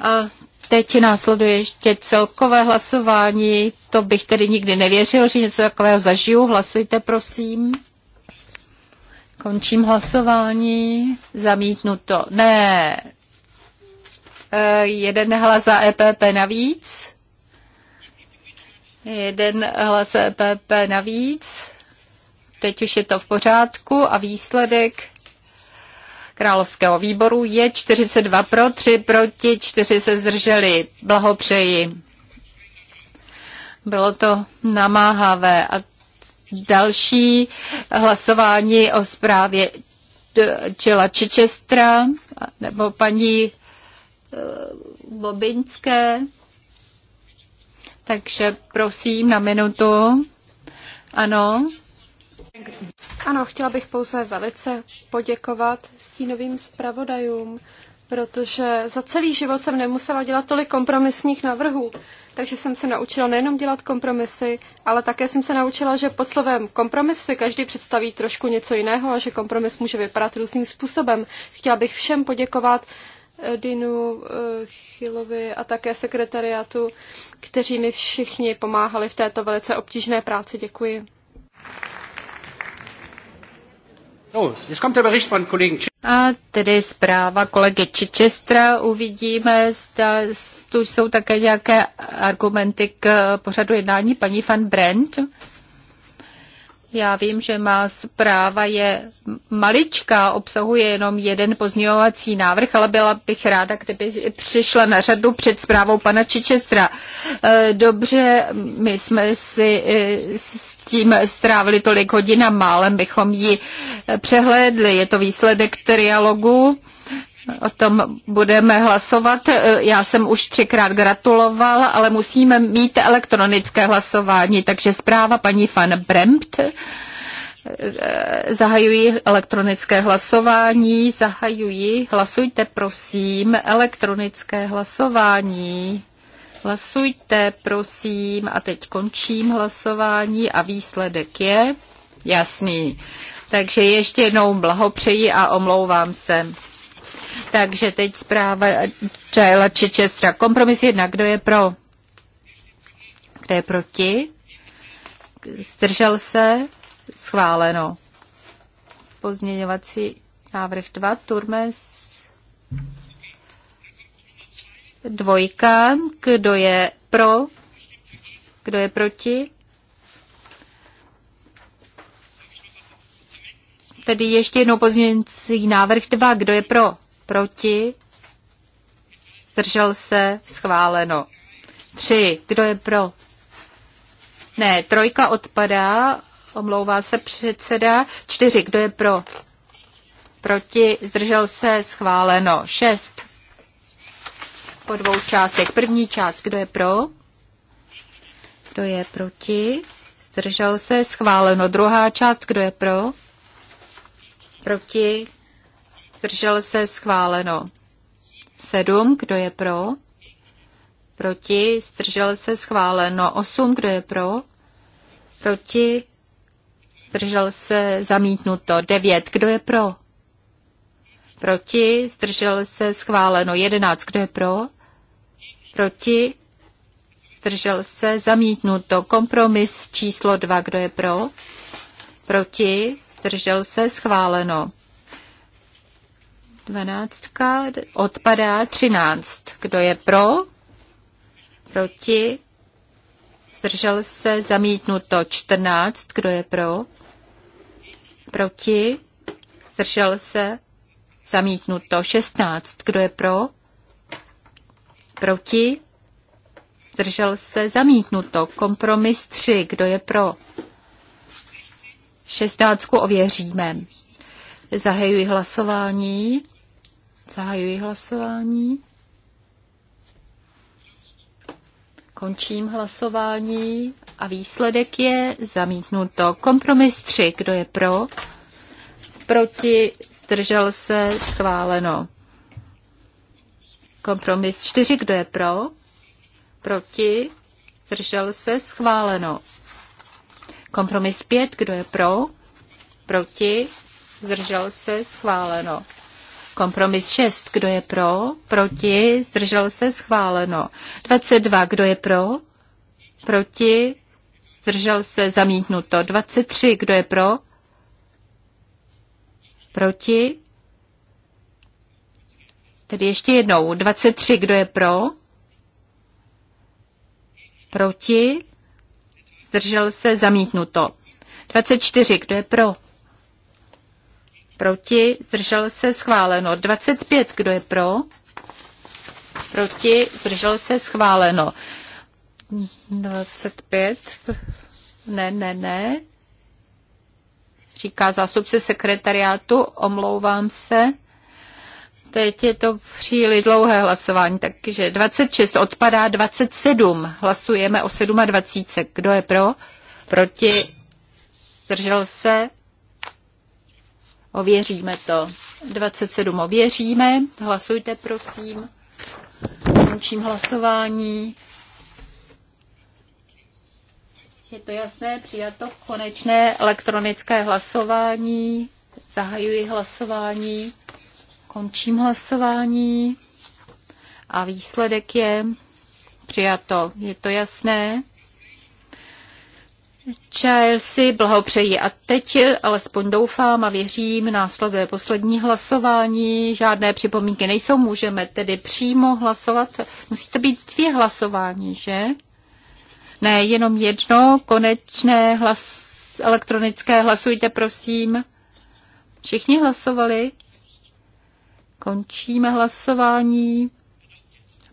Speaker 1: A teď následuje ještě celkové hlasování. To bych tedy nikdy nevěřil, že něco takového zažiju. Hlasujte, prosím. Končím hlasování. Zamítnuto. Ne. E, jeden hlas za EPP navíc. Jeden hlas EPP navíc. Teď už je to v pořádku a výsledek Královského výboru je 42 pro, 3 proti, 4 se zdrželi. Blahopřeji. Bylo to namáhavé a další hlasování o zprávě Čela Čičestra nebo paní Bobinské. Eh, Takže prosím na minutu. Ano.
Speaker 2: Ano, chtěla bych pouze velice poděkovat stínovým zpravodajům protože za celý život jsem nemusela dělat tolik kompromisních návrhů. Takže jsem se naučila nejenom dělat kompromisy, ale také jsem se naučila, že pod slovem kompromis si každý představí trošku něco jiného a že kompromis může vypadat různým způsobem. Chtěla bych všem poděkovat, eh, Dinu eh, Chilovi a také sekretariátu, kteří mi všichni pomáhali v této velice obtížné práci. Děkuji.
Speaker 1: Oh, A tedy zpráva kolegy Čičestra. Uvidíme, zda tu jsou také nějaké argumenty k pořadu jednání paní van Brent. Já vím, že má zpráva je maličká, obsahuje jenom jeden pozměňovací návrh, ale byla bych ráda, kdyby přišla na řadu před zprávou pana Čičestra. Eh, dobře, my jsme si eh, s tím strávili tolik hodin a málem bychom ji eh, přehlédli. Je to výsledek trialogu O tom budeme hlasovat. Já jsem už třikrát gratuloval, ale musíme mít elektronické hlasování, takže zpráva paní van Brempt. Zahajuji elektronické hlasování, zahajuji, hlasujte prosím, elektronické hlasování. Hlasujte prosím a teď končím hlasování a výsledek je jasný. Takže ještě jednou blahopřeji a omlouvám se. Takže teď zpráva Čajla Čečestra. Kompromis jedna. Kdo je pro? Kdo je proti? Zdržel se? Schváleno. Pozměňovací návrh 2. Turmes. Dvojka. Kdo je pro? Kdo je proti? Tedy ještě jednou pozměňující návrh 2. Kdo je pro? proti, zdržel se, schváleno. Tři, kdo je pro? Ne, trojka odpadá, omlouvá se předseda. Čtyři, kdo je pro? Proti, zdržel se, schváleno. Šest, po dvou částech. První část, kdo je pro? Kdo je proti? Zdržel se, schváleno. Druhá část, kdo je pro? Proti, zdržel se, schváleno. 7, kdo je pro, proti, zdržel se, schváleno. 8, kdo je pro, proti, zdržel se, zamítnuto. 9, kdo je pro, proti, zdržel se, schváleno. 11, kdo je pro, proti, zdržel se, zamítnuto. Kompromis číslo 2, kdo je pro, proti, zdržel se, schváleno. Dvanáctka odpadá. Třináct. Kdo je pro? Proti? Zdržel se zamítnuto. Čtrnáct. Kdo je pro? Proti? Zdržel se zamítnuto. Šestnáct. Kdo je pro? Proti? Zdržel se zamítnuto. Kompromis tři Kdo je pro? Šestnáctku ověříme. Zahajuji hlasování. Zahajuji hlasování. Končím hlasování a výsledek je zamítnuto. Kompromis 3. Kdo je pro? Proti? Zdržel se? Schváleno. Kompromis 4. Kdo je pro? Proti? Zdržel se? Schváleno. Kompromis 5. Kdo je pro? Proti? Zdržel se? Schváleno. Kompromis 6. Kdo je pro? Proti? Zdržel se? Schváleno. 22. Kdo je pro? Proti? Zdržel se? Zamítnuto. 23. Kdo je pro? Proti? Tedy ještě jednou. 23. Kdo je pro? Proti? Zdržel se? Zamítnuto. 24. Kdo je pro? Proti? Zdržel se? Schváleno. 25. Kdo je pro? Proti? Zdržel se? Schváleno. 25. Ne, ne, ne. Říká zástupce sekretariátu. Omlouvám se. Teď je to příliš dlouhé hlasování, takže 26 odpadá 27. Hlasujeme o 27. Kdo je pro? Proti? Zdržel se? Ověříme to. 27 ověříme. Hlasujte, prosím. Končím hlasování. Je to jasné, přijato konečné elektronické hlasování. Zahajuji hlasování. Končím hlasování. A výsledek je přijato. Je to jasné? Chelsea, blahopřeji. A teď alespoň doufám a věřím, následuje poslední hlasování. Žádné připomínky nejsou, můžeme tedy přímo hlasovat. Musí to být dvě hlasování, že? Ne, jenom jedno, konečné hlas, elektronické. Hlasujte, prosím. Všichni hlasovali? Končíme hlasování.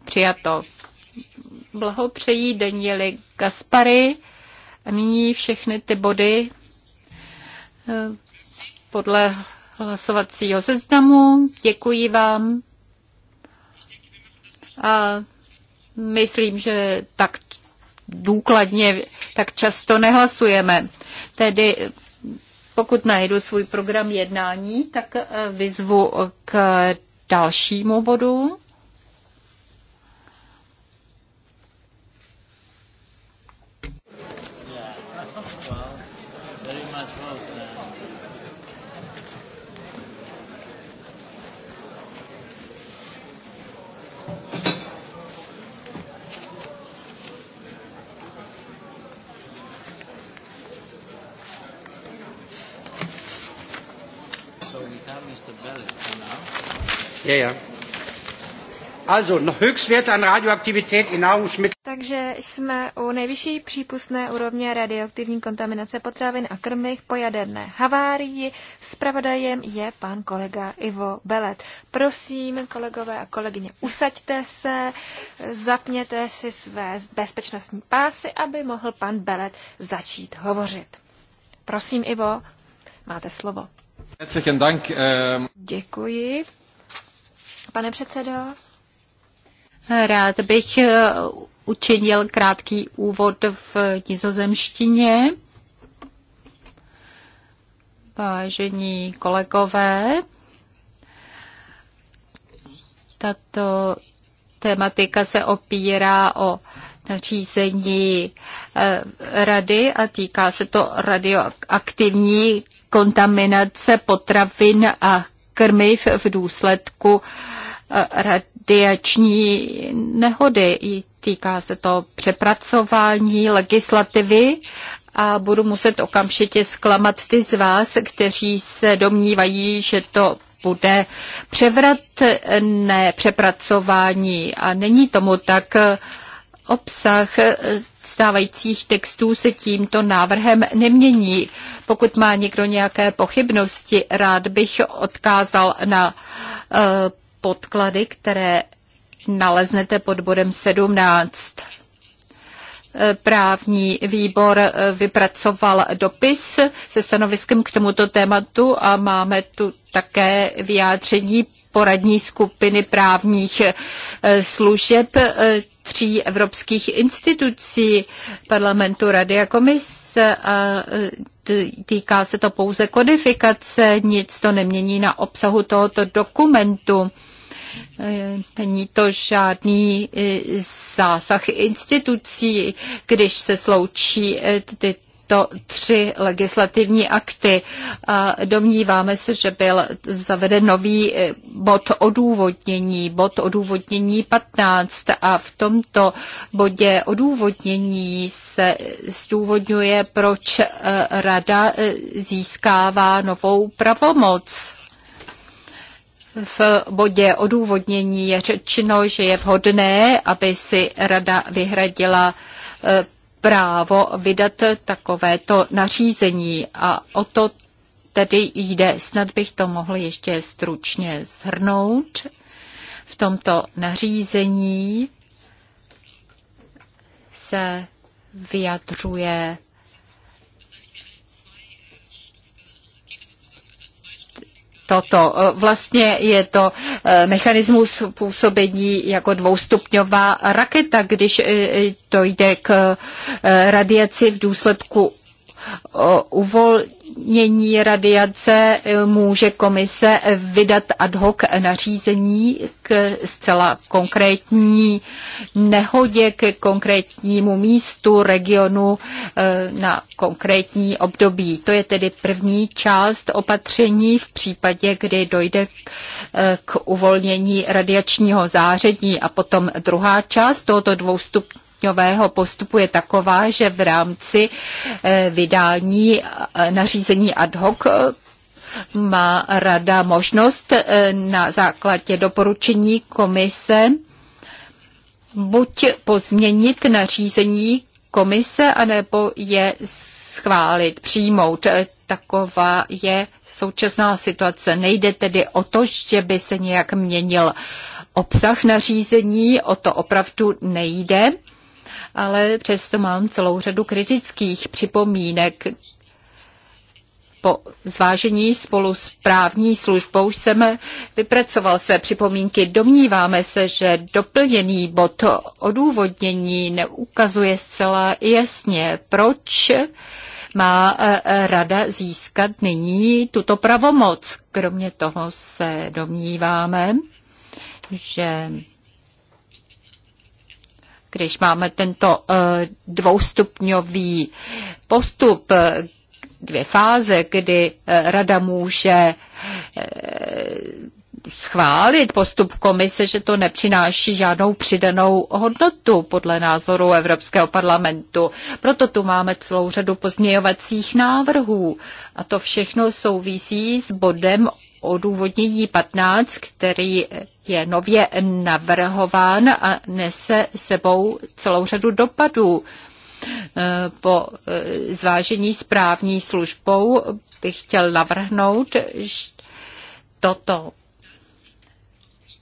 Speaker 1: Přijato. Blahopřeji Danieli Gaspary nyní všechny ty body eh, podle hlasovacího seznamu. Děkuji vám. A myslím, že tak důkladně, tak často nehlasujeme. Tedy pokud najdu svůj program jednání, tak eh, vyzvu k dalšímu bodu.
Speaker 2: Also, an Radioaktivität in Takže jsme
Speaker 3: u nejvyšší přípustné úrovně radioaktivní kontaminace potravin a krmiv po jaderné havárii. Spravodajem je pan kolega Ivo Belet. Prosím, kolegové a kolegyně, usaďte se, zapněte si své bezpečnostní pásy, aby mohl pan Belet začít hovořit. Prosím, Ivo,
Speaker 1: máte slovo.
Speaker 2: Eh,
Speaker 3: Děkuji. Pane předsedo.
Speaker 1: Rád bych eh, učinil krátký úvod v nizozemštině. Vážení kolegové, tato tematika se opírá o nařízení eh, rady a týká se to radioaktivní kontaminace potravin a krmiv v důsledku eh, radiační nehody. Týká se to přepracování legislativy a budu muset okamžitě zklamat ty z vás, kteří se domnívají, že to bude převrat, ne přepracování. A není tomu tak obsah stávajících textů se tímto návrhem nemění. Pokud má někdo nějaké pochybnosti, rád bych odkázal na eh, podklady, které naleznete pod bodem 17. Eh, právní výbor eh, vypracoval dopis se stanoviskem k tomuto tématu a máme tu také vyjádření poradní skupiny právních služeb tří evropských institucí, parlamentu, rady a komise. A týká se to pouze kodifikace, nic to nemění na obsahu tohoto dokumentu. Není to žádný e, zásah institucí, když se sloučí e, ty tyto tři legislativní akty a domníváme se, že byl zaveden nový eh, bod odůvodnění, bod odůvodnění 15 a v tomto bodě odůvodnění se zdůvodňuje, proč eh, rada eh, získává novou pravomoc. V bodě odůvodnění je řečeno, že je vhodné, aby si rada vyhradila právo vydat takovéto nařízení a o to tedy jde. Snad bych to mohl ještě stručně zhrnout V tomto nařízení se vyjadřuje toto. E, vlastně je to e, mechanismus působení jako dvoustupňová raketa, když to e, jde k radiaci v důsledku uvolnění zmírnění radiace eh, může komise vydat ad hoc nařízení k zcela konkrétní nehodě, k konkrétnímu místu, regionu eh, na konkrétní období. To je tedy první část opatření v případě, kdy dojde eh, k uvolnění radiačního záření a potom druhá část tohoto dvoustupního stupňového postupu je taková, že v rámci eh, vydání eh, nařízení ad hoc eh, má rada možnost na základě doporučení komise buď pozměnit nařízení komise, anebo je schválit, přijmout. Taková je současná situace. Nejde tedy o to, že by se nějak měnil obsah nařízení, o to opravdu nejde ale přesto mám celou řadu kritických připomínek. Po zvážení spolu s právní službou jsem vypracoval své připomínky. Domníváme se, že doplněný bod odůvodnění neukazuje zcela jasně, proč má e, e, rada získat nyní tuto pravomoc. Kromě toho se domníváme, že když máme tento eh, dvoustupňový postup, eh, dvě fáze, kdy eh, rada může schválit postup komise, že to nepřináší žádnou přidanou hodnotu podle názoru Evropského parlamentu. Proto tu máme celou řadu pozměňovacích návrhů a to všechno souvisí s bodem odůvodnění 15, který je nově navrhován a nese sebou celou řadu dopadů. Po e, zvážení správní službou bych chtěl navrhnout toto,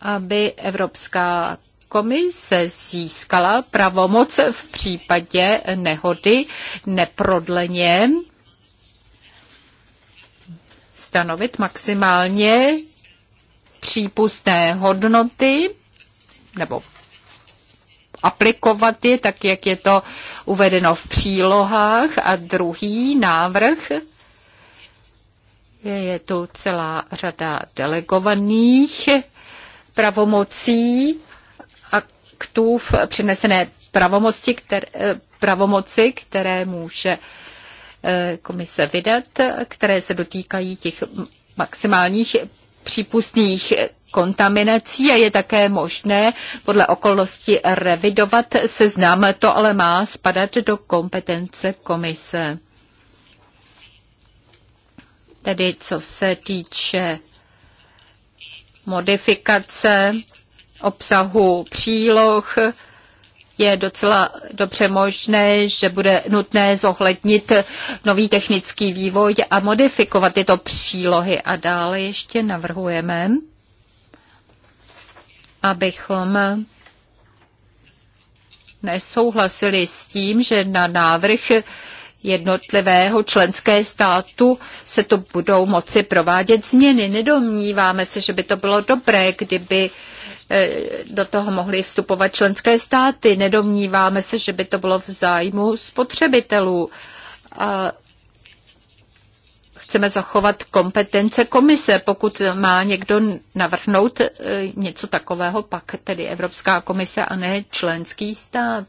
Speaker 1: aby Evropská komise získala pravomoc v případě nehody neprodleně stanovit maximálně přípustné hodnoty nebo aplikovat je tak, jak je to uvedeno v přílohách. A druhý návrh je tu celá řada delegovaných pravomocí aktů v přenesené pravomoci, které, pravomoci, které může Eh, komise vydat, které se dotýkají těch maximálních přípustných kontaminací a je také možné podle okolnosti revidovat seznam. To ale má spadat do kompetence komise. Tedy co se týče modifikace obsahu příloh, je docela dobře možné, že bude nutné zohlednit nový technický vývoj a modifikovat tyto přílohy. A dále ještě navrhujeme, abychom nesouhlasili s tím, že na návrh jednotlivého členské státu se to budou moci provádět změny. Nedomníváme se, že by to bylo dobré, kdyby uh, Eh, do toho mohly vstupovat členské státy. Nedomníváme se, že by to bylo v zájmu spotřebitelů. A chceme zachovat kompetence komise. Pokud má někdo navrhnout eh, něco takového, pak tedy Evropská komise a ne členský stát.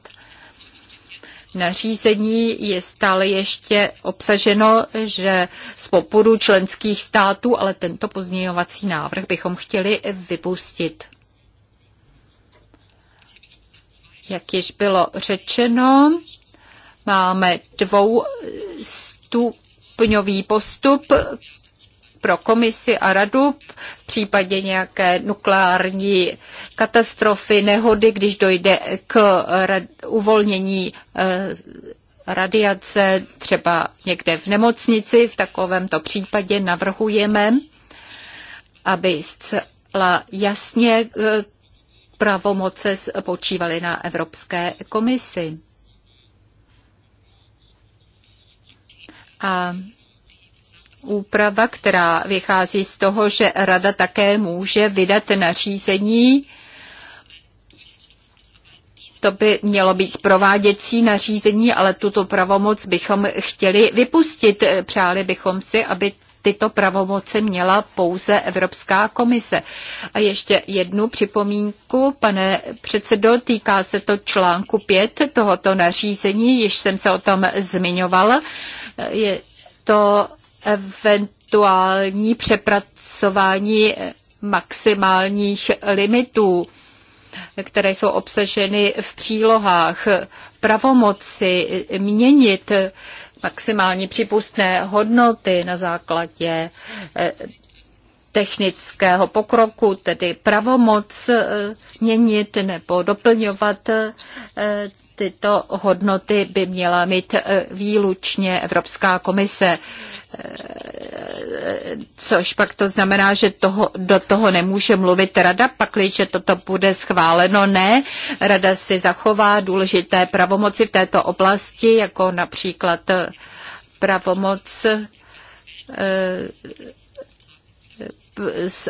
Speaker 1: Nařízení je stále ještě obsaženo, že z popudu členských států, ale tento pozměňovací návrh bychom chtěli vypustit. Jak již bylo řečeno, máme dvou stupňový postup pro komisi a radu v případě nějaké nukleární katastrofy, nehody, když dojde k uvolnění eh, radiace třeba někde v nemocnici. V takovémto případě navrhujeme, aby zcela jasně eh, pravomoce spočívaly na Evropské komisi. A úprava, která vychází z toho, že Rada také může vydat nařízení, to by mělo být prováděcí nařízení, ale tuto pravomoc bychom chtěli vypustit. Přáli bychom si, aby tyto pravomoce měla pouze Evropská komise. A ještě jednu připomínku, pane předsedo, týká se to článku 5 tohoto nařízení, již jsem se o tom zmiňoval. Je to eventuální přepracování maximálních limitů které jsou obsaženy v přílohách, pravomoci měnit maximální připustné hodnoty na základě eh, technického pokroku, tedy pravomoc eh, měnit nebo doplňovat eh, tyto hodnoty by měla mít výlučně Evropská komise což pak to znamená, že toho, do toho nemůže mluvit rada, pakliže toto bude schváleno. Ne, rada si zachová důležité pravomoci v této oblasti, jako například eh, pravomoc eh,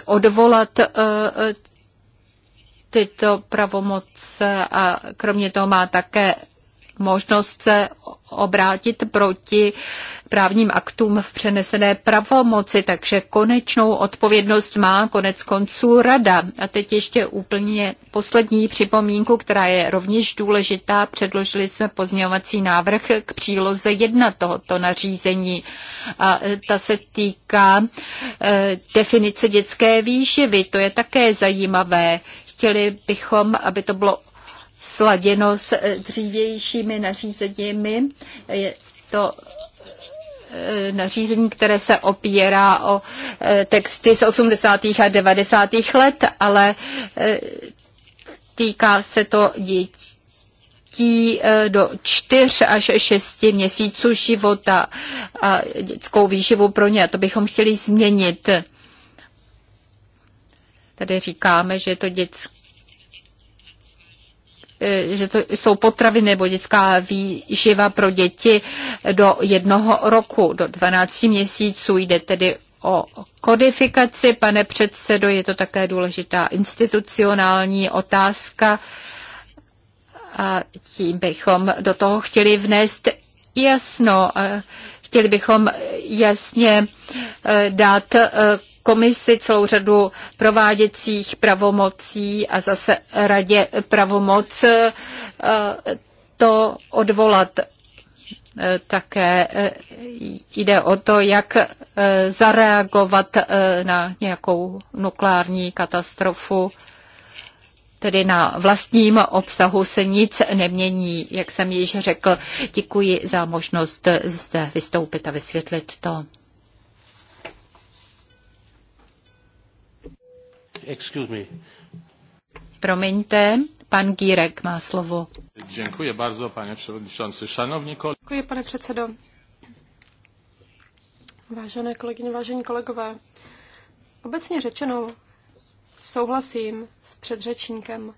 Speaker 1: odvolat eh, tyto pravomoce a kromě toho má také možnost se obrátit proti právním aktům v přenesené pravomoci, takže konečnou odpovědnost má konec konců rada. A teď ještě úplně poslední připomínku, která je rovněž důležitá. Předložili jsme pozměňovací návrh k příloze 1 tohoto nařízení. A e, ta se týká e, definice dětské výživy. To je také zajímavé chtěli bychom, aby to bylo sladěno s eh, dřívějšími nařízeními. Je to eh, nařízení, které se opírá o eh, texty z 80. a 90. let, ale týká se to dětí do čtyř až šesti měsíců života a dětskou výživu pro ně. A to bychom chtěli změnit. Tady říkáme, že je to dětské Eh, že to jsou potravy nebo dětská výživa pro děti do jednoho roku, do 12 měsíců. Jde tedy o kodifikaci. Pane předsedo, je to také důležitá institucionální otázka a tím bychom do toho chtěli vnést jasno. Chtěli bychom jasně eh, dát eh, komisi celou řadu prováděcích pravomocí a zase radě pravomoc eh, to odvolat. Eh, také eh, jde o to, jak zareagovat na nějakou nukleární katastrofu. Tedy na vlastním obsahu se nic nemění, jak jsem již řekl. Děkuji za možnost zde vystoupit a vysvětlit to. excuse me. Promiňte, pan Gírek má slovo. Děkuji bardzo, pane předsedající. Šanovní kolegové. Děkuji, pane předsedo. Vážené kolegyně,
Speaker 2: vážení kolegové, obecně řečeno souhlasím s předřečníkem.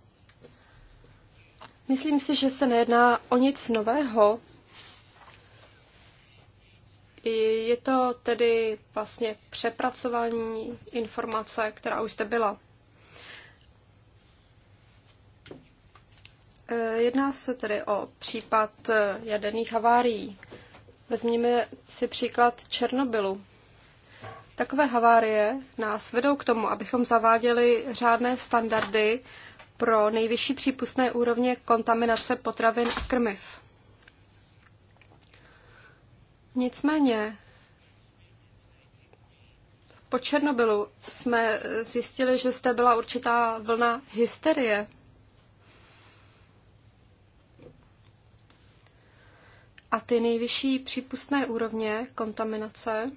Speaker 2: Myslím si, že se nejedná o nic nového, je to tedy vlastně přepracování informace, která už zde byla. E, jedná se tedy o případ e, jaderných havárií. Vezměme si příklad Černobylu. Takové havárie nás vedou k tomu, abychom zaváděli řádné standardy pro nejvyšší přípustné úrovně kontaminace potravin a krmiv. Nicméně po Černobylu jsme zjistili, že zde byla určitá vlna hysterie. A ty nejvyšší přípustné úrovně kontaminace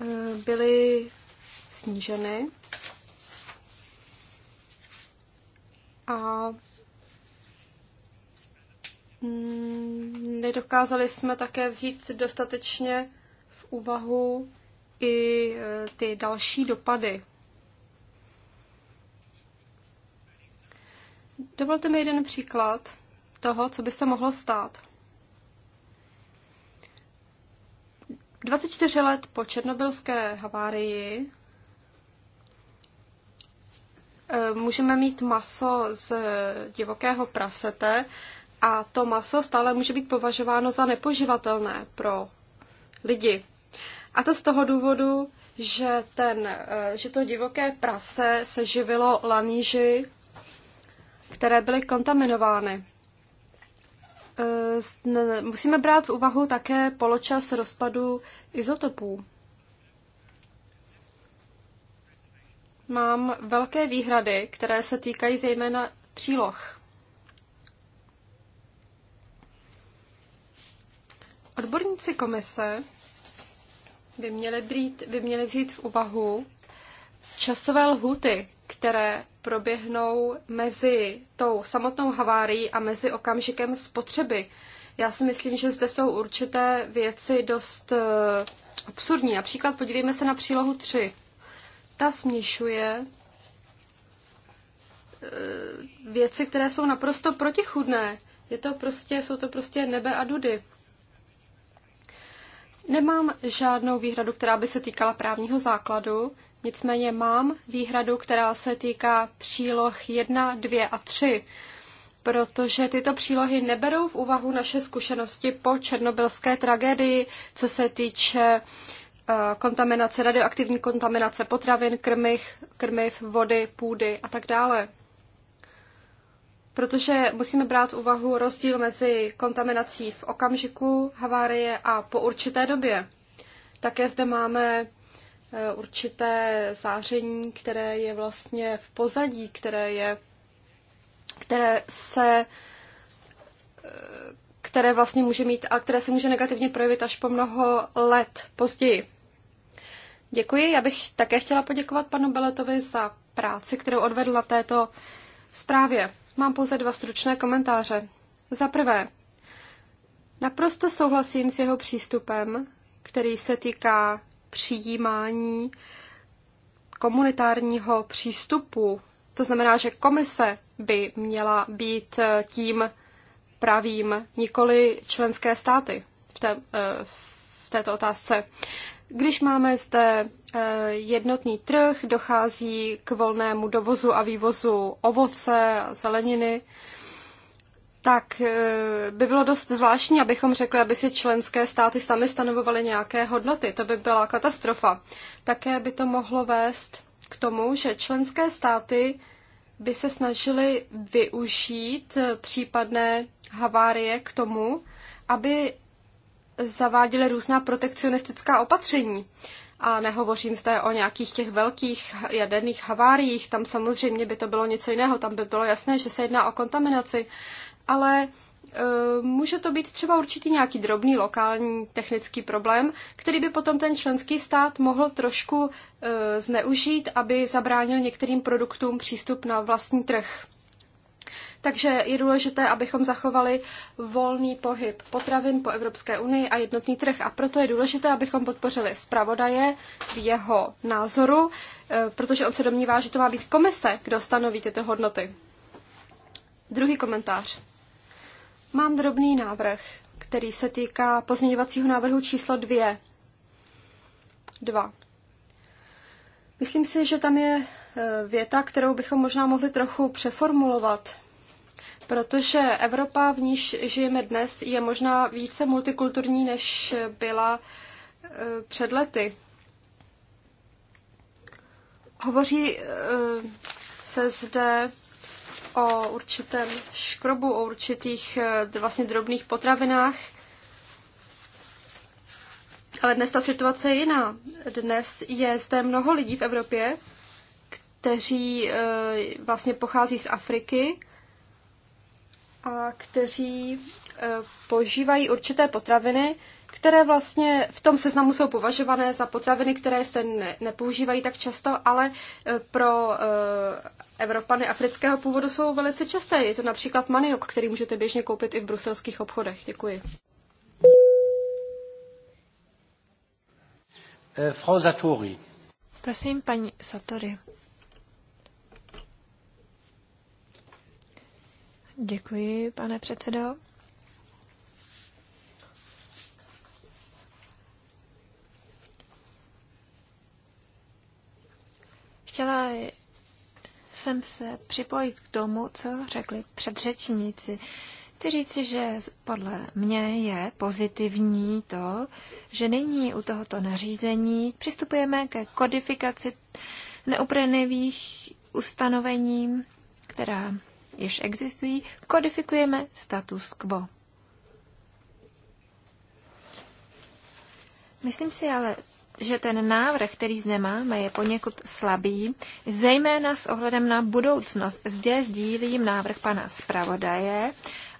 Speaker 2: eh, byly sníženy. A Mm, nedokázali jsme také vzít dostatečně v úvahu i e, ty další dopady. Dovolte mi jeden příklad toho, co by se mohlo stát. 24 let po černobylské havárii e, můžeme mít maso z divokého prasete, a to maso stále může být považováno za nepoživatelné pro lidi. A to z toho důvodu, že, ten, e, že to divoké prase se živilo laníži, které byly kontaminovány. E, musíme brát v úvahu také poločas rozpadu izotopů. Mám velké výhrady, které se týkají zejména příloh. Odborníci komise by měli, brít, by měli vzít v úvahu časové lhuty, které proběhnou mezi tou samotnou havárií a mezi okamžikem spotřeby. Já si myslím, že zde jsou určité věci dost eh, absurdní. Například podívejme se na přílohu 3. Ta směšuje eh, věci, které jsou naprosto protichudné. Je to prostě, jsou to prostě nebe a dudy. Nemám žádnou výhradu, která by se týkala právního základu, nicméně mám výhradu, která se týká příloh 1, 2 a 3, protože tyto přílohy neberou v úvahu naše zkušenosti po černobylské tragédii, co se týče eh, kontaminace, radioaktivní kontaminace potravin, krmiv, krmiv, vody, půdy a tak dále protože musíme brát úvahu rozdíl mezi kontaminací v okamžiku havárie a po určité době. Také zde máme eh, určité záření, které je vlastně v pozadí, které, je, které se eh, které vlastně může mít a které se může negativně projevit až po mnoho let později. Děkuji. Já bych také chtěla poděkovat panu Beletovi za práci, kterou odvedl na této zprávě. Mám pouze dva stručné komentáře. Za prvé, naprosto souhlasím s jeho přístupem, který se týká přijímání komunitárního přístupu. To znamená, že komise by měla být eh, tím pravým, nikoli členské státy v, té, eh, v této otázce. Když máme zde eh, jednotný trh, dochází k volnému dovozu a vývozu ovoce a zeleniny, tak eh, by bylo dost zvláštní, abychom řekli, aby si členské státy sami stanovovaly nějaké hodnoty. To by byla katastrofa. Také by to mohlo vést k tomu, že členské státy by se snažily využít eh, případné havárie k tomu, aby zaváděly různá protekcionistická opatření. A nehovořím zde o nějakých těch velkých jaderných haváriích, tam samozřejmě by to bylo něco jiného, tam by bylo jasné, že se jedná o kontaminaci, ale e, může to být třeba určitý nějaký drobný lokální technický problém, který by potom ten členský stát mohl trošku e, zneužít, aby zabránil některým produktům přístup na vlastní trh. Takže je důležité, abychom zachovali volný pohyb potravin po Evropské unii a jednotný trh. A proto je důležité, abychom podpořili zpravodaje v jeho názoru, eh, protože on se domnívá, že to má být komise, kdo stanoví tyto hodnoty. Druhý komentář. Mám drobný návrh, který se týká pozměňovacího návrhu číslo 2. 2. Myslím si, že tam je eh, věta, kterou bychom možná mohli trochu přeformulovat protože Evropa, v níž žijeme dnes, je možná více multikulturní, než byla e, před lety. Hovoří e, se zde o určitém škrobu, o určitých e, vlastně drobných potravinách. Ale dnes ta situace je jiná. Dnes je zde mnoho lidí v Evropě, kteří vlastně pochází z Afriky, a kteří e, požívají určité potraviny, které vlastně v tom seznamu jsou považované za potraviny, které se ne, nepoužívají tak často, ale e, pro e, Evropany afrického původu jsou velice časté. Je to například maniok, který můžete běžně koupit i v bruselských obchodech. Děkuji. Frau Satori.
Speaker 3: Prosím, paní Satori. Děkuji, pane předsedo.
Speaker 1: Chtěla jsem
Speaker 3: se připojit k tomu, co řekli předřečníci. Chci říci, že podle mě je pozitivní to, že nyní u tohoto nařízení přistupujeme ke kodifikaci neupravených ustanovení, která jež existují, kodifikujeme status quo. Myslím si ale, že ten návrh, který zde máme, je poněkud slabý, zejména s ohledem na budoucnost. Zde sdílím návrh pana zpravodaje,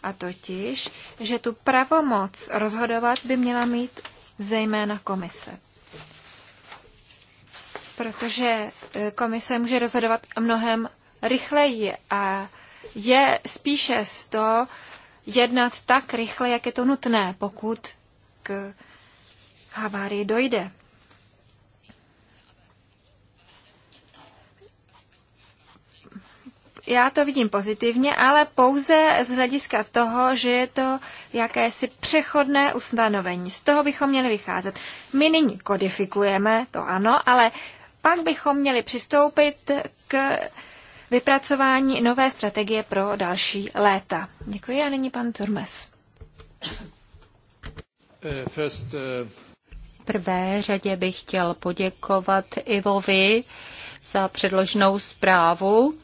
Speaker 3: a totiž, že tu pravomoc rozhodovat by měla mít zejména komise. Protože e, komise může rozhodovat mnohem rychleji a je spíše z to jednat tak rychle, jak je to nutné, pokud k havárii dojde. Já to vidím pozitivně, ale pouze z hlediska toho, že je to jakési přechodné ustanovení. Z toho bychom měli vycházet. My nyní kodifikujeme, to ano, ale pak bychom měli přistoupit k vypracování nové strategie pro další léta. Děkuji a nyní pan Turmes.
Speaker 1: Eh, eh, v prvé řadě bych chtěl poděkovat Ivovi za předloženou zprávu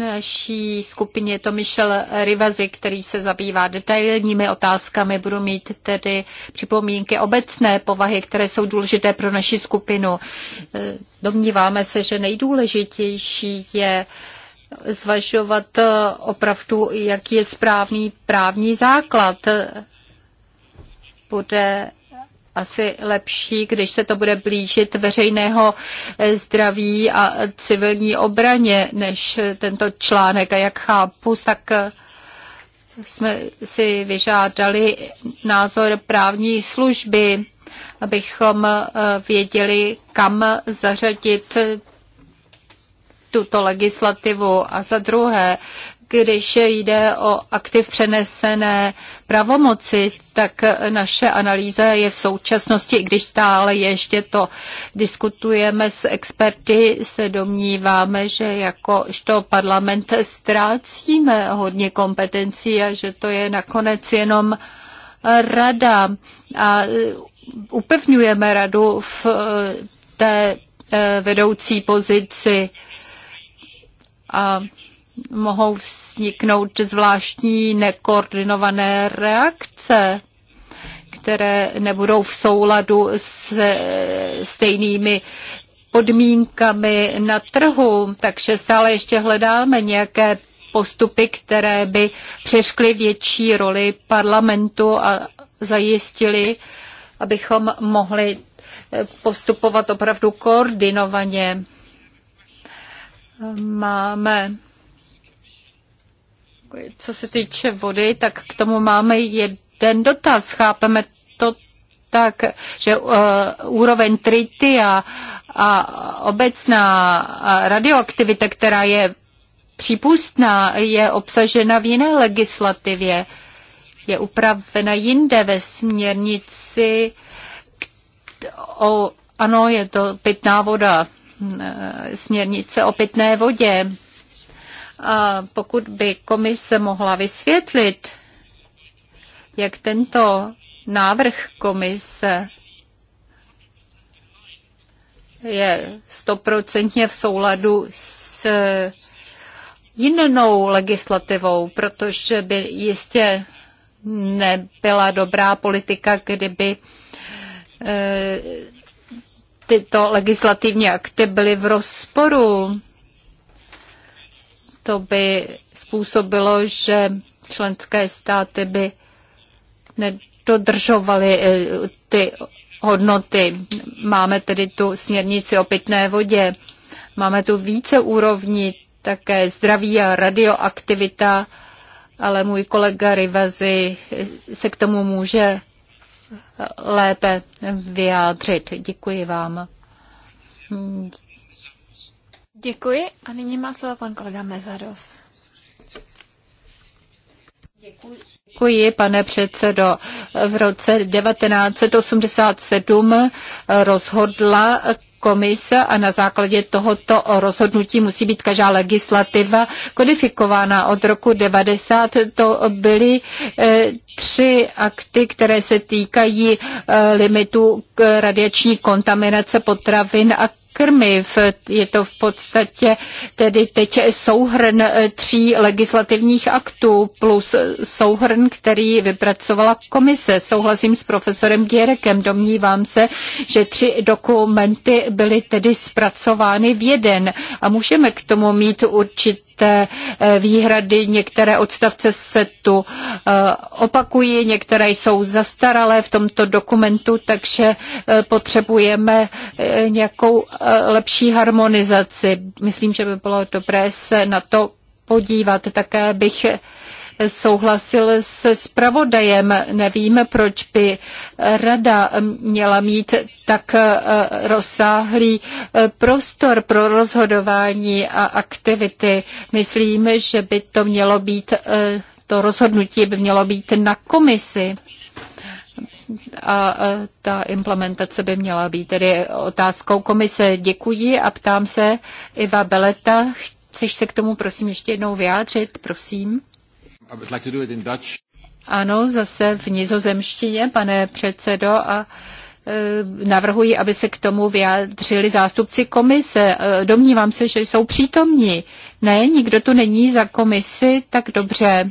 Speaker 1: naší skupině je to Michel Rivazi, který se zabývá detailními otázkami. Budu mít tedy připomínky obecné povahy, které jsou důležité pro naši skupinu. E, domníváme se, že nejdůležitější je zvažovat e, opravdu, jaký je správný právní základ. Bude asi lepší, když se to bude blížit veřejného eh, zdraví a civilní obraně, než eh, tento článek. A jak chápu, tak eh, jsme si vyžádali názor právní služby, abychom věděli, kam zařadit tuto legislativu. A za druhé, když jde o aktiv přenesené pravomoci, tak naše analýza je v současnosti, i když stále ještě to diskutujeme s experty, se domníváme, že jakožto parlament ztrácíme hodně kompetencí a že to je nakonec jenom rada. A upevňujeme radu v eh, té eh, vedoucí pozici. A mohou vzniknout zvláštní nekoordinované reakce, které nebudou v souladu s stejnými podmínkami na trhu, takže stále ještě hledáme nějaké postupy, které by přeškly větší roli parlamentu a zajistili, abychom mohli postupovat opravdu koordinovaně. Máme co se týče vody, tak k tomu máme jeden dotaz. Chápeme to tak, že uh, úroveň tritia a obecná radioaktivita, která je přípustná, je obsažena v jiné legislativě. Je upravena jinde ve směrnici o, ano, je to pitná voda, eh, směrnice o pitné vodě. A pokud by komise mohla vysvětlit, jak tento návrh komise je stoprocentně v souladu s jinou legislativou, protože by jistě nebyla dobrá politika, kdyby eh, tyto legislativní akty byly v rozporu to by způsobilo, že členské státy by nedodržovaly e, ty hodnoty. Máme tedy tu směrnici o pitné vodě, máme tu více úrovní, také zdraví a radioaktivita, ale můj kolega Rivazi se k tomu může lépe vyjádřit. Děkuji vám.
Speaker 3: Děkuji a nyní má slovo pan kolega Mezaros.
Speaker 1: Děkuji. Děkuji, pane předsedo. V roce 1987 rozhodla komise a na základě tohoto rozhodnutí musí být každá legislativa kodifikována. Od roku 90 to byly eh, tři akty, které se týkají eh, limitu radiační kontaminace potravin a krmiv. Je to v podstatě tedy teď souhrn eh, tří legislativních aktů plus souhrn, který vypracovala komise. Souhlasím s profesorem Děrekem. Domnívám se, že tři dokumenty byly tedy zpracovány v jeden a můžeme k tomu mít určitě určité eh, výhrady, některé odstavce se tu eh, opakují, některé jsou zastaralé v tomto dokumentu, takže eh, potřebujeme nějakou lepší harmonizaci. Myslím, že by bylo dobré se na to podívat. Také bych souhlasil se spravodajem. Nevím, proč by rada měla mít tak eh, rozsáhlý eh, prostor pro rozhodování a aktivity. Myslím, že by to mělo být, eh, to rozhodnutí by mělo být na komisi a ta implementace by měla být tedy otázkou komise. Děkuji a ptám se, Iva Beleta, chceš se k tomu prosím ještě jednou vyjádřit, prosím? Ano, zase v nizozemštině, pane předsedo, a e, navrhuji, aby se k tomu vyjádřili zástupci komise. E, domnívám se, že jsou přítomní. Ne, nikdo tu není za komisi, tak dobře.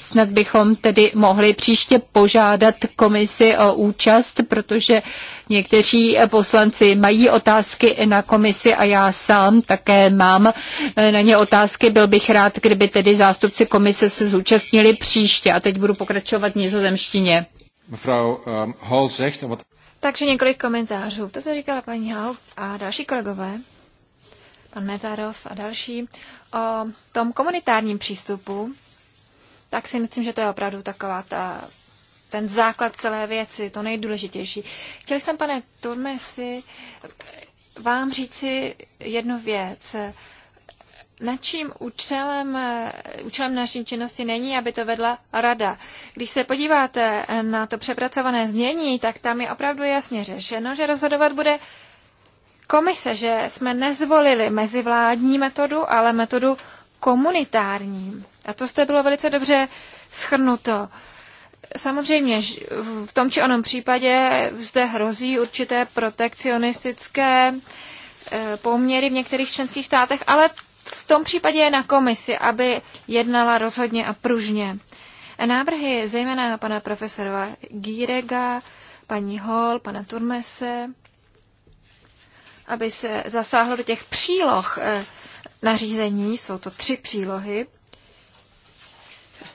Speaker 1: Snad bychom tedy mohli příště požádat komisi o účast, protože někteří poslanci mají otázky na komisi a já sám také mám eh, na ně otázky. Byl bych rád, kdyby tedy zástupci komise se zúčastnili příště. A teď budu pokračovat v nizozemštině.
Speaker 3: Frau, um, Hall zegt, wat... Takže několik komentářů. To, co říkala paní Hall a další kolegové, pan Mezaros a další, o tom komunitárním přístupu tak si myslím, že to je opravdu taková ta, ten základ celé věci, to nejdůležitější. Chtěl jsem, pane Turmesi, vám říci jednu věc. Načím účelem, účelem naší činnosti není, aby to vedla rada. Když se podíváte na to přepracované změní, tak tam je opravdu jasně řešeno, že rozhodovat bude komise, že jsme nezvolili mezivládní metodu, ale metodu komunitární. A to jste bylo velice dobře schrnuto. Samozřejmě v tom či onom případě zde hrozí určité protekcionistické eh, poměry v některých členských státech, ale v tom případě je na komisi, aby jednala rozhodně a pružně. Návrhy zejména pana profesora Gírega, paní Hall, pana Turmese, aby se zasáhlo do těch příloh eh, nařízení, jsou to tři přílohy,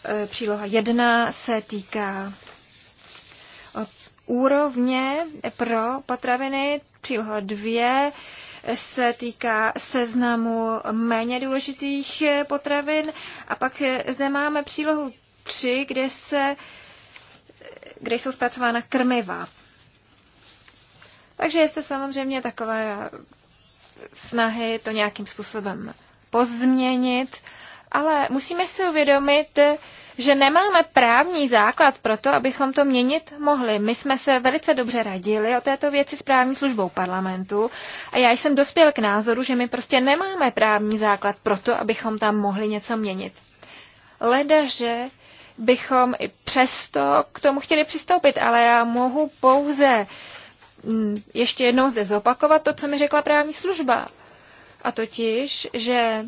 Speaker 3: Eh, příloha 1 se týká eh, úrovně pro potraviny, příloha 2 eh, se týká seznamu méně důležitých potravin a pak zde máme přílohu 3, kde, se, kde jsou zpracována krmiva. Takže jste samozřejmě takové snahy to nějakým způsobem pozměnit ale musíme si uvědomit, že nemáme právní základ pro to, abychom to měnit mohli. My jsme se velice dobře radili o této věci s právní službou parlamentu a já jsem dospěl k názoru, že my prostě nemáme právní základ pro to, abychom tam mohli něco měnit. Ledaže bychom i přesto k tomu chtěli přistoupit, ale já mohu pouze mm, ještě jednou zde zopakovat to, co mi řekla právní služba. A totiž, že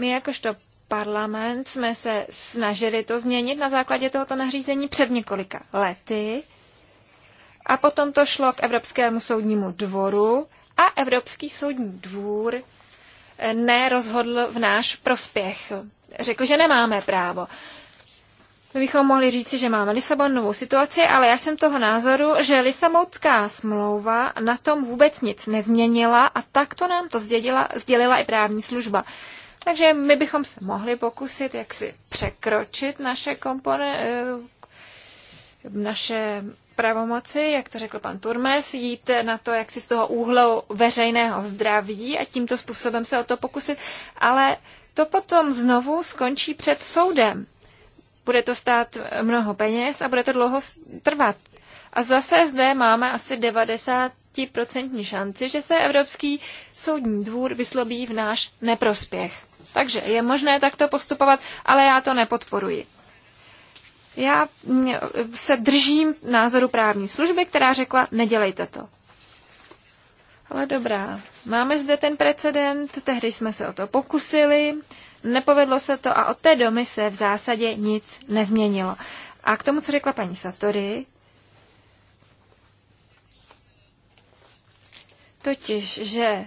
Speaker 3: my jakožto parlament jsme se snažili to změnit na základě tohoto nařízení před několika lety a potom to šlo k Evropskému soudnímu dvoru a Evropský soudní dvůr eh, nerozhodl v náš prospěch. Řekl, že nemáme právo. My bychom mohli říci, že máme Lisabonovou situaci, ale já jsem toho názoru, že Lisabonská smlouva na tom vůbec nic nezměnila a takto nám to sdělila, sdělila i právní služba. Takže my bychom se mohli pokusit, jak si překročit naše kompone, eh, naše pravomoci, jak to řekl pan Turmes, jít na to, jak si z toho úhlu veřejného zdraví a tímto způsobem se o to pokusit, ale to potom znovu skončí před soudem. Bude to stát mnoho peněz a bude to dlouho trvat. A zase zde máme asi 90% šanci, že se Evropský soudní dvůr vyslobí v náš neprospěch. Takže je možné takto postupovat, ale já to nepodporuji. Já mm, se držím názoru právní služby, která řekla, nedělejte to. Ale dobrá, máme zde ten precedent, tehdy jsme se o to pokusili, nepovedlo se to a od té domy se v zásadě nic nezměnilo. A k tomu, co řekla paní Satory, totiž, že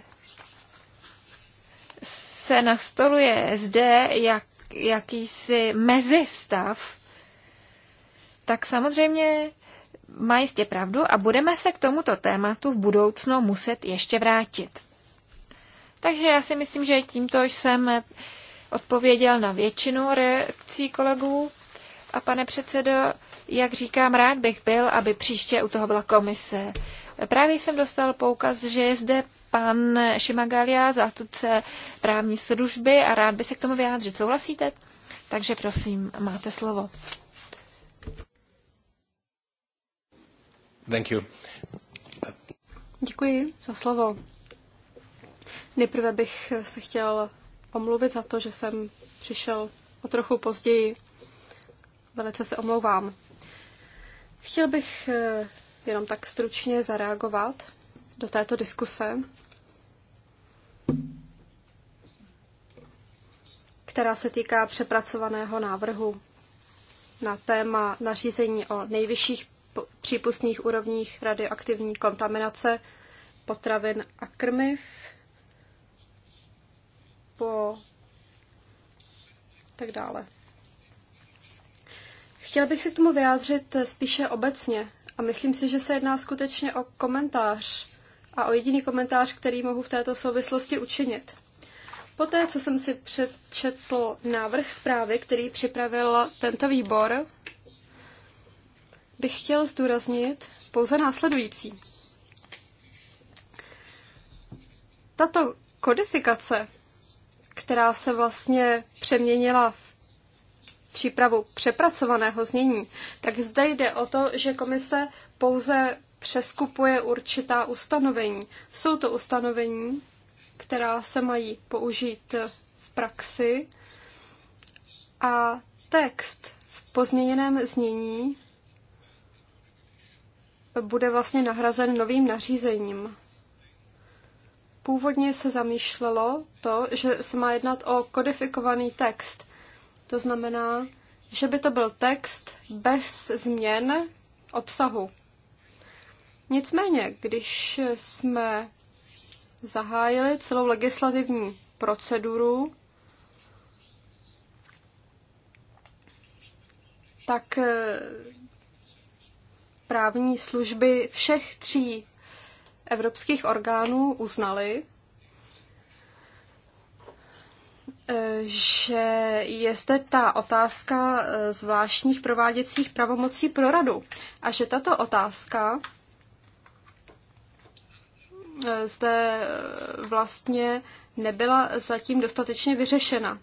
Speaker 3: se nastoluje zde jak, jakýsi mezistav, tak samozřejmě má jistě pravdu a budeme se k tomuto tématu v budoucnu muset ještě vrátit. Takže já si myslím, že tímto jsem odpověděl na většinu reakcí kolegů. A pane předsedo, jak říkám, rád bych byl, aby příště u toho byla komise. Právě jsem dostal poukaz, že je zde pan Šimagalia, zástupce právní služby a rád by se k tomu vyjádřit. Souhlasíte? Takže prosím, máte slovo.
Speaker 2: Thank you. Děkuji za slovo. Nejprve bych se chtěl omluvit za to, že jsem přišel o trochu později. Velice se omlouvám. Chtěl bych eh, jenom tak stručně zareagovat do této diskuse, která se týká přepracovaného návrhu na téma nařízení o nejvyšších přípustných úrovních radioaktivní kontaminace potravin a krmiv po tak dále. Chtěla bych se k tomu vyjádřit spíše obecně a myslím si, že se jedná skutečně o komentář a o jediný komentář, který mohu v této souvislosti učinit. Poté, co jsem si přečetl návrh zprávy, který připravil tento výbor, bych chtěl zdůraznit pouze následující. Tato kodifikace, která se vlastně přeměnila v přípravu přepracovaného znění, tak zde jde o to, že komise pouze přeskupuje určitá ustanovení. Jsou to ustanovení, která se mají použít v praxi a text v pozměněném znění bude vlastně nahrazen novým nařízením. Původně se zamýšlelo to, že se má jednat o kodifikovaný text. To znamená, že by to byl text bez změn obsahu. Nicméně, když jsme zahájili celou legislativní proceduru, tak eh, právní služby všech tří evropských orgánů uznaly, eh, že je zde ta otázka eh, zvláštních prováděcích pravomocí pro radu a že tato otázka Eh, zde eh, vlastně nebyla zatím dostatečně vyřešena.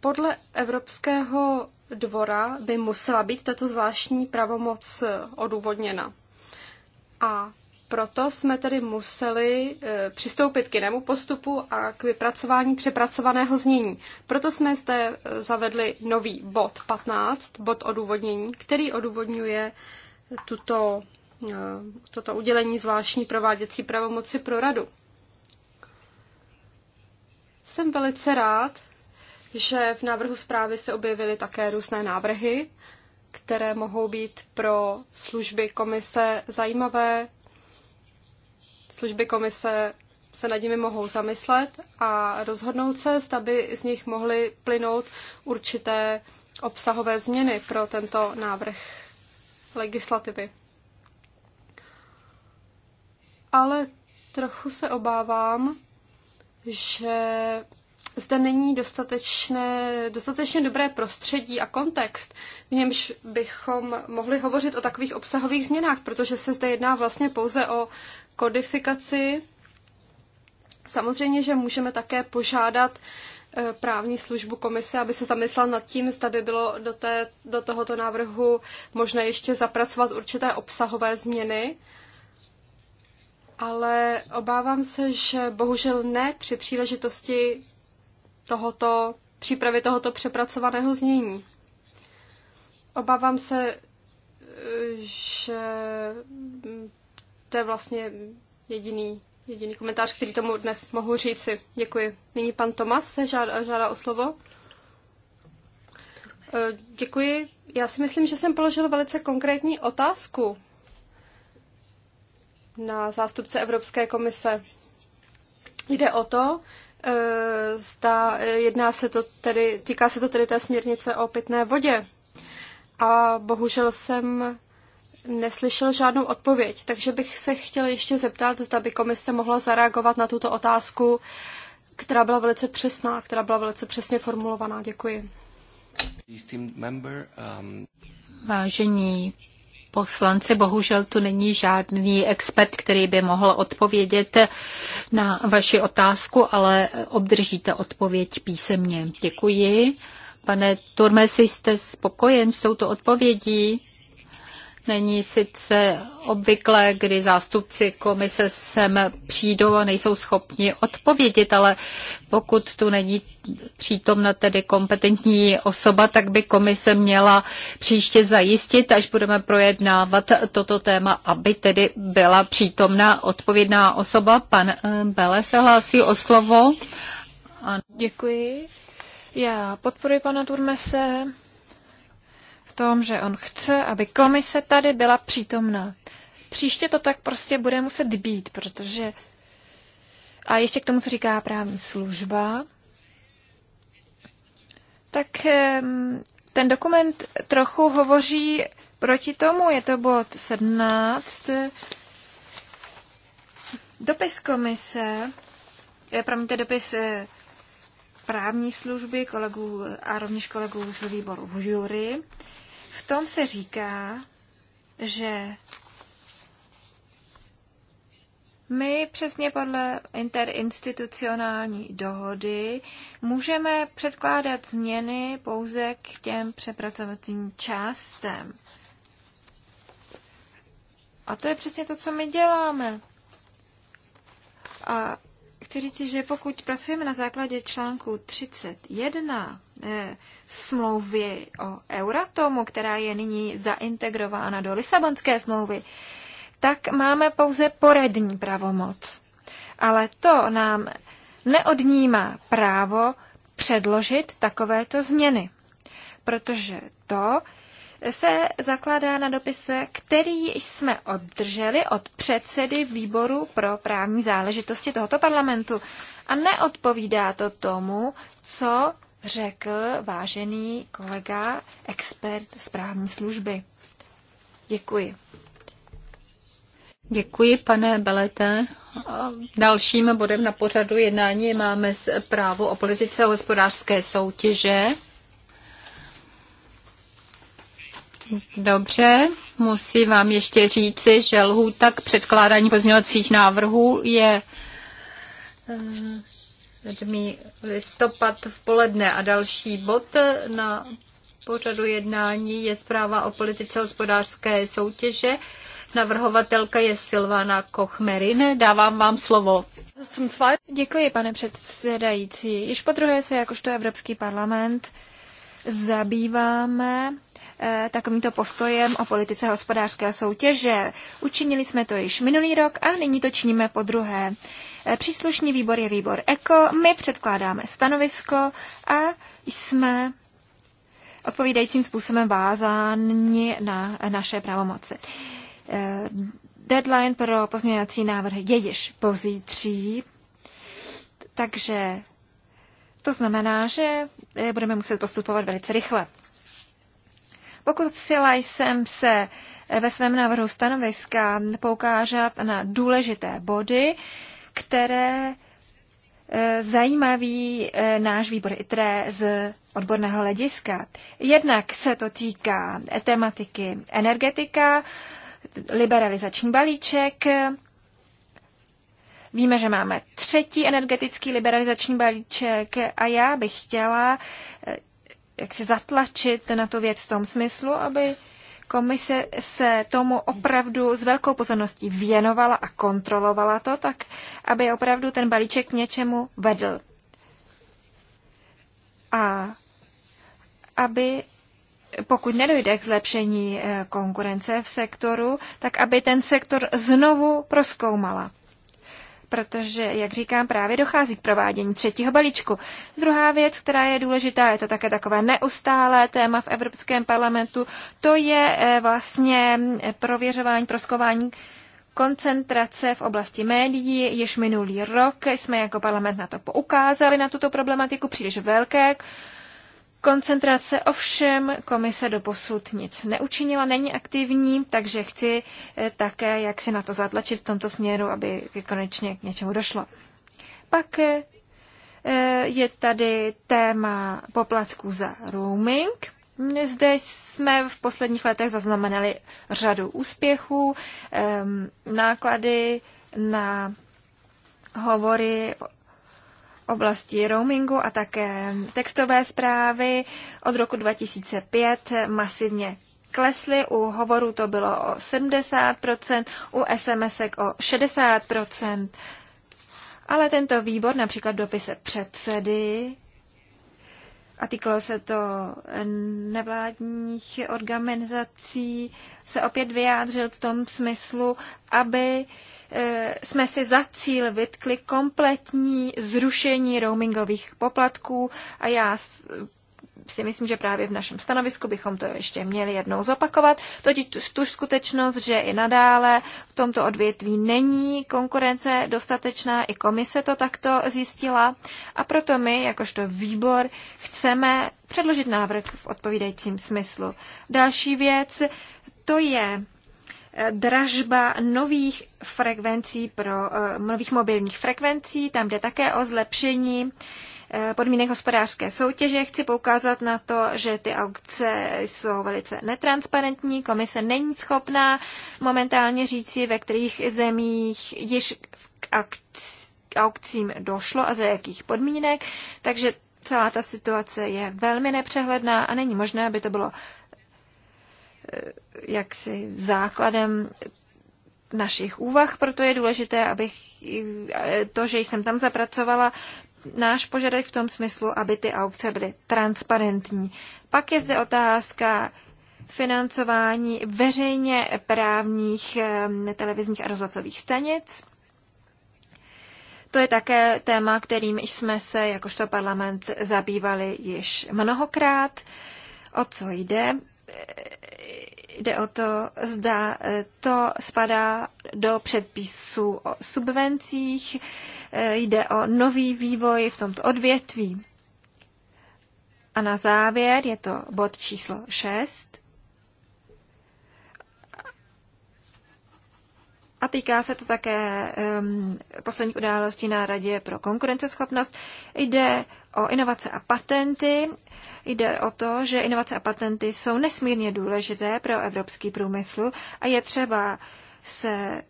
Speaker 2: Podle Evropského dvora by musela být tato zvláštní pravomoc eh, odůvodněna. A proto jsme tedy museli přistoupit k jinému postupu a k vypracování přepracovaného znění. Proto jsme zde zavedli nový bod 15, bod odůvodnění, který odůvodňuje tuto toto udělení zvláštní prováděcí pravomoci pro radu. Jsem velice rád, že v návrhu zprávy se objevily také různé návrhy, které mohou být pro služby komise zajímavé. Služby komise se nad nimi mohou zamyslet a rozhodnout se, zda by z nich mohly plynout určité obsahové změny pro tento návrh legislativy ale trochu se obávám, že zde není dostatečné, dostatečně dobré prostředí a kontext, v němž bychom mohli hovořit o takových obsahových změnách, protože se zde jedná vlastně pouze o kodifikaci. Samozřejmě, že můžeme také požádat eh, právní službu komise, aby se zamyslela nad tím, zda by bylo do, té, do tohoto návrhu možné ještě zapracovat určité obsahové změny, ale obávám se, že bohužel ne při příležitosti tohoto, přípravy tohoto přepracovaného znění. Obávám se, že to je vlastně jediný, jediný komentář, který tomu dnes mohu říci. Děkuji. Nyní pan Tomas se žádá, žádá o slovo. Děkuji. Já si myslím, že jsem položila velice konkrétní otázku na zástupce Evropské komise. Jde o to, eh, zda eh, jedná se to tedy, týká se to tedy té směrnice o pitné vodě. A bohužel jsem neslyšel žádnou odpověď, takže bych se chtěla ještě zeptat, zda by komise mohla zareagovat na tuto otázku, která byla velice přesná, která byla velice přesně formulovaná. Děkuji. Um,
Speaker 1: Vážení poslanci. Bohužel tu není žádný expert, který by mohl odpovědět na vaši otázku, ale obdržíte odpověď písemně. Děkuji. Pane Turmesi, jste spokojen s touto odpovědí? Není sice obvyklé, kdy zástupci komise sem přijdou a nejsou schopni odpovědět, ale pokud tu není přítomna tedy kompetentní osoba, tak by komise měla příště zajistit, až budeme projednávat toto téma, aby tedy byla přítomna odpovědná osoba. Pan eh, Bele se hlásí o slovo.
Speaker 3: Ano. Děkuji. Já podporuji pana Turmese tom, že on chce, aby komise tady byla přítomná. Příště to tak prostě bude muset být, protože... A ještě k tomu se říká právní služba. Tak ten dokument trochu hovoří proti tomu, je to bod 17. Dopis komise, eh, promiňte, dopis eh, právní služby kolegů a rovněž kolegů z výboru Jury v tom se říká, že my přesně podle interinstitucionální dohody můžeme předkládat změny pouze k těm přepracovacím částem. A to je přesně to, co my děláme. A chci říct, že pokud pracujeme na základě článku 31 Eh, smlouvy o Euratomu, která je nyní zaintegrována do Lisabonské smlouvy, tak máme pouze poradní pravomoc. Ale to nám neodnímá právo předložit takovéto změny, protože to se zakládá na dopise, který jsme obdrželi od předsedy výboru pro právní záležitosti tohoto parlamentu. A neodpovídá to tomu, co řekl vážený kolega, expert právní služby. Děkuji.
Speaker 1: Děkuji, pane Belete. Dalším bodem na pořadu jednání máme právo o politice a hospodářské soutěže. Dobře, musím vám ještě říci, že lhůta k předkládání pozměňovacích návrhů je eh, 7. listopad v poledne a další bod na pořadu jednání je zpráva o politice hospodářské soutěže. Navrhovatelka je Silvana Kochmerin. Dávám vám slovo. Děkuji, pane
Speaker 3: předsedající. Již po druhé se jakožto Evropský parlament zabýváme eh, takovýmto postojem o politice hospodářské soutěže. Učinili jsme to již minulý rok a nyní to činíme po druhé. Eh, příslušný výbor je výbor ECO, my předkládáme stanovisko a jsme odpovídajícím způsobem vázáni na eh, naše pravomoci. Eh, deadline pro pozměňovací návrhy je již pozítří, takže to znamená, že budeme muset postupovat velice rychle. Pokud sila jsem se ve svém návrhu stanoviska poukážat na důležité body, které eh, zajímavý eh, náš výbor ITRE z odborného hlediska. Jednak se to týká tematiky energetika, liberalizační balíček, Víme, že máme třetí energetický liberalizační balíček a já bych chtěla eh, jak si zatlačit na tu věc v tom smyslu, aby Komise se tomu opravdu s velkou pozorností věnovala a kontrolovala to tak, aby opravdu ten balíček k něčemu vedl. A aby pokud nedojde k zlepšení eh, konkurence v sektoru, tak aby ten sektor znovu proskoumala protože, jak říkám, právě dochází k provádění třetího balíčku. Druhá věc, která je důležitá, je to také takové neustálé téma v Evropském parlamentu, to je eh, vlastně eh, prověřování, proskování koncentrace v oblasti médií. Již minulý rok jsme jako parlament na to poukázali, na tuto problematiku příliš velké Koncentrace ovšem komise do posud nic neučinila, není aktivní, takže chci eh, také jak si na to zatlačit v tomto směru, aby konečně k něčemu došlo. Pak eh, eh, je tady téma poplatku za roaming. Zde jsme v posledních letech zaznamenali řadu úspěchů. Ehm, náklady na hovory oblasti roamingu a také textové zprávy od roku 2005 masivně klesly, u hovorů to bylo o 70%, u SMSek o 60%. Ale tento výbor, například dopise předsedy, a týkalo se to nevládních organizací, se opět vyjádřil v tom smyslu, aby e, jsme si za cíl vytkli kompletní zrušení roamingových poplatků a já si myslím, že právě v našem stanovisku bychom to ještě měli jednou zopakovat, totiž tu, tu skutečnost, že i nadále v tomto odvětví není konkurence dostatečná, i komise to takto zjistila a proto my, jakožto výbor, chceme předložit návrh v odpovídajícím smyslu. Další věc, to je eh, dražba nových frekvencí pro eh, nových mobilních frekvencí, tam jde také o zlepšení uh, podmínek hospodářské soutěže. Chci poukázat na to, že ty aukce jsou velice netransparentní, komise není schopná momentálně říci, ve kterých zemích již k aukcím došlo a za jakých podmínek, takže celá ta situace je velmi nepřehledná a není možné, aby to bylo eh, jaksi základem našich úvah, proto je důležité, abych to, že jsem tam zapracovala náš požadavek v tom smyslu, aby ty aukce byly transparentní. Pak je zde otázka financování veřejně právních televizních a rozhlasových stanic. To je také téma, kterým jsme se jakožto parlament zabývali již mnohokrát. O co jde? jde o to, zda eh, to spadá do předpisů o subvencích, eh, jde o nový vývoj v tomto odvětví. A na závěr je to bod číslo 6. A týká se to také um, posledních událostí na Radě pro konkurenceschopnost. Jde o inovace a patenty. Jde o to, že inovace a patenty jsou nesmírně důležité pro evropský průmysl a je třeba se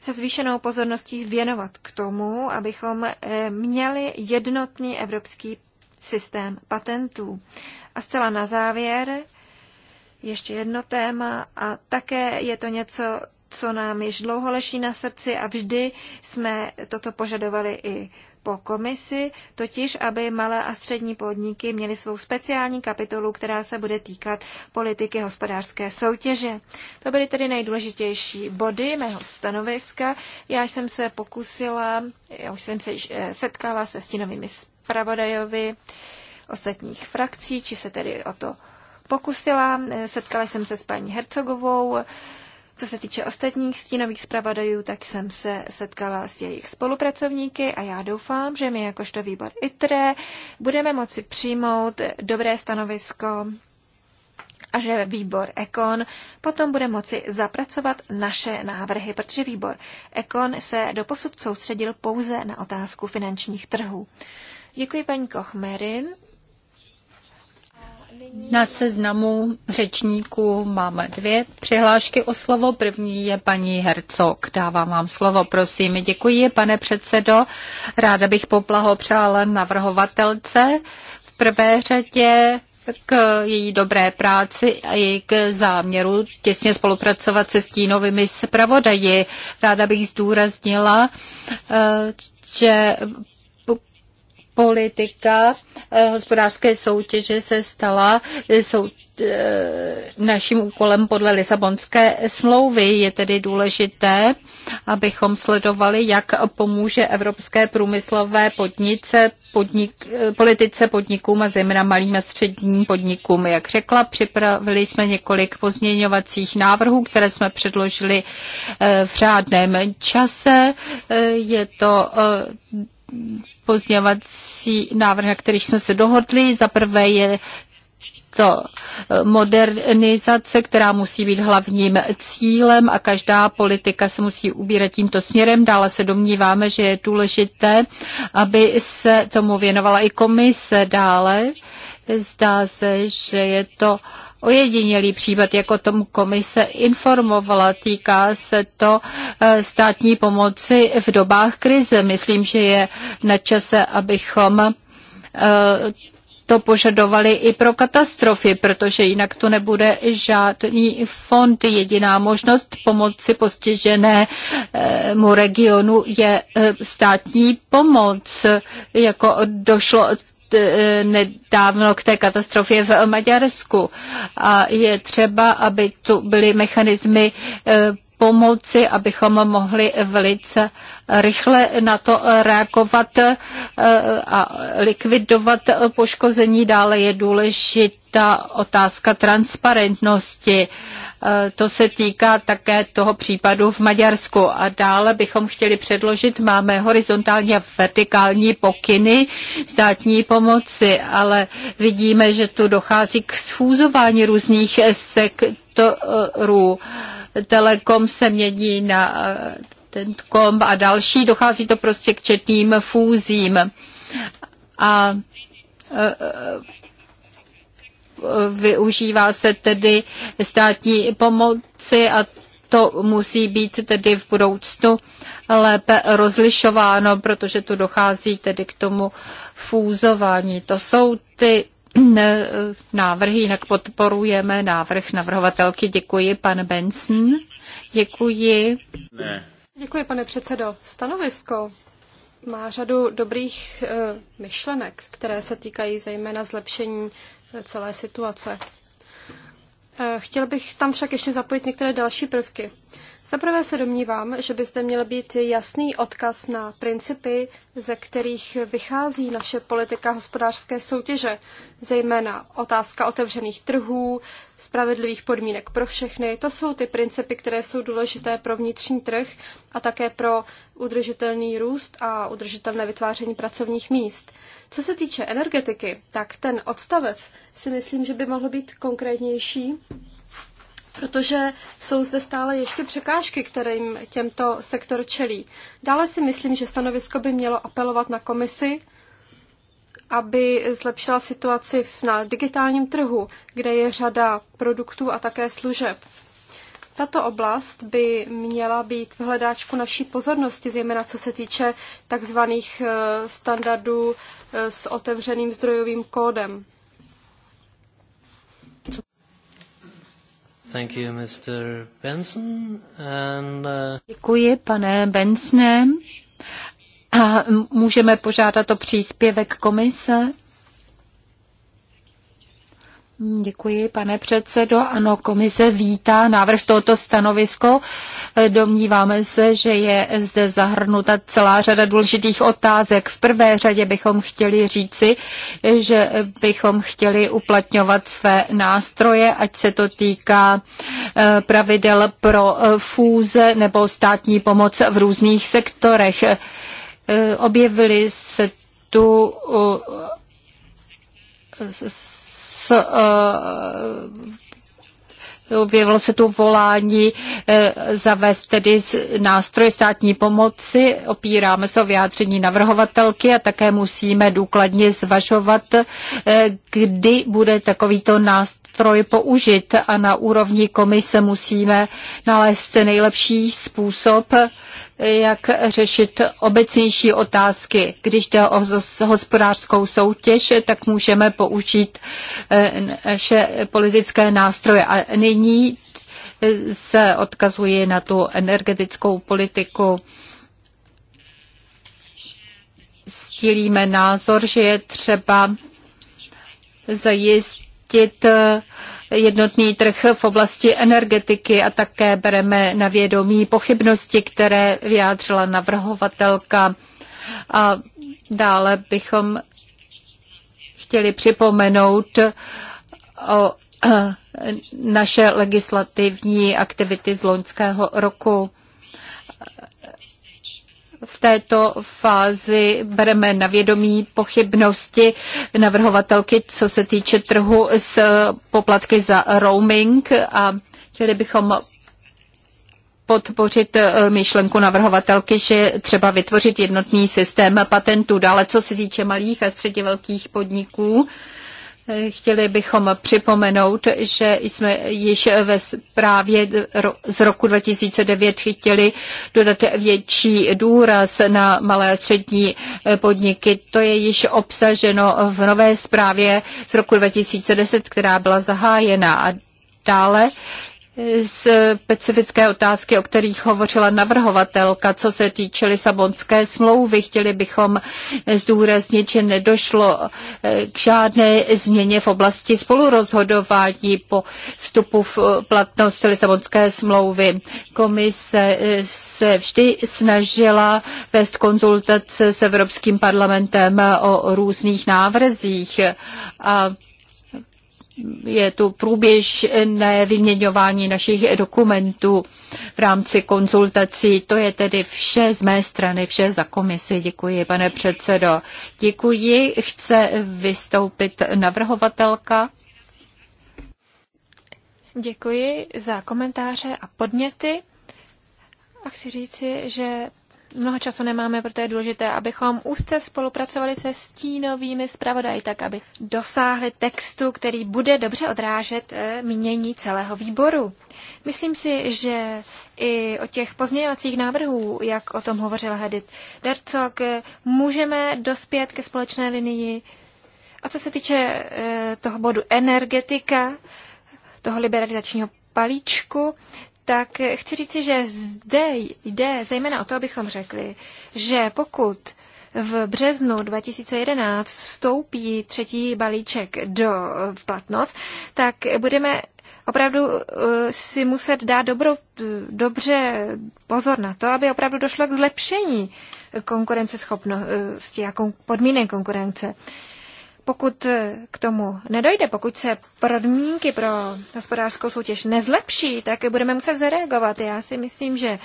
Speaker 3: se zvýšenou pozorností věnovat k tomu, abychom eh, měli jednotný evropský systém patentů. A zcela na závěr ještě jedno téma a také je to něco, co nám již dlouho leší na srdci a vždy jsme toto požadovali i po komisi, totiž aby malé a střední podniky měly svou speciální kapitolu, která se bude týkat politiky hospodářské soutěže. To byly tedy nejdůležitější body mého stanoviska. Já jsem se pokusila, já už jsem se eh, setkala se stínovými zpravodajovi ostatních frakcí, či se tedy o to pokusila. Eh, setkala jsem se s paní Hercogovou, co se týče ostatních stínových zpravodajů, tak jsem se setkala s jejich spolupracovníky a já doufám, že my jakožto výbor ITRE budeme moci přijmout dobré stanovisko a že výbor Ekon potom bude moci zapracovat naše návrhy, protože výbor Ekon se doposud soustředil pouze na otázku finančních trhů.
Speaker 1: Děkuji paní Kochmerin na seznamu řečníků máme dvě přihlášky o slovo. První je paní Hercog. Dávám vám slovo, prosím. Děkuji, pane předsedo. Ráda bych poblahopřála navrhovatelce. V prvé řadě k její dobré práci a i k záměru těsně spolupracovat se stínovými zpravodaji. Ráda bych zdůraznila, eh, že politika eh, hospodářské soutěže se stala eh, sou, eh, naším úkolem podle Lisabonské smlouvy. Je tedy důležité, abychom sledovali, jak pomůže evropské průmyslové podnice podnik, politice podnikům a zejména malým a středním podnikům. Jak řekla, připravili jsme několik pozměňovacích návrhů, které jsme předložili v řádném čase. Je to pozměňovací návrh, na který jsme se dohodli. Za prvé je to modernizace, která musí být hlavním cílem a každá politika se musí ubírat tímto směrem. Dále se domníváme, že je důležité, aby se tomu věnovala i komise dále. Zdá se, že je to uh, ojedinělý případ, jako tomu komise informovala. Týká se to eh, státní pomoci v dobách krize. Myslím, že je na čase, abychom eh, to požadovali i pro katastrofy, protože jinak to nebude žádný fond. Jediná možnost pomoci postiženému eh, regionu je státní pomoc, jako došlo E, nedávno k té katastrofě v Maďarsku. A je třeba, aby tu byly mechanismy e, pomoci, abychom mohli velice rychle na to reagovat eh, a likvidovat poškození. Dále je důležitá otázka transparentnosti. Eh, to se týká také toho případu v Maďarsku. A dále bychom chtěli předložit, máme horizontální a vertikální pokyny státní pomoci, ale vidíme, že tu dochází k schůzování různých sektorů. Telekom se mění na eh, kom a další. Dochází to prostě k četným fúzím. A eh, eh, využívá se tedy státní pomoci a to musí být tedy v budoucnu lépe rozlišováno, protože tu dochází tedy k tomu fúzování. To jsou ty návrhy, jinak podporujeme návrh navrhovatelky. Děkuji, pan Benson. Děkuji.
Speaker 2: Ne. Děkuji, pane předsedo. Stanovisko má řadu dobrých e, myšlenek, které se týkají zejména zlepšení eh, celé situace. E, chtěl bych tam však ještě zapojit některé další prvky. E, Zaprvé se domnívám, že byste měl být jasný odkaz na principy, ze kterých vychází naše politika hospodářské soutěže, zejména otázka otevřených trhů, spravedlivých podmínek pro všechny. To jsou ty principy, které jsou důležité pro vnitřní trh a také pro udržitelný růst a udržitelné vytváření pracovních míst. Co se týče energetiky, tak ten odstavec si myslím, že by mohl být konkrétnější protože jsou zde stále ještě překážky, které jim těmto sektor čelí. Dále si myslím, že stanovisko by mělo apelovat na komisi, aby zlepšila situaci na digitálním trhu, kde je řada produktů a také služeb. Tato oblast by měla být v hledáčku naší pozornosti, zejména co se týče takzvaných eh, standardů eh, s otevřeným zdrojovým kódem. Thank you, Mr. Benson. And, uh...
Speaker 1: Děkuji, pane Bensne. A můžeme požádat o příspěvek komise? Děkuji, pane předsedo. Ano, komise vítá návrh tohoto stanovisko. Domníváme se, že je zde zahrnuta celá řada důležitých otázek. V prvé řadě bychom chtěli říci, že bychom chtěli uplatňovat své nástroje, ať se to týká eh, pravidel pro eh, fúze nebo státní pomoc v různých sektorech. Eh, objevily se tu nás eh, se tu volání eh, zavést tedy nástroje státní pomoci. Opíráme se o vyjádření navrhovatelky a také musíme důkladně zvažovat, eh, kdy bude takovýto nástroj použit a na úrovni komise musíme nalézt nejlepší způsob, jak řešit obecnější otázky. Když jde o hospodářskou soutěž, tak můžeme použít eh, naše politické nástroje. A nyní eh, se odkazuji na tu energetickou politiku. Stílíme názor, že je třeba zajistit eh, jednotný trh v oblasti energetiky a také bereme na vědomí pochybnosti, které vyjádřila navrhovatelka. A dále bychom chtěli připomenout o eh, naše legislativní aktivity z loňského roku v této fázi bereme na vědomí pochybnosti navrhovatelky, co se týče trhu s poplatky za roaming a chtěli bychom podpořit eh, myšlenku navrhovatelky, že třeba vytvořit jednotný systém patentů. Dále, co se týče malých a středně velkých podniků, Chtěli bychom připomenout, že jsme již ve zprávě z roku 2009 chtěli dodat větší důraz na malé a střední eh, podniky. To je již obsaženo v nové zprávě z roku 2010, která byla zahájena. A dále specifické otázky, o kterých hovořila navrhovatelka, co se týče Lisabonské smlouvy. Chtěli bychom zdůraznit, že nedošlo eh, k žádné změně v oblasti spolurozhodování po vstupu v platnost Lisabonské smlouvy. Komise eh, se vždy snažila vést konzultace s Evropským parlamentem o různých návrzích a je tu průběžné vyměňování našich dokumentů v rámci konzultací. To je tedy vše z mé strany, vše za komisi. Děkuji, pane předsedo. Děkuji. Chce vystoupit navrhovatelka?
Speaker 3: Děkuji za komentáře a podněty. A chci říci, že mnoho času nemáme, proto je důležité, abychom úzce spolupracovali se stínovými zpravodaji, tak aby dosáhli textu, který bude dobře odrážet eh, mínění celého výboru. Myslím si, že i o těch pozměňovacích návrhů, jak o tom hovořila Hedit Dercok, eh, můžeme dospět ke společné linii. A co se týče eh, toho bodu energetika, toho liberalizačního palíčku, tak chci říci, že zde jde zejména o to, abychom řekli, že pokud v březnu 2011 vstoupí třetí balíček do v platnost, tak budeme opravdu uh, si muset dát dobrou, uh, dobře pozor na to, aby opravdu došlo k zlepšení konkurenceschopnosti uh, a podmínek konkurence pokud eh, k tomu nedojde, pokud se podmínky pro hospodářskou soutěž nezlepší, tak budeme muset zareagovat. Já si myslím, že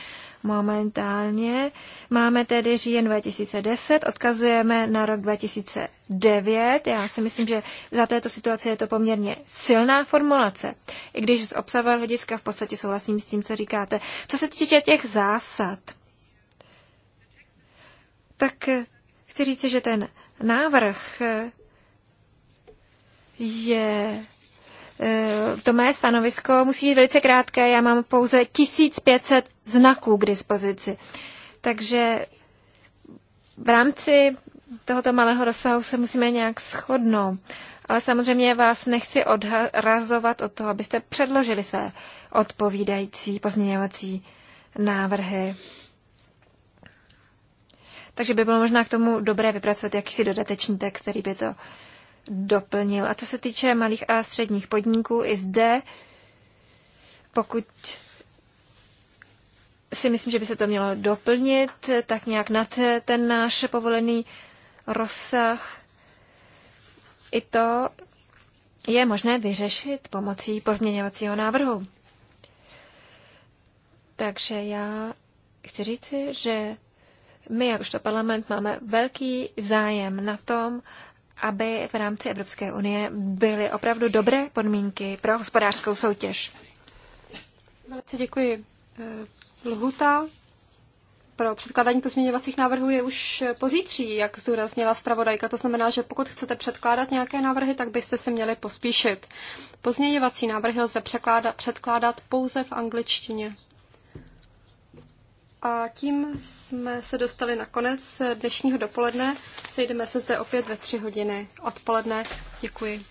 Speaker 3: momentálně máme tedy říjen 2010, odkazujeme na rok 2009. Já si myslím, že za této situace je to poměrně silná formulace. I když z obsahového hlediska v podstatě souhlasím s tím, co říkáte. Co se týče těch zásad, tak chci říct, že ten návrh že eh, to mé stanovisko musí být velice krátké. Já mám pouze 1500 znaků k dispozici. Takže v rámci tohoto malého rozsahu se musíme nějak shodnout. Ale samozřejmě vás nechci odrazovat od toho, abyste předložili své odpovídající pozměňovací návrhy. Takže by bylo možná k tomu dobré vypracovat jakýsi dodatečný text, který by to doplnil. A co se týče malých a středních podniků, i zde, pokud si myslím, že by se to mělo doplnit, tak nějak nad ten náš povolený rozsah. I to je možné vyřešit pomocí pozměňovacího návrhu. Takže já chci říci, že my, jakožto parlament, máme velký zájem na tom, aby v rámci Evropské unie byly opravdu dobré podmínky pro hospodářskou soutěž.
Speaker 2: Velice děkuji. E, lhuta pro předkládání pozměňovacích návrhů je už pozítří, jak zdůraznila zpravodajka. To znamená, že pokud chcete předkládat nějaké návrhy, tak byste se měli pospíšit. Pozměňovací návrhy lze předkládat pouze v angličtině. A tím jsme se dostali na konec dnešního dopoledne. Sejdeme se zde opět ve tři hodiny odpoledne. Děkuji.